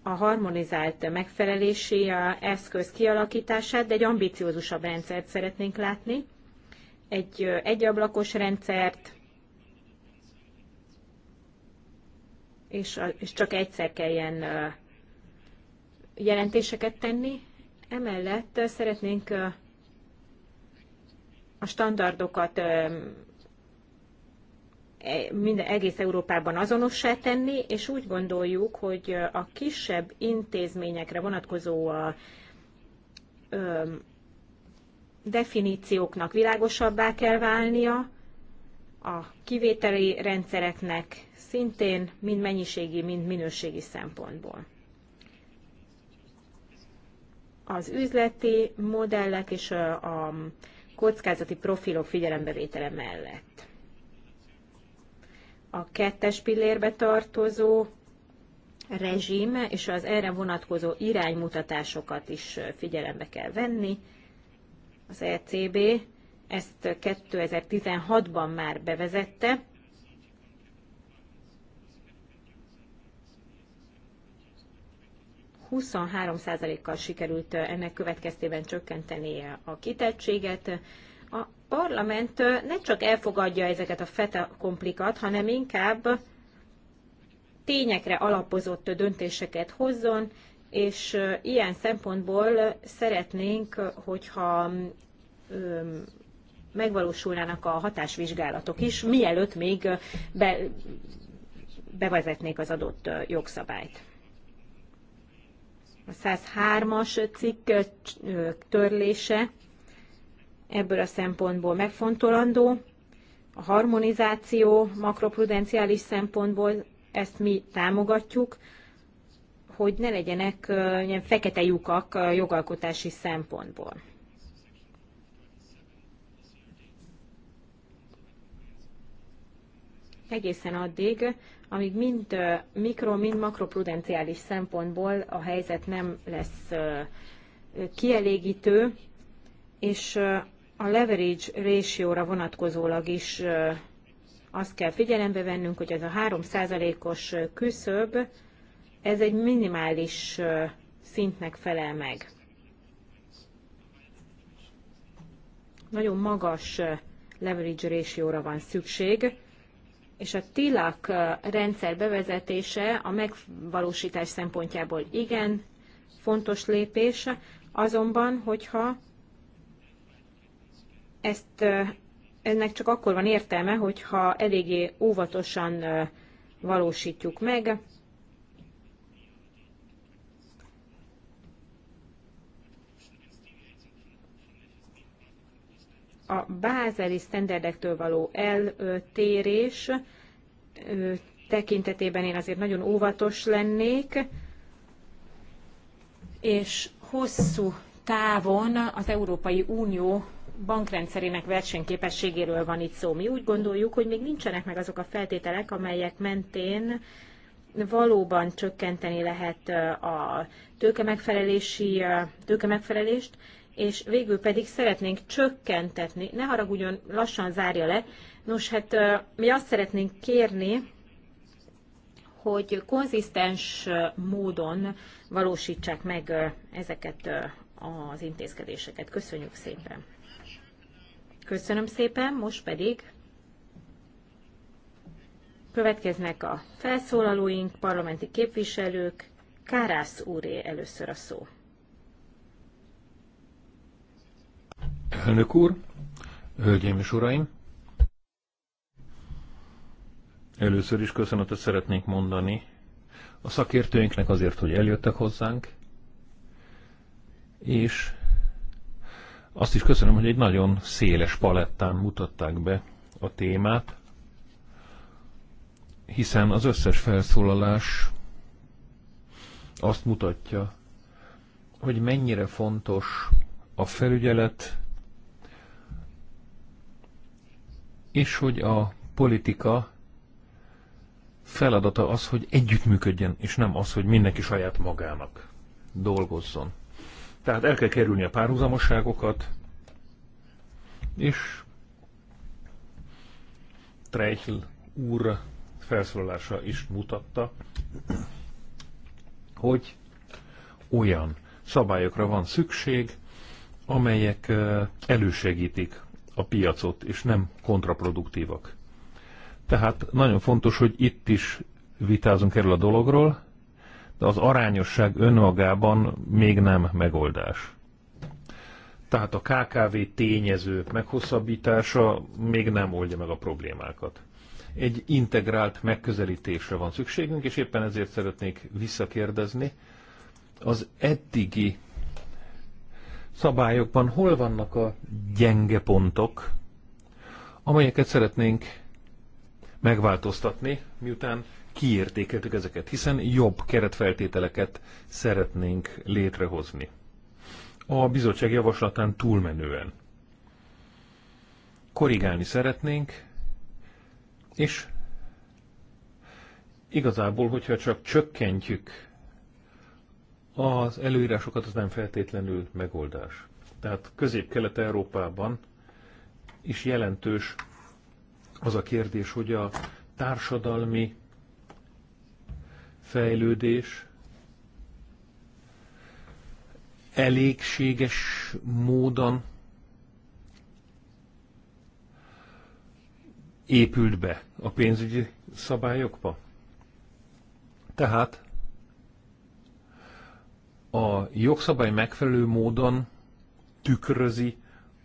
a harmonizált megfelelési eszköz kialakítását, de egy ambiciózusabb rendszert szeretnénk látni, egy egyablakos rendszert, és, és csak egyszer kelljen jelentéseket tenni. Emellett szeretnénk a standardokat e, minden egész Európában azonossá tenni, és úgy gondoljuk, hogy a kisebb intézményekre vonatkozó a, definícióknak világosabbá kell válnia, a kivételi rendszereknek szintén mind mennyiségi, mind minőségi szempontból. Az üzleti modellek és a kockázati profilok figyelembevétele mellett. A kettes pillérbe tartozó rezsim és az erre vonatkozó iránymutatásokat is figyelembe kell venni, az ECB ezt 2016-ban már bevezette, kal sikerült ennek következtében csökkentenie a kitettséget. A parlament ne csak elfogadja ezeket a feta komplikat, hanem inkább tényekre alapozott döntéseket hozzon, és ilyen szempontból szeretnénk, hogyha megvalósulnának a hatásvizsgálatok is, mielőtt még be, bevezetnék az adott jogszabályt. A 103-as cikk törlése ebből a szempontból megfontolandó. A harmonizáció makroprudenciális szempontból ezt mi támogatjuk, hogy ne legyenek ilyen fekete lyukak jogalkotási szempontból. Egészen addig, amíg mind mikro, mind makroprudenciális szempontból a helyzet nem lesz kielégítő, és a leverage ratio-ra vonatkozólag is azt kell figyelembe vennünk, hogy ez a 3%-os küszöb ez egy minimális szintnek felel meg. Nagyon magas leverage ratio-ra van szükség, és a TILAK rendszer bevezetése a megvalósítás szempontjából igen fontos lépés, azonban, hogyha ezt, ennek csak akkor van értelme, hogyha eléggé óvatosan valósítjuk meg, a bázeli sztenderdektől való eltérés tekintetében én azért nagyon óvatos lennék, és hosszú távon az Európai Unió bankrendszerének versenyképességéről van itt szó. Mi úgy gondoljuk, hogy még nincsenek meg azok a feltételek, amelyek mentén valóban csökkenteni lehet a megfelelési tőke megfelelést és végül pedig szeretnénk csökkentetni, ne haragudjon, lassan zárja le. Nos, hát mi azt szeretnénk kérni, hogy konzisztens módon valósítsák meg ezeket az intézkedéseket. Köszönjük szépen! Köszönöm szépen, most pedig következnek a felszólalóink, parlamenti képviselők. Kárász úré először a szó. Elnök úr, hölgyeim és uraim! Először is köszönetet szeretnénk mondani a szakértőinknek azért, hogy eljöttek hozzánk, és azt is köszönöm, hogy egy nagyon széles palettán mutatták be a témát, hiszen az összes felszólalás azt mutatja, hogy mennyire fontos a felügyelet és hogy a politika feladata az, hogy együttműködjen, és nem az, hogy mindenki saját magának dolgozzon. Tehát el kell kerülni a párhuzamosságokat, és Treichl úr felszólalása is mutatta, hogy olyan szabályokra van szükség, amelyek elősegítik a piacot, és nem kontraproduktívak. Tehát nagyon fontos, hogy itt is vitázunk erről a dologról, de az arányosság önmagában még nem megoldás. Tehát a KKV tényező meghosszabbítása még nem oldja meg a problémákat. Egy integrált megközelítésre van szükségünk, és éppen ezért szeretnék visszakérdezni az eddigi szabályokban hol vannak a gyenge pontok, amelyeket szeretnénk megváltoztatni, miután kiértékeltük ezeket, hiszen jobb keretfeltételeket szeretnénk létrehozni. A bizottság javaslatán túlmenően. Korrigálni szeretnénk, és igazából, hogyha csak csökkentjük az előírásokat az nem feltétlenül megoldás. Tehát Közép-Kelet-Európában is jelentős az a kérdés, hogy a társadalmi fejlődés elégséges módon épült be a pénzügyi szabályokba. Tehát a jogszabály megfelelő módon tükrözi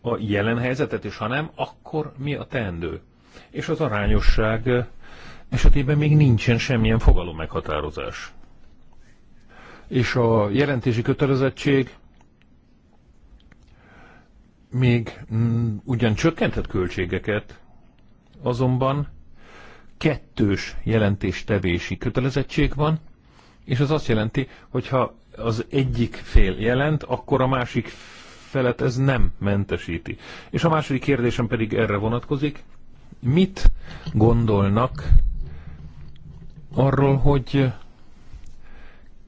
a jelen helyzetet, és ha nem, akkor mi a teendő? És az arányosság esetében még nincsen semmilyen fogalom meghatározás. És a jelentési kötelezettség még mm, ugyan csökkentett költségeket, azonban kettős jelentéstevési kötelezettség van, és az azt jelenti, hogy ha az egyik fél jelent, akkor a másik felet ez nem mentesíti. És a második kérdésem pedig erre vonatkozik. Mit gondolnak arról, hogy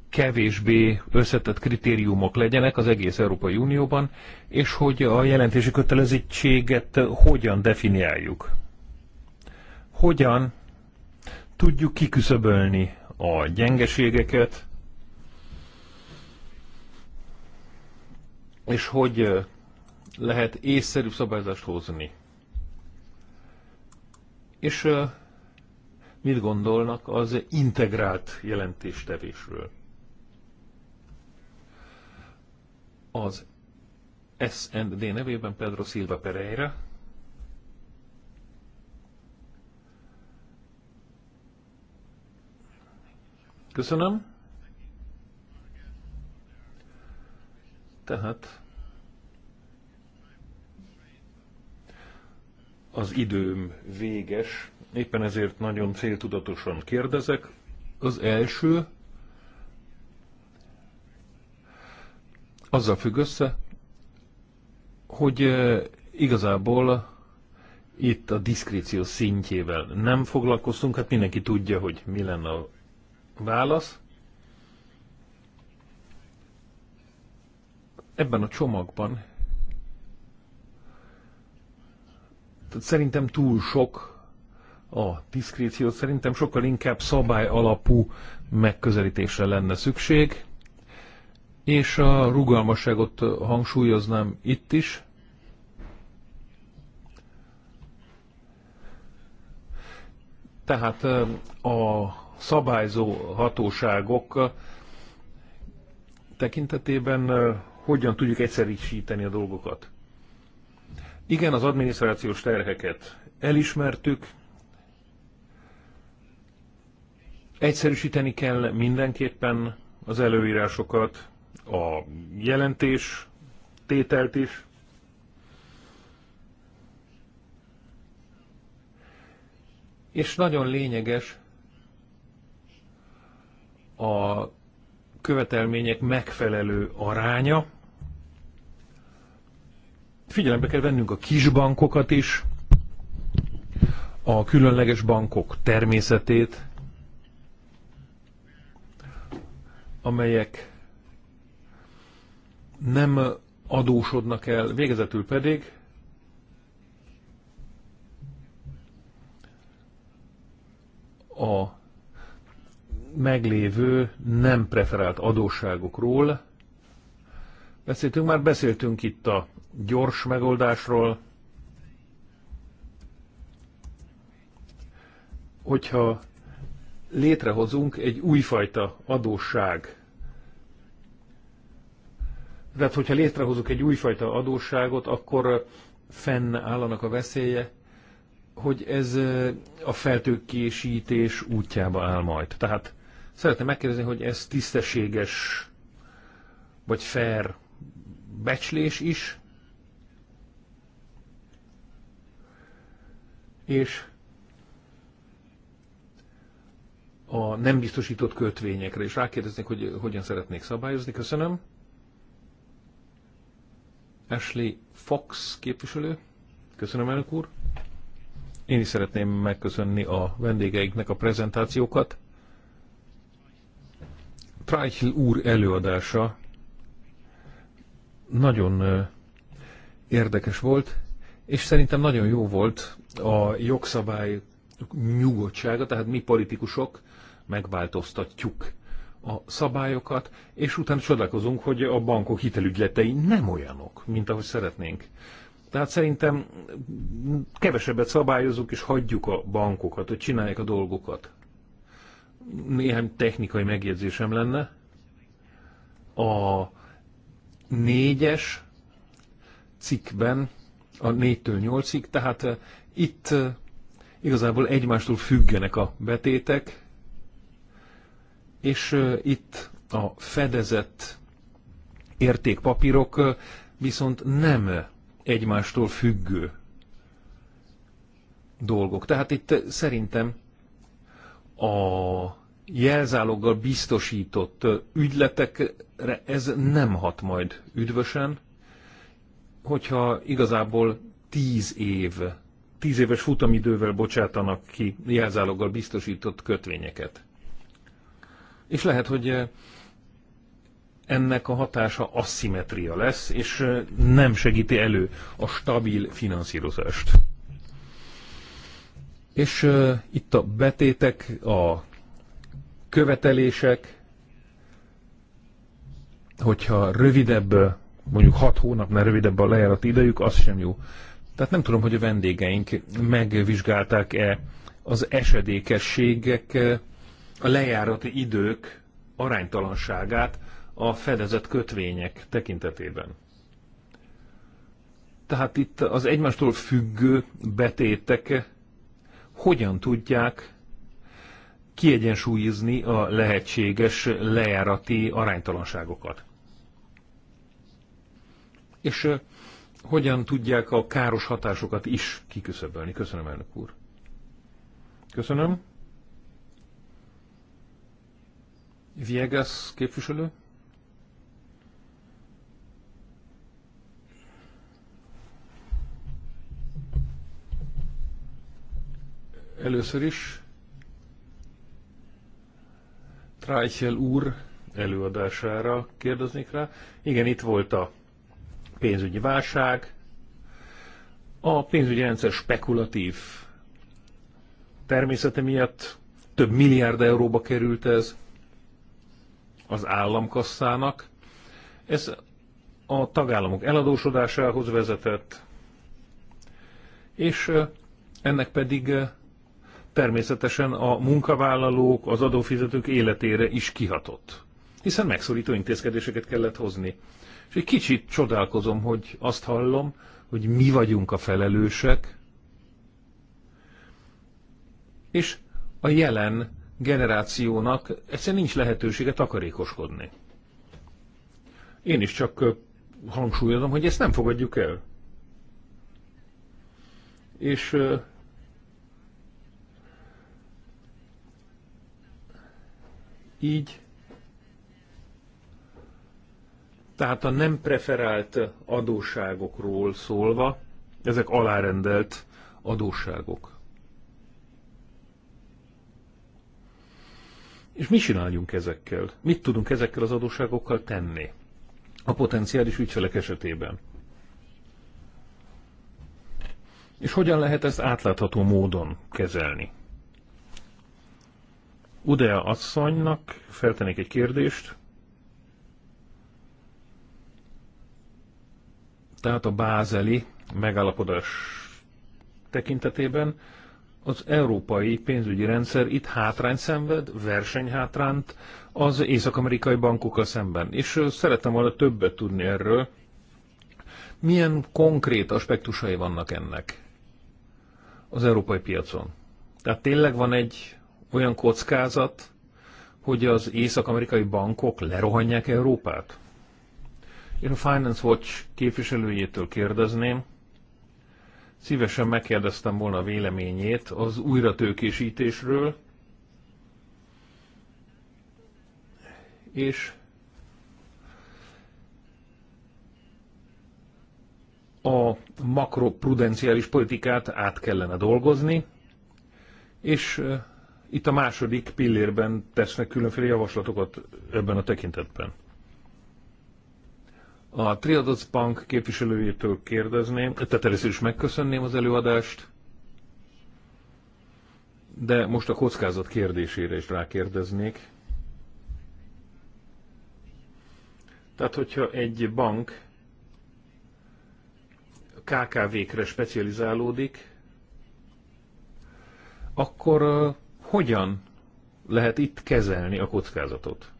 kevésbé összetett kritériumok legyenek az egész Európai Unióban, és hogy a jelentési kötelezettséget hogyan definiáljuk? Hogyan tudjuk kiküszöbölni a gyengeségeket, és hogy lehet észszerű szabályzást hozni. És mit gondolnak az integrált jelentéstevésről? Az SND nevében Pedro Silva Pereira. Köszönöm. Tehát az időm véges, éppen ezért nagyon céltudatosan kérdezek. Az első azzal függ össze, hogy igazából itt a diszkréció szintjével nem foglalkoztunk, hát mindenki tudja, hogy mi lenne a válasz. Ebben a csomagban Tehát szerintem túl sok a diszkréció, szerintem sokkal inkább szabály alapú megközelítésre lenne szükség, és a rugalmasságot hangsúlyoznám itt is. Tehát a szabályzó hatóságok tekintetében hogyan tudjuk egyszerűsíteni a dolgokat. Igen, az adminisztrációs terheket elismertük, egyszerűsíteni kell mindenképpen az előírásokat, a jelentés tételt is, és nagyon lényeges a követelmények megfelelő aránya, Figyelembe kell vennünk a kisbankokat is, a különleges bankok természetét, amelyek nem adósodnak el, végezetül pedig a meglévő nem preferált adósságokról beszéltünk, már beszéltünk itt a gyors megoldásról, hogyha létrehozunk egy újfajta adósság. Tehát, hogyha létrehozunk egy újfajta adósságot, akkor állanak a veszélye, hogy ez a feltőkésítés útjába áll majd. Tehát szeretném megkérdezni, hogy ez tisztességes vagy fair becslés is, és a nem biztosított kötvényekre, és rákérdeznék, hogy hogyan szeretnék szabályozni. Köszönöm. Ashley Fox képviselő. Köszönöm, elnök úr. Én is szeretném megköszönni a vendégeiknek a prezentációkat. Treichel úr előadása nagyon érdekes volt, és szerintem nagyon jó volt a jogszabály nyugodtsága, tehát mi politikusok megváltoztatjuk a szabályokat, és utána csodálkozunk, hogy a bankok hitelügyletei nem olyanok, mint ahogy szeretnénk. Tehát szerintem kevesebbet szabályozunk, és hagyjuk a bankokat, hogy csinálják a dolgokat. Néhány technikai megjegyzésem lenne. A négyes cikkben a 4-től 8-ig, tehát eh, itt eh, igazából egymástól függenek a betétek, és eh, itt a fedezett értékpapírok viszont nem egymástól függő dolgok. Tehát itt szerintem a jelzáloggal biztosított ügyletekre ez nem hat majd üdvösen, hogyha igazából tíz év, tíz éves futamidővel bocsátanak ki jelzáloggal biztosított kötvényeket. És lehet, hogy eh, ennek a hatása asszimetria lesz, és eh, nem segíti elő a stabil finanszírozást. És uh, itt a betétek, a követelések, hogyha rövidebb mondjuk hat hónapnál rövidebb a lejárati idejük, az sem jó. Tehát nem tudom, hogy a vendégeink megvizsgálták-e az esedékességek, eh, a lejárati idők aránytalanságát a fedezett kötvények tekintetében. Tehát itt az egymástól függő betétek eh, hogyan tudják kiegyensúlyozni a lehetséges lejárati aránytalanságokat és hogyan tudják a káros hatásokat is kiküszöbölni. Köszönöm, elnök úr. Köszönöm. Viegas képviselő. Először is Trájchel úr előadására kérdeznék rá. Igen, itt volt a pénzügyi válság, a pénzügyi rendszer spekulatív természete miatt több milliárd euróba került ez az államkasszának. Ez a tagállamok eladósodásához vezetett, és ennek pedig természetesen a munkavállalók, az adófizetők életére is kihatott, hiszen megszorító intézkedéseket kellett hozni. És egy kicsit csodálkozom, hogy azt hallom, hogy mi vagyunk a felelősek, és a jelen generációnak egyszerűen nincs lehetősége takarékoskodni. Én is csak hangsúlyozom, hogy ezt nem fogadjuk el. És így Tehát a nem preferált adósságokról szólva, ezek alárendelt adósságok. És mi csináljunk ezekkel? Mit tudunk ezekkel az adósságokkal tenni? A potenciális ügyfelek esetében. És hogyan lehet ezt átlátható módon kezelni? Udea asszonynak feltenék egy kérdést. tehát a bázeli megállapodás tekintetében az európai pénzügyi rendszer itt hátrány szenved, versenyhátránt az észak-amerikai bankokkal szemben. És szerettem volna többet tudni erről. Milyen konkrét aspektusai vannak ennek az európai piacon? Tehát tényleg van egy olyan kockázat, hogy az észak-amerikai bankok lerohanják Európát? Én a Finance Watch képviselőjétől kérdezném, szívesen megkérdeztem volna a véleményét az újratőkésítésről, és a makroprudenciális politikát át kellene dolgozni, és itt a második pillérben tesznek különféle javaslatokat ebben a tekintetben. A Triadoc Bank képviselőjétől kérdezném, tehát először is megköszönném az előadást, de most a kockázat kérdésére is rákérdeznék. Tehát, hogyha egy bank KKV-kre specializálódik, akkor hogyan lehet itt kezelni a kockázatot?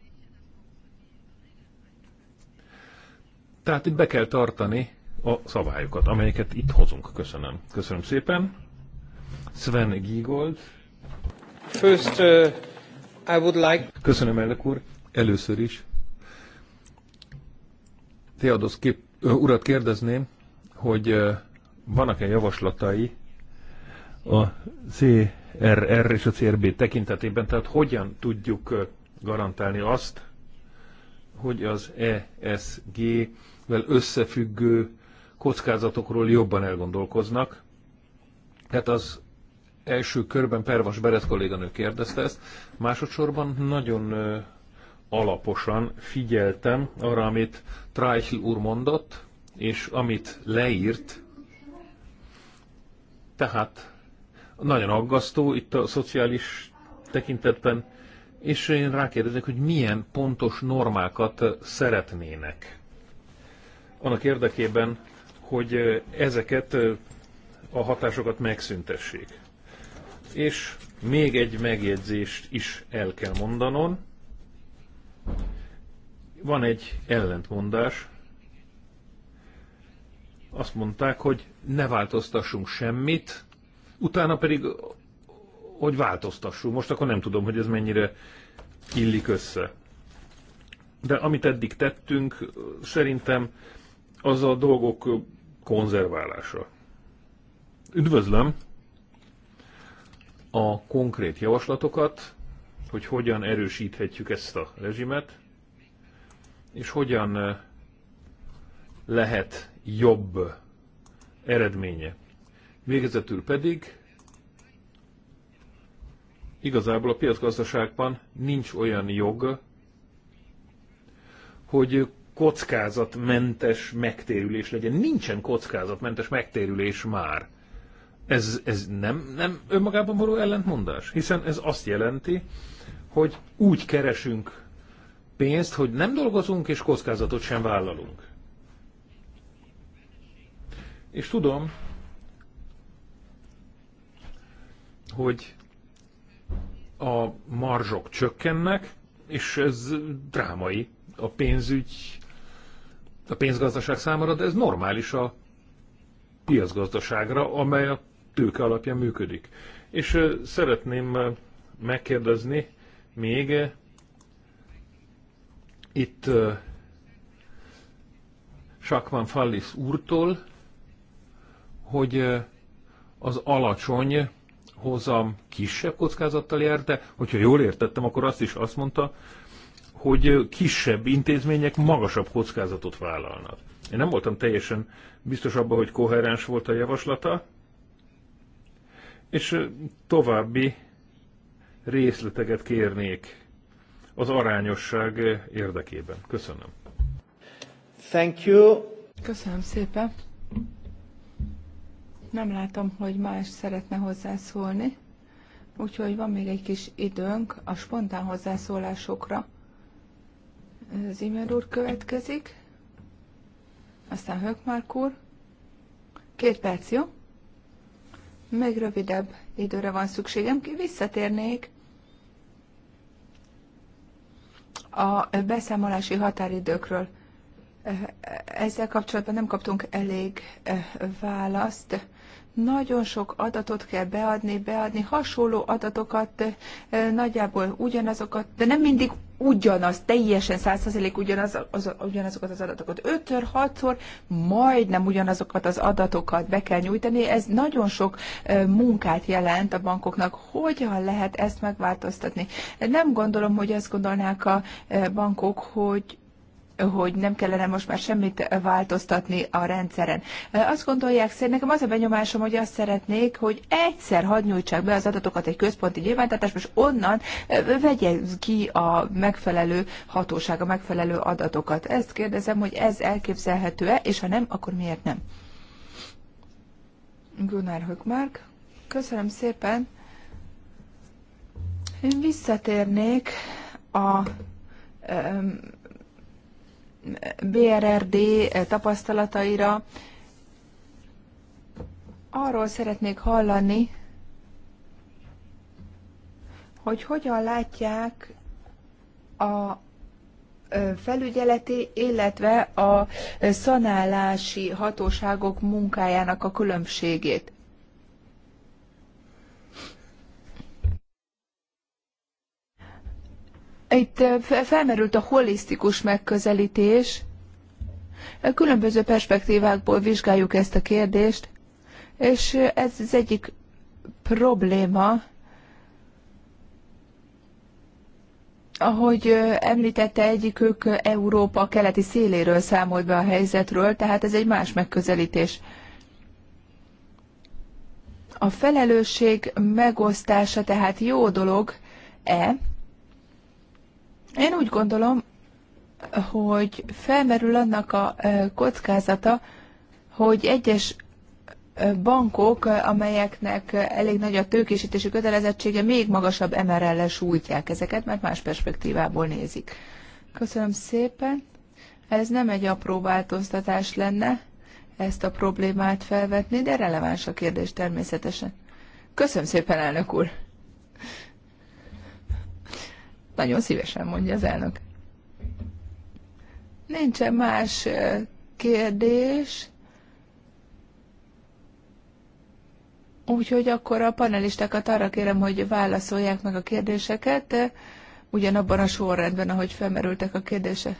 Tehát itt be kell tartani a szabályokat, amelyeket itt hozunk. Köszönöm. Köszönöm szépen. Sven Giegold. First, uh, I would like... Köszönöm, elnök úr. Először is. Teodosz kép, uh, urat kérdezném, hogy uh, vannak-e javaslatai a CRR és a CRB tekintetében, tehát hogyan tudjuk garantálni azt, hogy az ESG-vel összefüggő kockázatokról jobban elgondolkoznak. Hát az első körben Pervas Beret kolléganő kérdezte ezt, másodszorban nagyon alaposan figyeltem arra, amit Trajhil úr mondott, és amit leírt. Tehát nagyon aggasztó itt a szociális tekintetben és én rákérdezek, hogy milyen pontos normákat szeretnének. Annak érdekében, hogy ezeket a hatásokat megszüntessék. És még egy megjegyzést is el kell mondanom. Van egy ellentmondás. Azt mondták, hogy ne változtassunk semmit, utána pedig hogy változtassunk. Most akkor nem tudom, hogy ez mennyire illik össze. De amit eddig tettünk, szerintem az a dolgok konzerválása. Üdvözlöm a konkrét javaslatokat, hogy hogyan erősíthetjük ezt a rezsimet, és hogyan eh, lehet jobb eredménye. Végezetül pedig Igazából a piacgazdaságban nincs olyan jog, hogy kockázatmentes megtérülés legyen. Nincsen kockázatmentes megtérülés már. Ez, ez nem, nem önmagában való ellentmondás, hiszen ez azt jelenti, hogy úgy keresünk pénzt, hogy nem dolgozunk és kockázatot sem vállalunk. És tudom, hogy a marzsok csökkennek, és ez drámai a pénzügy, a pénzgazdaság számára, de ez normális a piacgazdaságra, amely a tőke alapján működik. És szeretném megkérdezni még itt Sakman Fallis úrtól, hogy az alacsony hozam kisebb kockázattal jár, de hogyha jól értettem, akkor azt is azt mondta, hogy kisebb intézmények magasabb kockázatot vállalnak. Én nem voltam teljesen biztos abban, hogy koherens volt a javaslata, és további részleteket kérnék az arányosság érdekében. Köszönöm. Thank you. Köszönöm szépen. Nem látom, hogy más szeretne hozzászólni, úgyhogy van még egy kis időnk a spontán hozzászólásokra. Zimmer úr következik, aztán Hökmark úr. Két perc, jó? Még rövidebb időre van szükségem, ki visszatérnék a beszámolási határidőkről. Ezzel kapcsolatban nem kaptunk elég eh, választ nagyon sok adatot kell beadni, beadni, hasonló adatokat, eh, nagyjából ugyanazokat, de nem mindig ugyanaz, teljesen százszerzelék ugyanaz, az, ugyanazokat az adatokat. Ötször, hatszor majdnem ugyanazokat az adatokat be kell nyújtani. Ez nagyon sok eh, munkát jelent a bankoknak. Hogyan lehet ezt megváltoztatni? Nem gondolom, hogy azt gondolnák a eh, bankok, hogy hogy nem kellene most már semmit változtatni a rendszeren. Azt gondolják szerintem nekem az a benyomásom, hogy azt szeretnék, hogy egyszer hadd nyújtsák be az adatokat egy központi nyilvántartásba, és onnan vegye ki a megfelelő hatóság, a megfelelő adatokat. Ezt kérdezem, hogy ez elképzelhető-e, és ha nem, akkor miért nem? Gunnar Högmark. Köszönöm szépen. Én visszatérnék a BRRD eh, tapasztalataira. Arról szeretnék hallani, hogy hogyan látják a felügyeleti, illetve a szanálási hatóságok munkájának a különbségét. Itt felmerült a holisztikus megközelítés. Különböző perspektívákból vizsgáljuk ezt a kérdést, és ez az egyik probléma, ahogy említette egyikük Európa keleti széléről számolt be a helyzetről, tehát ez egy más megközelítés. A felelősség megosztása tehát jó dolog-e, én úgy gondolom, hogy felmerül annak a kockázata, hogy egyes bankok, amelyeknek elég nagy a tőkésítési kötelezettsége, még magasabb MRL-le sújtják ezeket, mert más perspektívából nézik. Köszönöm szépen. Ez nem egy apró változtatás lenne, ezt a problémát felvetni, de releváns a kérdés természetesen. Köszönöm szépen, elnök úr! Nagyon szívesen mondja az elnök. Nincsen más kérdés. Úgyhogy akkor a panelistákat arra kérem, hogy válaszolják meg a kérdéseket, ugyanabban a sorrendben, ahogy felmerültek a kérdések.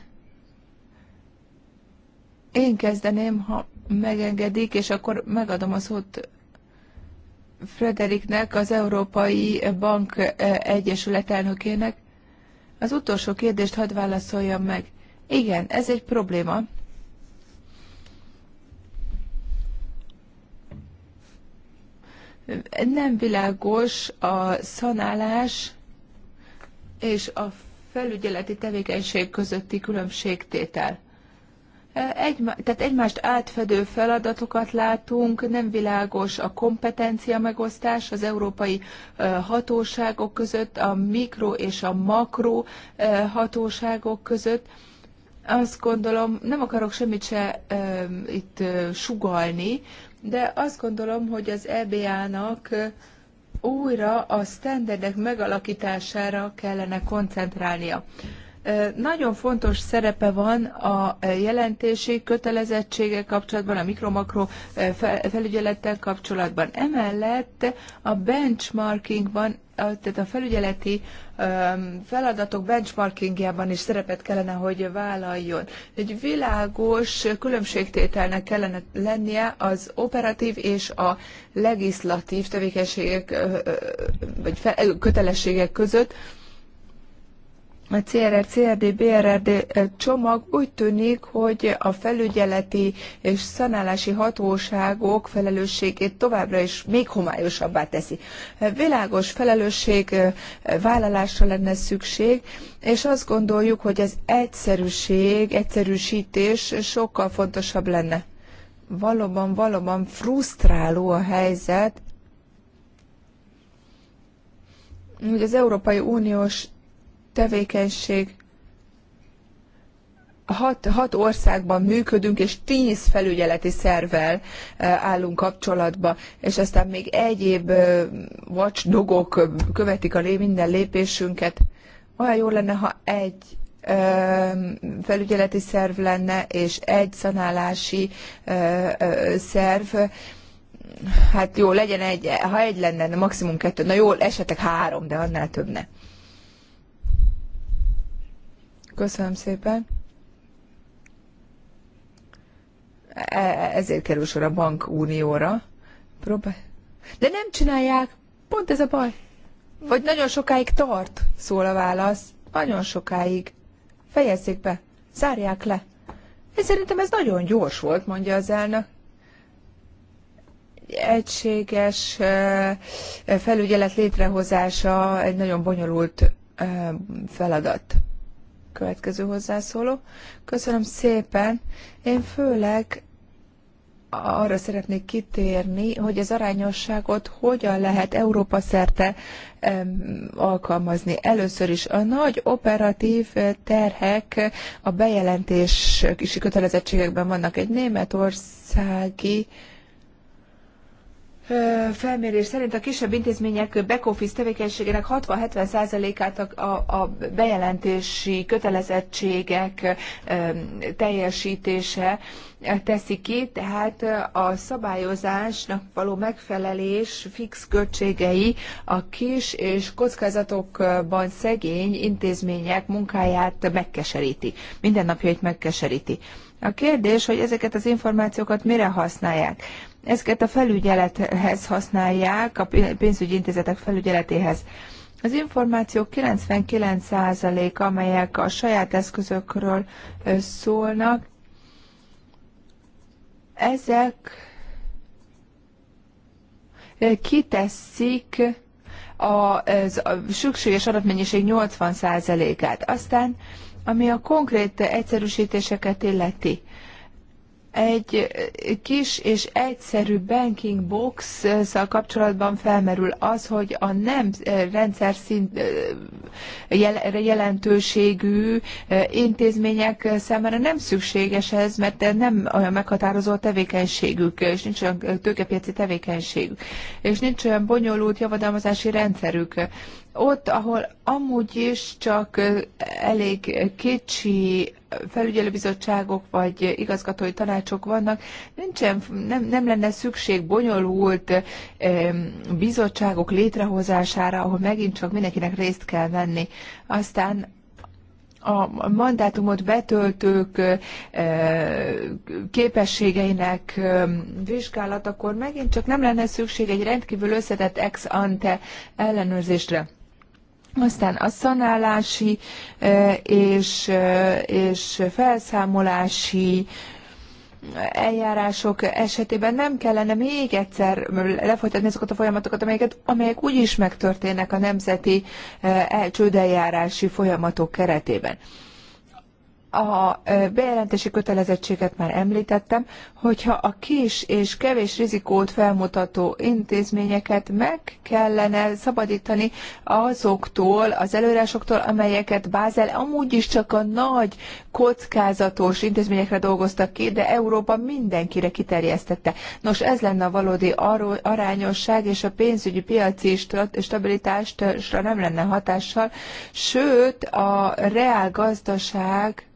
Én kezdeném, ha megengedik, és akkor megadom a szót Frederiknek, az Európai Bank Egyesület elnökének. Az utolsó kérdést hadd válaszoljam meg. Igen, ez egy probléma. Nem világos a szanálás és a felügyeleti tevékenység közötti különbségtétel egy, tehát egymást átfedő feladatokat látunk, nem világos a kompetencia megosztás az európai hatóságok között, a mikro és a makro hatóságok között. Azt gondolom, nem akarok semmit se e, itt e, sugalni, de azt gondolom, hogy az EBA-nak újra a standardek megalakítására kellene koncentrálnia. Nagyon fontos szerepe van a jelentési kötelezettségek kapcsolatban, a mikro-makro felügyelettel kapcsolatban. Emellett a benchmarkingban, tehát a felügyeleti feladatok benchmarkingjában is szerepet kellene, hogy vállaljon. Egy világos különbségtételnek kellene lennie az operatív és a legislatív tevékenységek vagy kötelességek között, a CRR, CRD, BRRD csomag úgy tűnik, hogy a felügyeleti és szanálási hatóságok felelősségét továbbra is még homályosabbá teszi. Világos felelősség vállalásra lenne szükség, és azt gondoljuk, hogy az egyszerűség, egyszerűsítés sokkal fontosabb lenne. Valóban, valóban frusztráló a helyzet, hogy az Európai Uniós tevékenység. Hat, hat országban működünk, és tíz felügyeleti szervvel e, állunk kapcsolatba, és aztán még egyéb watchdogok e, követik a minden lépésünket. Olyan jó lenne, ha egy e, felügyeleti szerv lenne, és egy szanálási szerv, hát jó, legyen egy, ha egy lenne, maximum kettő, na jó, esetleg három, de annál több ne. Köszönöm szépen. E, e, ezért kerül sor a bankunióra. Próbál. De nem csinálják. Pont ez a baj. Vagy nagyon sokáig tart, szól a válasz. Nagyon sokáig. Fejezzék be. Zárják le. Én szerintem ez nagyon gyors volt, mondja az elnök egységes e, felügyelet létrehozása egy nagyon bonyolult feladat. Következő hozzászóló. Köszönöm szépen. Én főleg arra szeretnék kitérni, hogy az arányosságot hogyan lehet Európa szerte alkalmazni. Először is a nagy operatív terhek a bejelentési kötelezettségekben vannak. Egy németországi felmérés szerint a kisebb intézmények back-office tevékenységének 60-70%-át a, a, bejelentési kötelezettségek teljesítése teszi ki, tehát a szabályozásnak való megfelelés fix költségei a kis és kockázatokban szegény intézmények munkáját megkeseríti, mindennapjait megkeseríti. A kérdés, hogy ezeket az információkat mire használják ezeket a felügyelethez használják, a pénzügyi intézetek felügyeletéhez. Az információk 99% amelyek a saját eszközökről szólnak, ezek kiteszik a, az, a szükséges adatmennyiség 80%-át. Aztán, ami a konkrét egyszerűsítéseket illeti, egy kis és egyszerű banking box-szal kapcsolatban felmerül az, hogy a nem rendszer szint jelentőségű intézmények számára nem szükséges ez, mert nem olyan meghatározó a tevékenységük, és nincs olyan tőkepiaci tevékenységük, és nincs olyan bonyolult javadalmazási rendszerük ott, ahol amúgy is csak elég kicsi felügyelőbizottságok vagy igazgatói tanácsok vannak, nincsen, nem, nem lenne szükség bonyolult bizottságok létrehozására, ahol megint csak mindenkinek részt kell venni. Aztán a mandátumot betöltők képességeinek vizsgálatakor megint csak nem lenne szükség egy rendkívül összetett ex ante ellenőrzésre. Aztán a szanálási és, és felszámolási eljárások esetében nem kellene még egyszer lefolytatni azokat a folyamatokat, amelyeket, amelyek úgyis megtörténnek a nemzeti csődeljárási folyamatok keretében. A bejelentési kötelezettséget már említettem, hogyha a kis és kevés rizikót felmutató intézményeket meg kellene szabadítani azoktól, az előrásoktól, amelyeket Bázel amúgy is csak a nagy kockázatos intézményekre dolgoztak ki, de Európa mindenkire kiterjesztette. Nos, ez lenne a valódi arányosság, és a pénzügyi piaci stabilitásra nem lenne hatással, sőt, a reál gazdaság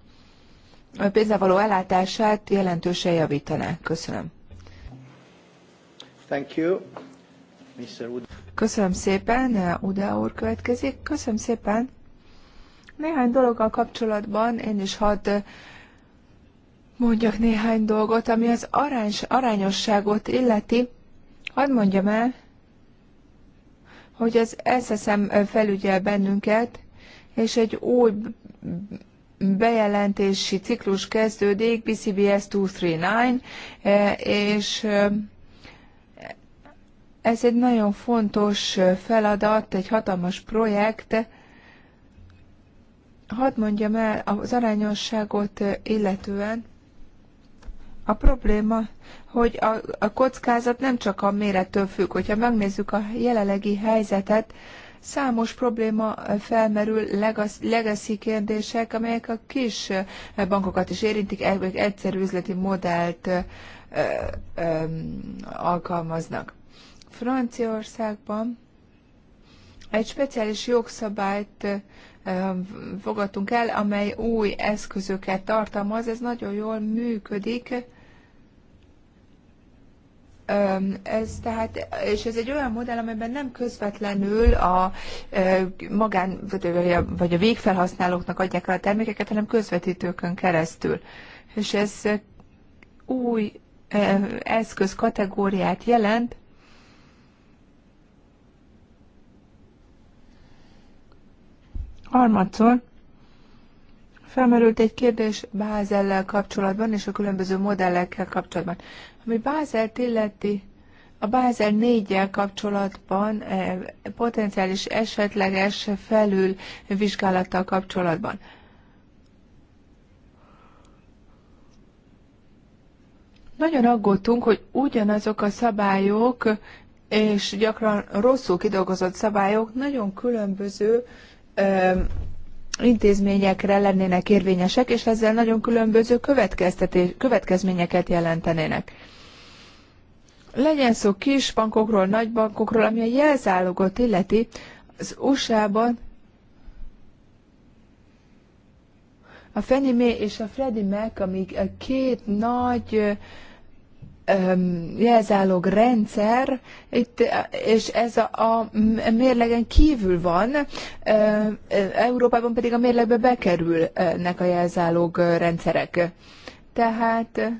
a pénzzel való ellátását jelentősen javítaná. Köszönöm. Thank you. Mr. Köszönöm szépen, Uda úr következik. Köszönöm szépen. Néhány dologgal kapcsolatban én is hadd mondjak néhány dolgot, ami az arányos, arányosságot illeti. Hadd mondjam el, hogy az SSM felügyel bennünket, és egy új bejelentési ciklus kezdődik, BCBS 239, e, és e, ez egy nagyon fontos feladat, egy hatalmas projekt. Hadd mondjam el az arányosságot illetően, a probléma, hogy a, a kockázat nem csak a mérettől függ. Hogyha megnézzük a jelenlegi helyzetet, Számos probléma felmerül, legacy kérdések, amelyek a kis bankokat is érintik, egyszerű üzleti modellt alkalmaznak. Franciaországban egy speciális jogszabályt fogadtunk el, amely új eszközöket tartalmaz, ez nagyon jól működik, ez tehát, és ez egy olyan modell, amelyben nem közvetlenül a magán, vagy a végfelhasználóknak adják el a termékeket, hanem közvetítőkön keresztül. És ez új eszköz kategóriát jelent, Harmadszor felmerült egy kérdés Bázellel kapcsolatban és a különböző modellekkel kapcsolatban. Ami Bázelt illeti, a Bázel 4 kapcsolatban, eh, potenciális esetleges felül vizsgálattal kapcsolatban. Nagyon aggódtunk, hogy ugyanazok a szabályok, és gyakran rosszul kidolgozott szabályok nagyon különböző ö, eh, intézményekre lennének érvényesek, és ezzel nagyon különböző következményeket jelentenének. Legyen szó kis bankokról, nagy bankokról, ami a jelzálogot illeti, az USA-ban a Fannie Mae és a Freddie Mac, amik a két nagy jelzálog rendszer, itt, és ez a, a mérlegen kívül van, Európában pedig a mérlegbe bekerülnek a jelzálog rendszerek. Tehát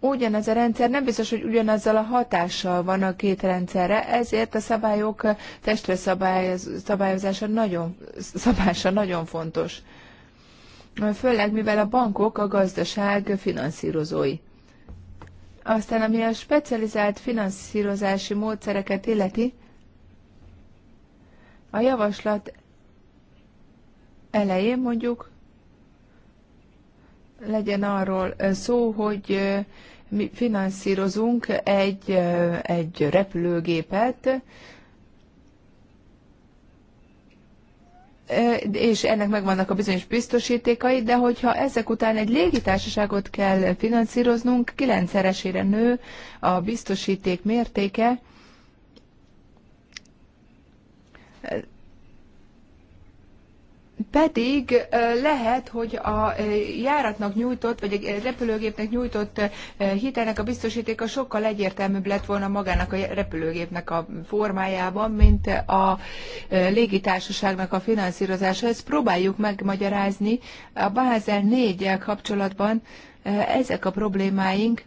ugyanaz a rendszer nem biztos, hogy ugyanazzal a hatással van a két rendszerre, ezért a szabályok testre szabályozása nagyon, szabása nagyon fontos. Főleg, mivel a bankok a gazdaság finanszírozói. Aztán, ami a specializált finanszírozási módszereket illeti, a javaslat elején mondjuk legyen arról szó, hogy mi finanszírozunk egy, egy repülőgépet, és ennek megvannak a bizonyos biztosítékai, de hogyha ezek után egy légitársaságot kell finanszíroznunk, kilencszeresére nő a biztosíték mértéke, pedig lehet, hogy a járatnak nyújtott, vagy a repülőgépnek nyújtott hitelnek a biztosítéka sokkal egyértelműbb lett volna magának a repülőgépnek a formájában, mint a légitársaságnak a finanszírozása. Ezt próbáljuk megmagyarázni. A Bázel 4 kapcsolatban ezek a problémáink,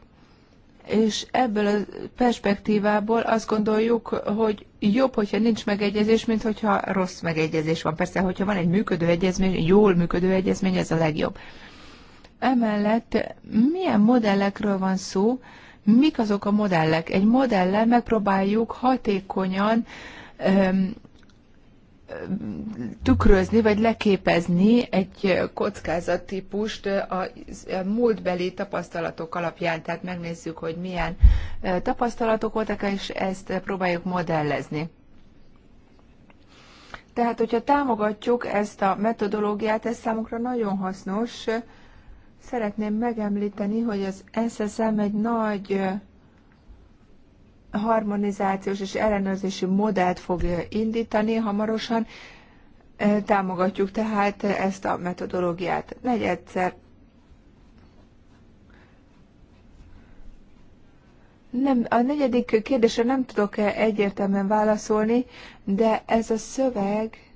és ebből a perspektívából azt gondoljuk, hogy jobb, hogyha nincs megegyezés, mint hogyha rossz megegyezés van. Persze, hogyha van egy működő egyezmény, jól működő egyezmény, ez a legjobb. Emellett milyen modellekről van szó, mik azok a modellek? Egy modellel megpróbáljuk hatékonyan öm, tükrözni, vagy leképezni egy kockázattípust a múltbeli tapasztalatok alapján, tehát megnézzük, hogy milyen e, tapasztalatok voltak, és ezt próbáljuk modellezni. Tehát, hogyha támogatjuk ezt a metodológiát, ez számunkra nagyon hasznos. Szeretném megemlíteni, hogy az SSM egy nagy harmonizációs és ellenőrzési modellt fog indítani hamarosan. E, támogatjuk tehát ezt a metodológiát. Negyedszer Nem, a negyedik kérdésre nem tudok e egyértelműen válaszolni, de ez a szöveg,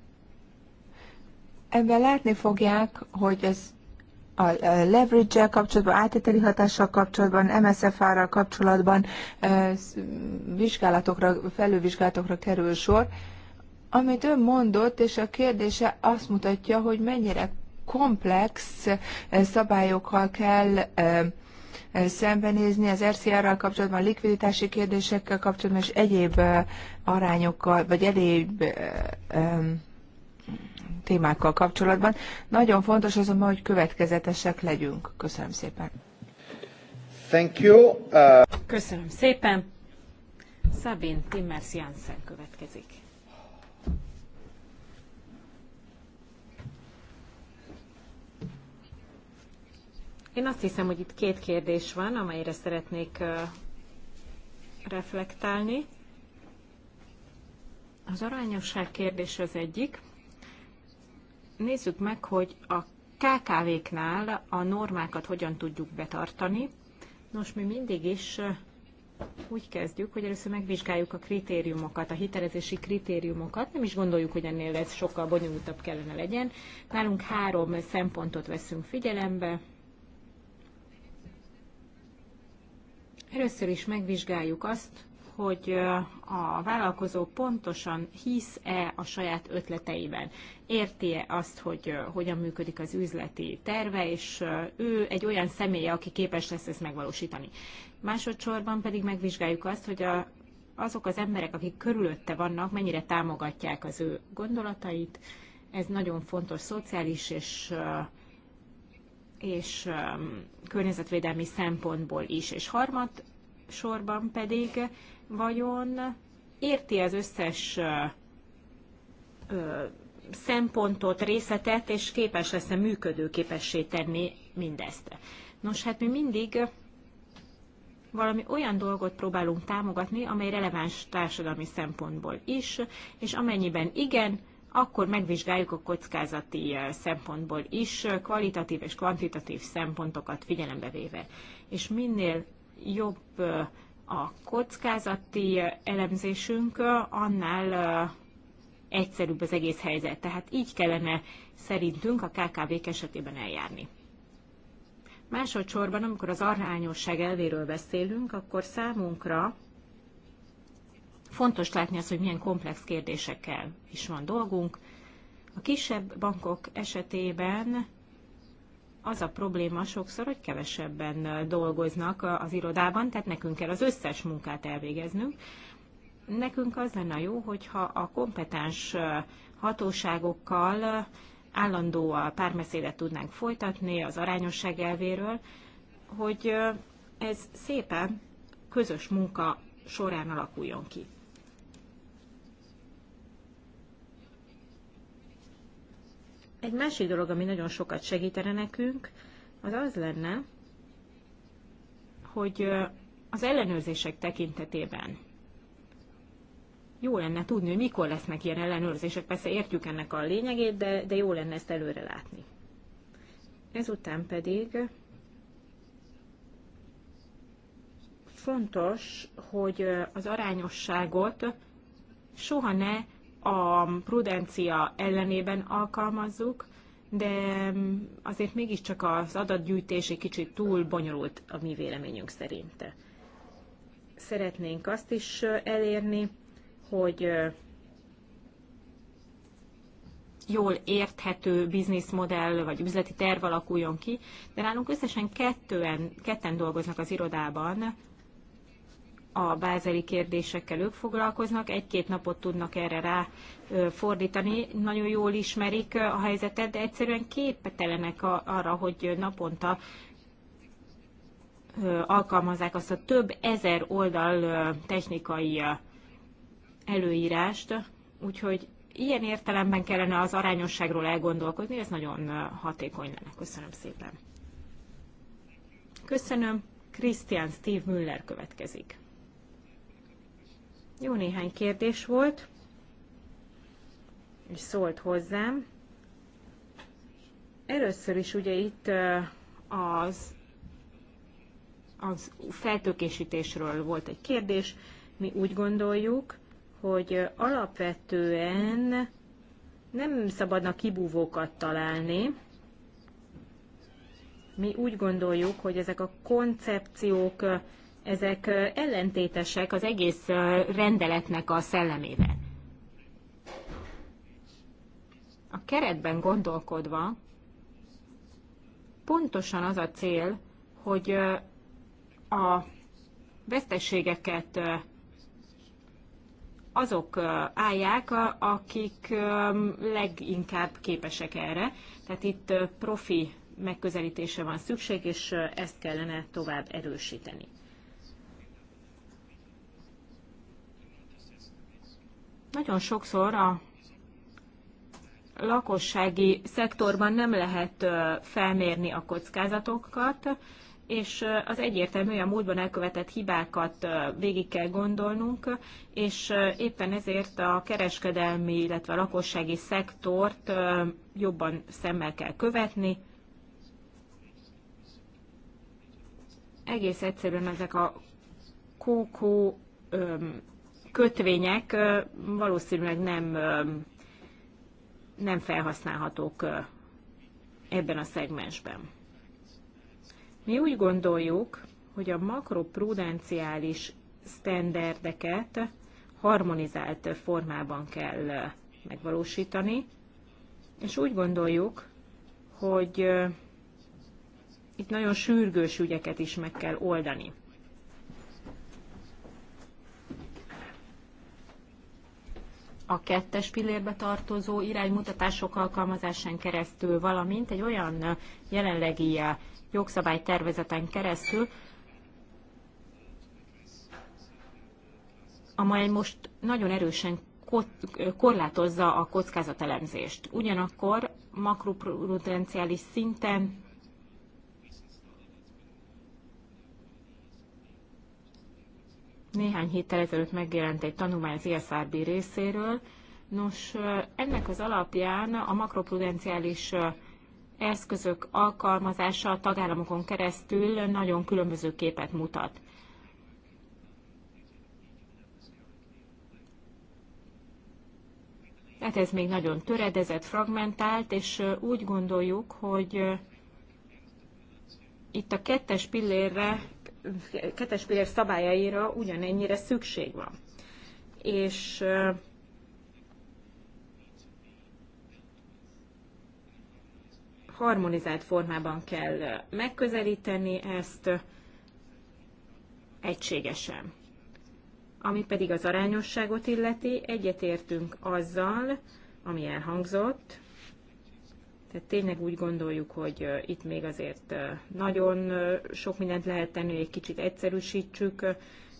ebben látni fogják, hogy ez a leverage-el kapcsolatban, átételi hatással kapcsolatban, MSFR-ral kapcsolatban vizsgálatokra, felülvizsgálatokra kerül sor. Amit ön mondott, és a kérdése azt mutatja, hogy mennyire komplex szabályokkal kell szembenézni az RCR-ral kapcsolatban, likviditási kérdésekkel kapcsolatban, és egyéb arányokkal, vagy egyéb témákkal kapcsolatban. Nagyon fontos azonban, hogy következetesek legyünk. Köszönöm szépen. Thank you. Uh... Köszönöm szépen. Szabin Timmers Janssen következik. Én azt hiszem, hogy itt két kérdés van, amelyre szeretnék uh, reflektálni. Az arányosság kérdés az egyik nézzük meg, hogy a KKV-knál a normákat hogyan tudjuk betartani. Nos, mi mindig is úgy kezdjük, hogy először megvizsgáljuk a kritériumokat, a hitelezési kritériumokat. Nem is gondoljuk, hogy ennél ez sokkal bonyolultabb kellene legyen. Nálunk három szempontot veszünk figyelembe. Először is megvizsgáljuk azt, hogy a vállalkozó pontosan hisz-e a saját ötleteiben, érti-e azt, hogy hogyan működik az üzleti terve, és ő egy olyan személy, aki képes lesz ezt megvalósítani. Másodszorban pedig megvizsgáljuk azt, hogy a, azok az emberek, akik körülötte vannak, mennyire támogatják az ő gondolatait. Ez nagyon fontos szociális és és környezetvédelmi szempontból is, és harmad sorban pedig vajon érti az összes szempontot, részletet, és képes lesz-e működőképessé tenni mindezt. Nos, hát mi mindig valami olyan dolgot próbálunk támogatni, amely releváns társadalmi szempontból is, és amennyiben igen, akkor megvizsgáljuk a kockázati szempontból is, kvalitatív és kvantitatív szempontokat figyelembe véve. És minél jobb a kockázati elemzésünk annál egyszerűbb az egész helyzet. Tehát így kellene szerintünk a KKV-k esetében eljárni. Másodszorban, amikor az arányosság elvéről beszélünk, akkor számunkra fontos látni azt, hogy milyen komplex kérdésekkel is van dolgunk. A kisebb bankok esetében az a probléma sokszor, hogy kevesebben dolgoznak az irodában, tehát nekünk kell az összes munkát elvégeznünk. Nekünk az lenne jó, hogyha a kompetens hatóságokkal állandó párbeszédet tudnánk folytatni az arányosság elvéről, hogy ez szépen közös munka során alakuljon ki. Egy másik dolog, ami nagyon sokat segítene nekünk, az az lenne, hogy az ellenőrzések tekintetében jó lenne tudni, hogy mikor lesznek ilyen ellenőrzések. Persze értjük ennek a lényegét, de, de jó lenne ezt előre látni. Ezután pedig fontos, hogy az arányosságot soha ne a prudencia ellenében alkalmazzuk, de azért mégiscsak az adatgyűjtés egy kicsit túl bonyolult a mi véleményünk szerinte. Szeretnénk azt is elérni, hogy jól érthető bizniszmodell vagy üzleti terv alakuljon ki, de nálunk összesen kettően, ketten dolgoznak az irodában, a bázeli kérdésekkel ők foglalkoznak, egy-két napot tudnak erre rá fordítani, nagyon jól ismerik a helyzetet, de egyszerűen képtelenek arra, hogy naponta alkalmazzák azt a több ezer oldal technikai előírást, úgyhogy ilyen értelemben kellene az arányosságról elgondolkodni, ez nagyon hatékony lenne. Köszönöm szépen. Köszönöm. Christian Steve Müller következik. Jó néhány kérdés volt, és szólt hozzám. Először is ugye itt az, az feltökésítésről volt egy kérdés. Mi úgy gondoljuk, hogy alapvetően nem szabadna kibúvókat találni. Mi úgy gondoljuk, hogy ezek a koncepciók ezek ellentétesek az egész rendeletnek a szellemével. A keretben gondolkodva pontosan az a cél, hogy a vesztességeket azok állják, akik leginkább képesek erre. Tehát itt profi megközelítése van szükség, és ezt kellene tovább erősíteni. Nagyon sokszor a lakossági szektorban nem lehet felmérni a kockázatokat, és az egyértelmű a múltban elkövetett hibákat végig kell gondolnunk, és éppen ezért a kereskedelmi, illetve a lakossági szektort jobban szemmel kell követni. Egész egyszerűen ezek a kókó kötvények valószínűleg nem, nem felhasználhatók ebben a szegmensben. Mi úgy gondoljuk, hogy a makroprudenciális sztenderdeket harmonizált formában kell megvalósítani, és úgy gondoljuk, hogy itt nagyon sürgős ügyeket is meg kell oldani. a kettes pillérbe tartozó iránymutatások alkalmazásán keresztül, valamint egy olyan jelenlegi eh, jogszabálytervezeten keresztül, amely most nagyon erősen korlátozza a kockázatelemzést. Ugyanakkor makroprudenciális szinten Néhány héttel ezelőtt megjelent egy tanulmány az ISRB e részéről. Nos, ennek az alapján a makroprudenciális eszközök alkalmazása a tagállamokon keresztül nagyon különböző képet mutat. Hát ez még nagyon töredezett, fragmentált, és úgy gondoljuk, hogy itt a kettes pillérre kettes pillér szabályaira ugyanennyire szükség van. És harmonizált formában kell megközelíteni ezt egységesen. Ami pedig az arányosságot illeti, egyetértünk azzal, ami elhangzott, tehát tényleg úgy gondoljuk, hogy itt még azért nagyon sok mindent lehet tenni, hogy egy kicsit egyszerűsítsük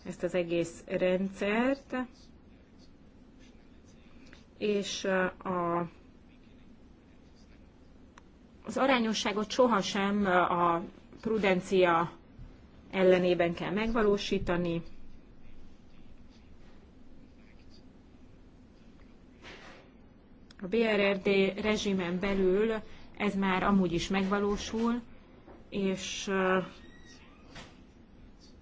ezt az egész rendszert. És a az arányosságot sohasem a prudencia ellenében kell megvalósítani. A BRRD rezsimen belül ez már amúgy is megvalósul, és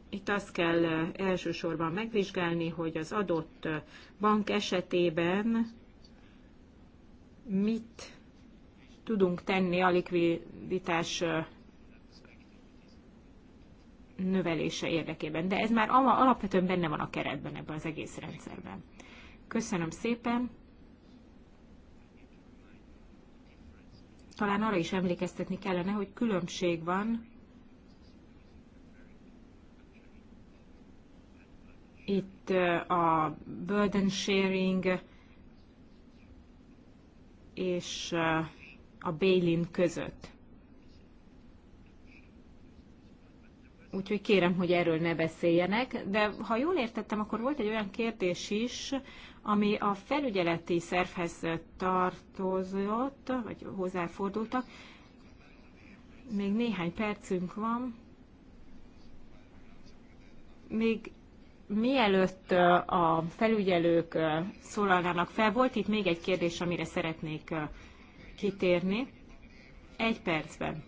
itt azt kell elsősorban megvizsgálni, hogy az adott bank esetében mit tudunk tenni a likviditás növelése érdekében. De ez már alapvetően benne van a keretben ebben az egész rendszerben. Köszönöm szépen! talán arra is emlékeztetni kellene, hogy különbség van itt a burden sharing és a bail in között. Úgyhogy kérem, hogy erről ne beszéljenek, de ha jól értettem, akkor volt egy olyan kérdés is, ami a felügyeleti szervhez tartozott, vagy hozzáfordultak. Még néhány percünk van. Még mielőtt a felügyelők szólalnának fel, volt itt még egy kérdés, amire szeretnék kitérni. Egy percben.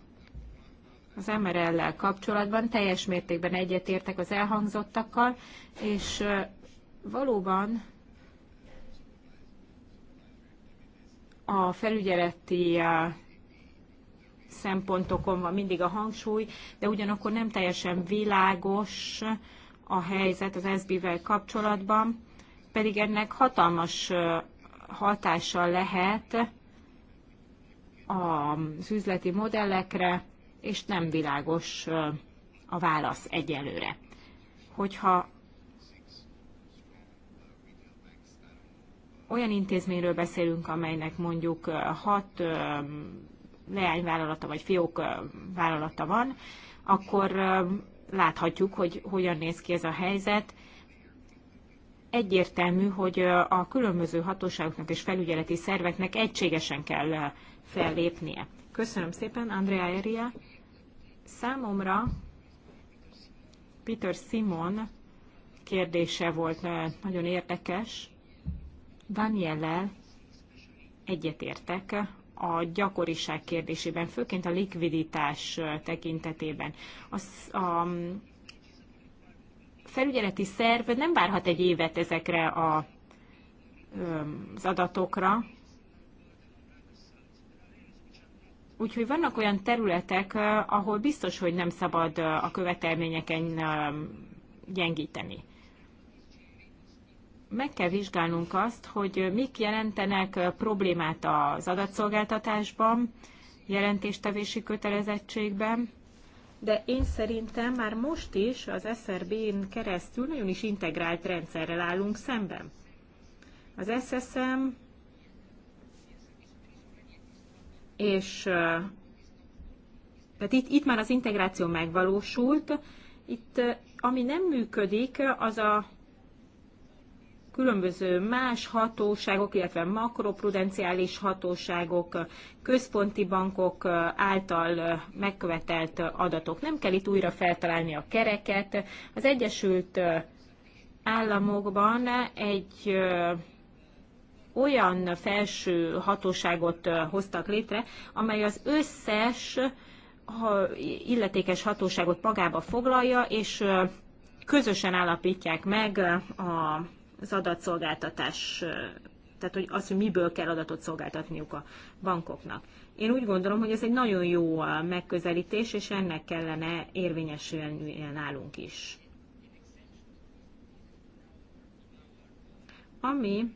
Az MRL-lel kapcsolatban teljes mértékben egyetértek az elhangzottakkal, és valóban a felügyeleti uh, szempontokon van mindig a hangsúly, de ugyanakkor nem teljesen világos a helyzet az SB-vel kapcsolatban, pedig ennek hatalmas uh, hatása lehet az üzleti modellekre, és nem világos uh, a válasz egyelőre. Hogyha olyan intézményről beszélünk, amelynek mondjuk hat leányvállalata vagy fiók vállalata van, akkor láthatjuk, hogy hogyan néz ki ez a helyzet. Egyértelmű, hogy a különböző hatóságoknak és felügyeleti szerveknek egységesen kell fellépnie. Köszönöm szépen, Andrea Eria. Számomra Peter Simon kérdése volt nagyon érdekes. Daniellel egyetértek a gyakoriság kérdésében, főként a likviditás tekintetében. A, a mm, felügyeleti szerv nem várhat egy évet ezekre a, mm, az adatokra, Úgyhogy vannak olyan területek, ahol biztos, hogy nem szabad a követelményeken mm, gyengíteni meg kell vizsgálnunk azt, hogy mik jelentenek problémát az adatszolgáltatásban, jelentéstevési kötelezettségben, de én szerintem már most is az SRB-n keresztül nagyon is integrált rendszerrel állunk szemben. Az SSM és tehát itt, itt már az integráció megvalósult, itt ami nem működik, az a különböző más hatóságok, illetve makroprudenciális hatóságok, központi bankok által megkövetelt adatok. Nem kell itt újra feltalálni a kereket. Az Egyesült Államokban egy olyan felső hatóságot hoztak létre, amely az összes illetékes hatóságot magába foglalja, és közösen állapítják meg a az adatszolgáltatás, tehát hogy az, hogy miből kell adatot szolgáltatniuk a bankoknak. Én úgy gondolom, hogy ez egy nagyon jó megközelítés, és ennek kellene érvényesülnie nálunk is. Ami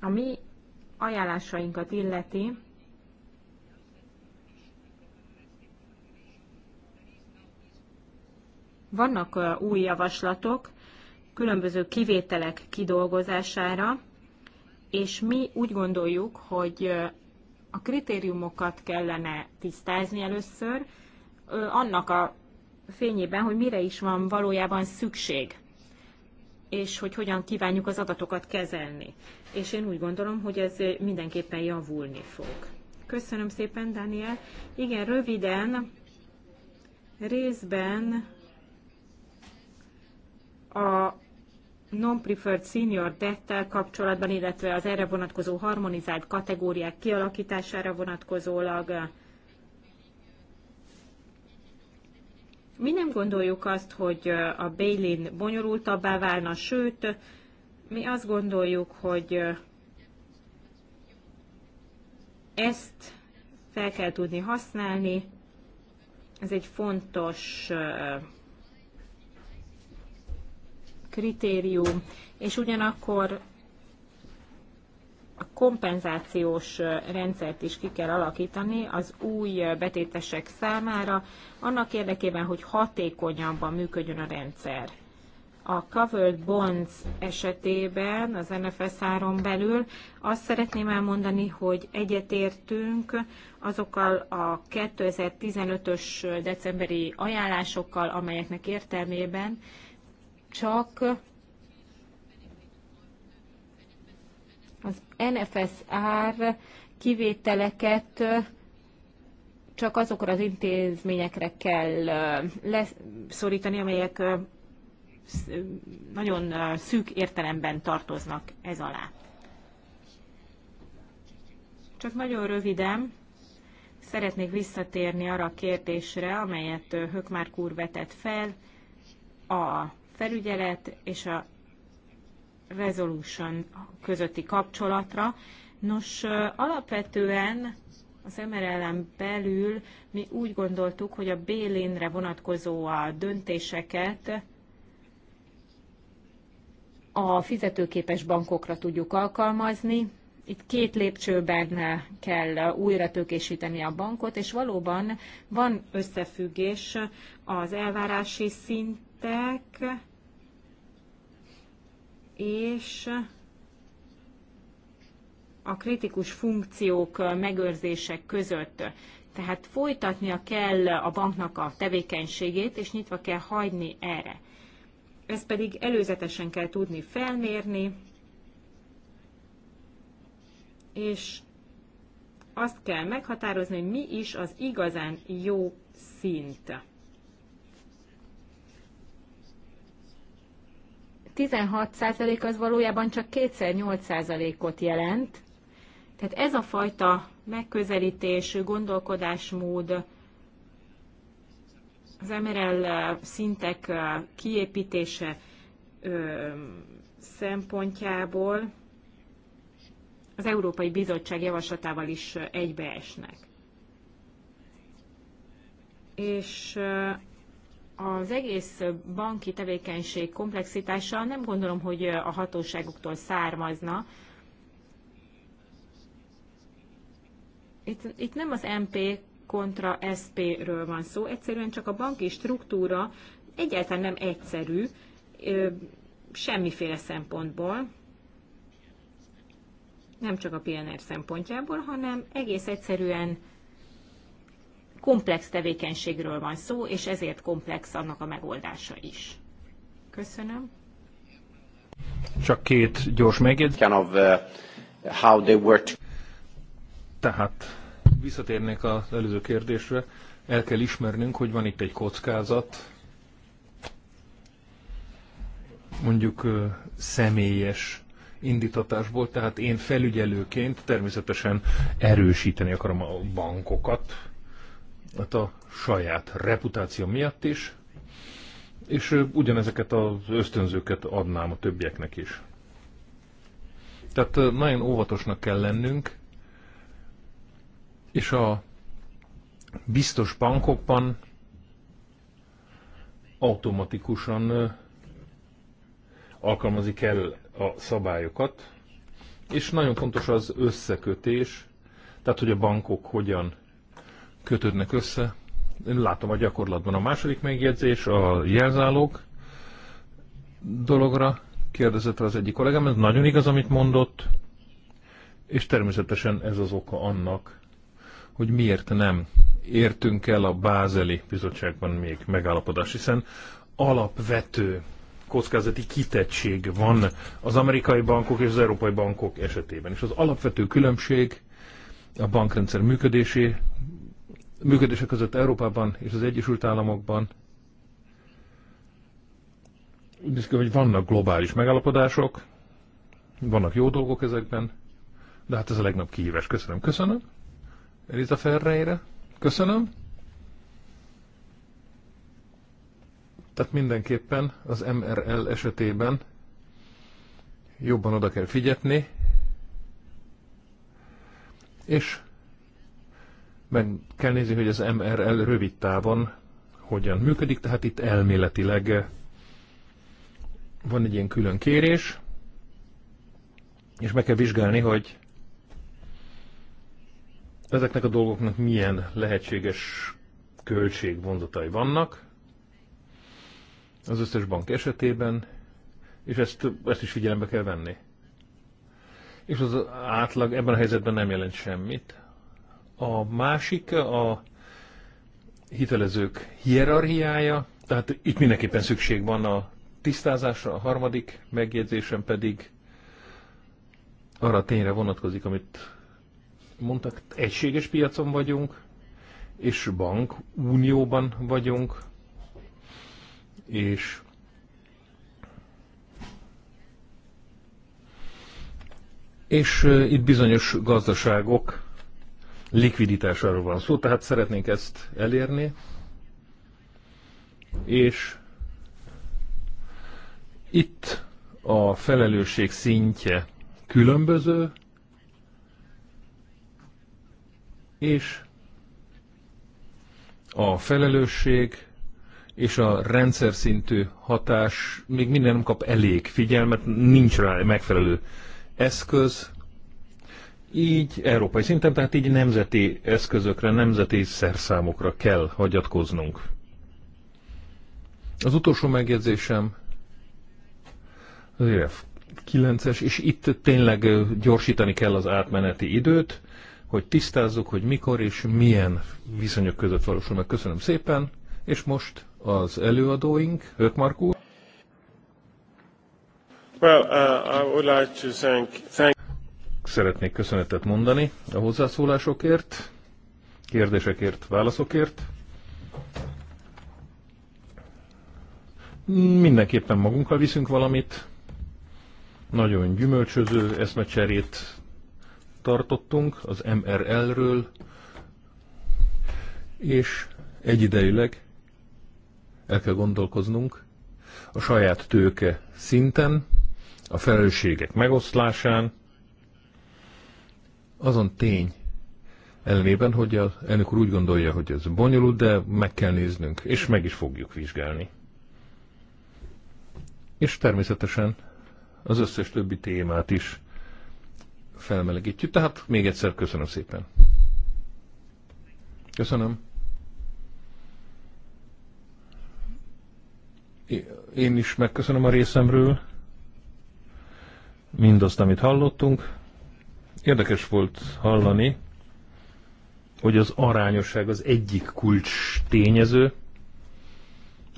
a mi ajánlásainkat illeti, vannak új javaslatok, különböző kivételek kidolgozására, és mi úgy gondoljuk, hogy a kritériumokat kellene tisztázni először, annak a fényében, hogy mire is van valójában szükség, és hogy hogyan kívánjuk az adatokat kezelni. És én úgy gondolom, hogy ez mindenképpen javulni fog. Köszönöm szépen, Daniel. Igen, röviden, részben a non-preferred senior debt kapcsolatban, illetve az erre vonatkozó harmonizált kategóriák kialakítására vonatkozólag mi nem gondoljuk azt, hogy a Bailin bonyolultabbá válna, sőt, mi azt gondoljuk, hogy ezt fel kell tudni használni. Ez egy fontos kritérium, és ugyanakkor a kompenzációs rendszert is ki kell alakítani az új betétesek számára, annak érdekében, hogy hatékonyabban működjön a rendszer. A covered bonds esetében az NFS-áron belül azt szeretném elmondani, hogy egyetértünk azokkal a 2015-ös decemberi ajánlásokkal, amelyeknek értelmében csak az ár kivételeket csak azokra az intézményekre kell leszorítani, amelyek nagyon szűk értelemben tartoznak ez alá. Csak nagyon röviden szeretnék visszatérni arra a kérdésre, amelyet Hökmárk úr vetett fel, a felügyelet és a resolution közötti kapcsolatra. Nos, alapvetően az MRL-en belül mi úgy gondoltuk, hogy a Bélinre vonatkozó a döntéseket a fizetőképes bankokra tudjuk alkalmazni. Itt két lépcsőben kell újra tökésíteni a bankot, és valóban van összefüggés az elvárási szintek, és a kritikus funkciók megőrzések között. Tehát folytatnia kell a banknak a tevékenységét, és nyitva kell hagyni erre. Ezt pedig előzetesen kell tudni felmérni, és azt kell meghatározni, hogy mi is az igazán jó szint. 16% az valójában csak kétszer 8%-ot jelent. Tehát ez a fajta megközelítés, gondolkodásmód, az MRL szintek kiépítése szempontjából az Európai Bizottság javaslatával is egybeesnek. És az egész banki tevékenység komplexitása nem gondolom, hogy a hatóságoktól származna. Itt, itt nem az MP kontra SP-ről van szó, egyszerűen csak a banki struktúra egyáltalán nem egyszerű, semmiféle szempontból, nem csak a PNR szempontjából, hanem egész egyszerűen komplex tevékenységről van szó, és ezért komplex annak a megoldása is. Köszönöm. Csak két gyors megjegyzés. Uh, how they Tehát visszatérnék az előző kérdésre. El kell ismernünk, hogy van itt egy kockázat, mondjuk uh, személyes indítatásból, tehát én felügyelőként természetesen erősíteni akarom a bankokat, hát a saját reputáció miatt is, és ugyanezeket az ösztönzőket adnám a többieknek is. Tehát nagyon óvatosnak kell lennünk, és a biztos bankokban automatikusan alkalmazik kell a szabályokat, és nagyon fontos az összekötés, tehát hogy a bankok hogyan kötődnek össze. Én látom a gyakorlatban a második megjegyzés, a jelzálók dologra kérdezett az egyik kollégám, ez nagyon igaz, amit mondott, és természetesen ez az oka annak, hogy miért nem értünk el a Bázeli bizottságban még megállapodás, hiszen alapvető kockázati kitettség van az amerikai bankok és az európai bankok esetében. És az alapvető különbség a bankrendszer működésé működése között Európában és az Egyesült Államokban. Büszke, hogy vannak globális megállapodások, vannak jó dolgok ezekben, de hát ez a legnagyobb kihívás. Köszönöm, köszönöm. Eliza Ferreira, köszönöm. Tehát mindenképpen az MRL esetében jobban oda kell figyelni, és meg kell nézni, hogy az MRL rövid távon hogyan működik, tehát itt elméletileg van egy ilyen külön kérés, és meg kell vizsgálni, hogy ezeknek a dolgoknak milyen lehetséges költségvonzatai vannak az összes bank esetében, és ezt, ezt is figyelembe kell venni. És az átlag ebben a helyzetben nem jelent semmit, a másik a hitelezők hierarchiája, tehát itt mindenképpen szükség van a tisztázásra, a harmadik megjegyzésem pedig arra a tényre vonatkozik, amit mondtak, egységes piacon vagyunk, és bank unióban vagyunk, és és itt bizonyos gazdaságok likviditásáról van szó, tehát szeretnénk ezt elérni, és itt a felelősség szintje különböző, és a felelősség és a rendszer szintű hatás még minden nem kap elég figyelmet, nincs rá megfelelő eszköz, így európai szinten, tehát így nemzeti eszközökre, nemzeti szerszámokra kell hagyatkoznunk. Az utolsó megjegyzésem az EF 9-es, és itt tényleg gyorsítani kell az átmeneti időt, hogy tisztázzuk, hogy mikor és milyen viszonyok között valósul meg. Köszönöm szépen, és most az előadóink, Hökmark úr. Well, uh, I would like to thank, thank szeretnék köszönetet mondani a hozzászólásokért, kérdésekért, válaszokért. Mindenképpen magunkkal viszünk valamit. Nagyon gyümölcsöző eszmecserét tartottunk az MRL-ről, és egyidejűleg el kell gondolkoznunk a saját tőke szinten, a felelősségek megoszlásán, azon tény ellenében, hogy az elnök úr úgy gondolja, hogy ez bonyolult, de meg kell néznünk, és meg is fogjuk vizsgálni. És természetesen az összes többi témát is felmelegítjük. Tehát még egyszer köszönöm szépen. Köszönöm. Én is megköszönöm a részemről mindazt, amit hallottunk. Érdekes volt hallani, hogy az arányosság az egyik kulcs tényező,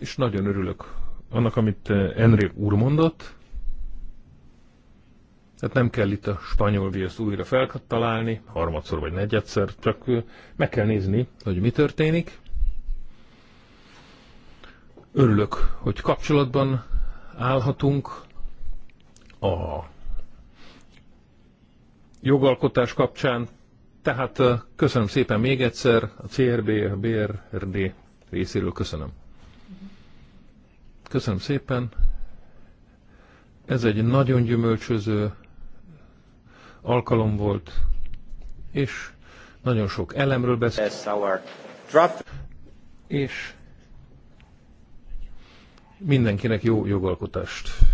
és nagyon örülök annak, amit Enri úr mondott. Tehát nem kell itt a spanyol viaszt újra felkattalálni. harmadszor vagy negyedszer, csak meg kell nézni, hogy mi történik. Örülök, hogy kapcsolatban állhatunk a jogalkotás kapcsán. Tehát köszönöm szépen még egyszer a CRB, a BRD részéről köszönöm. Köszönöm szépen. Ez egy nagyon gyümölcsöző alkalom volt, és nagyon sok elemről beszélt. És mindenkinek jó jogalkotást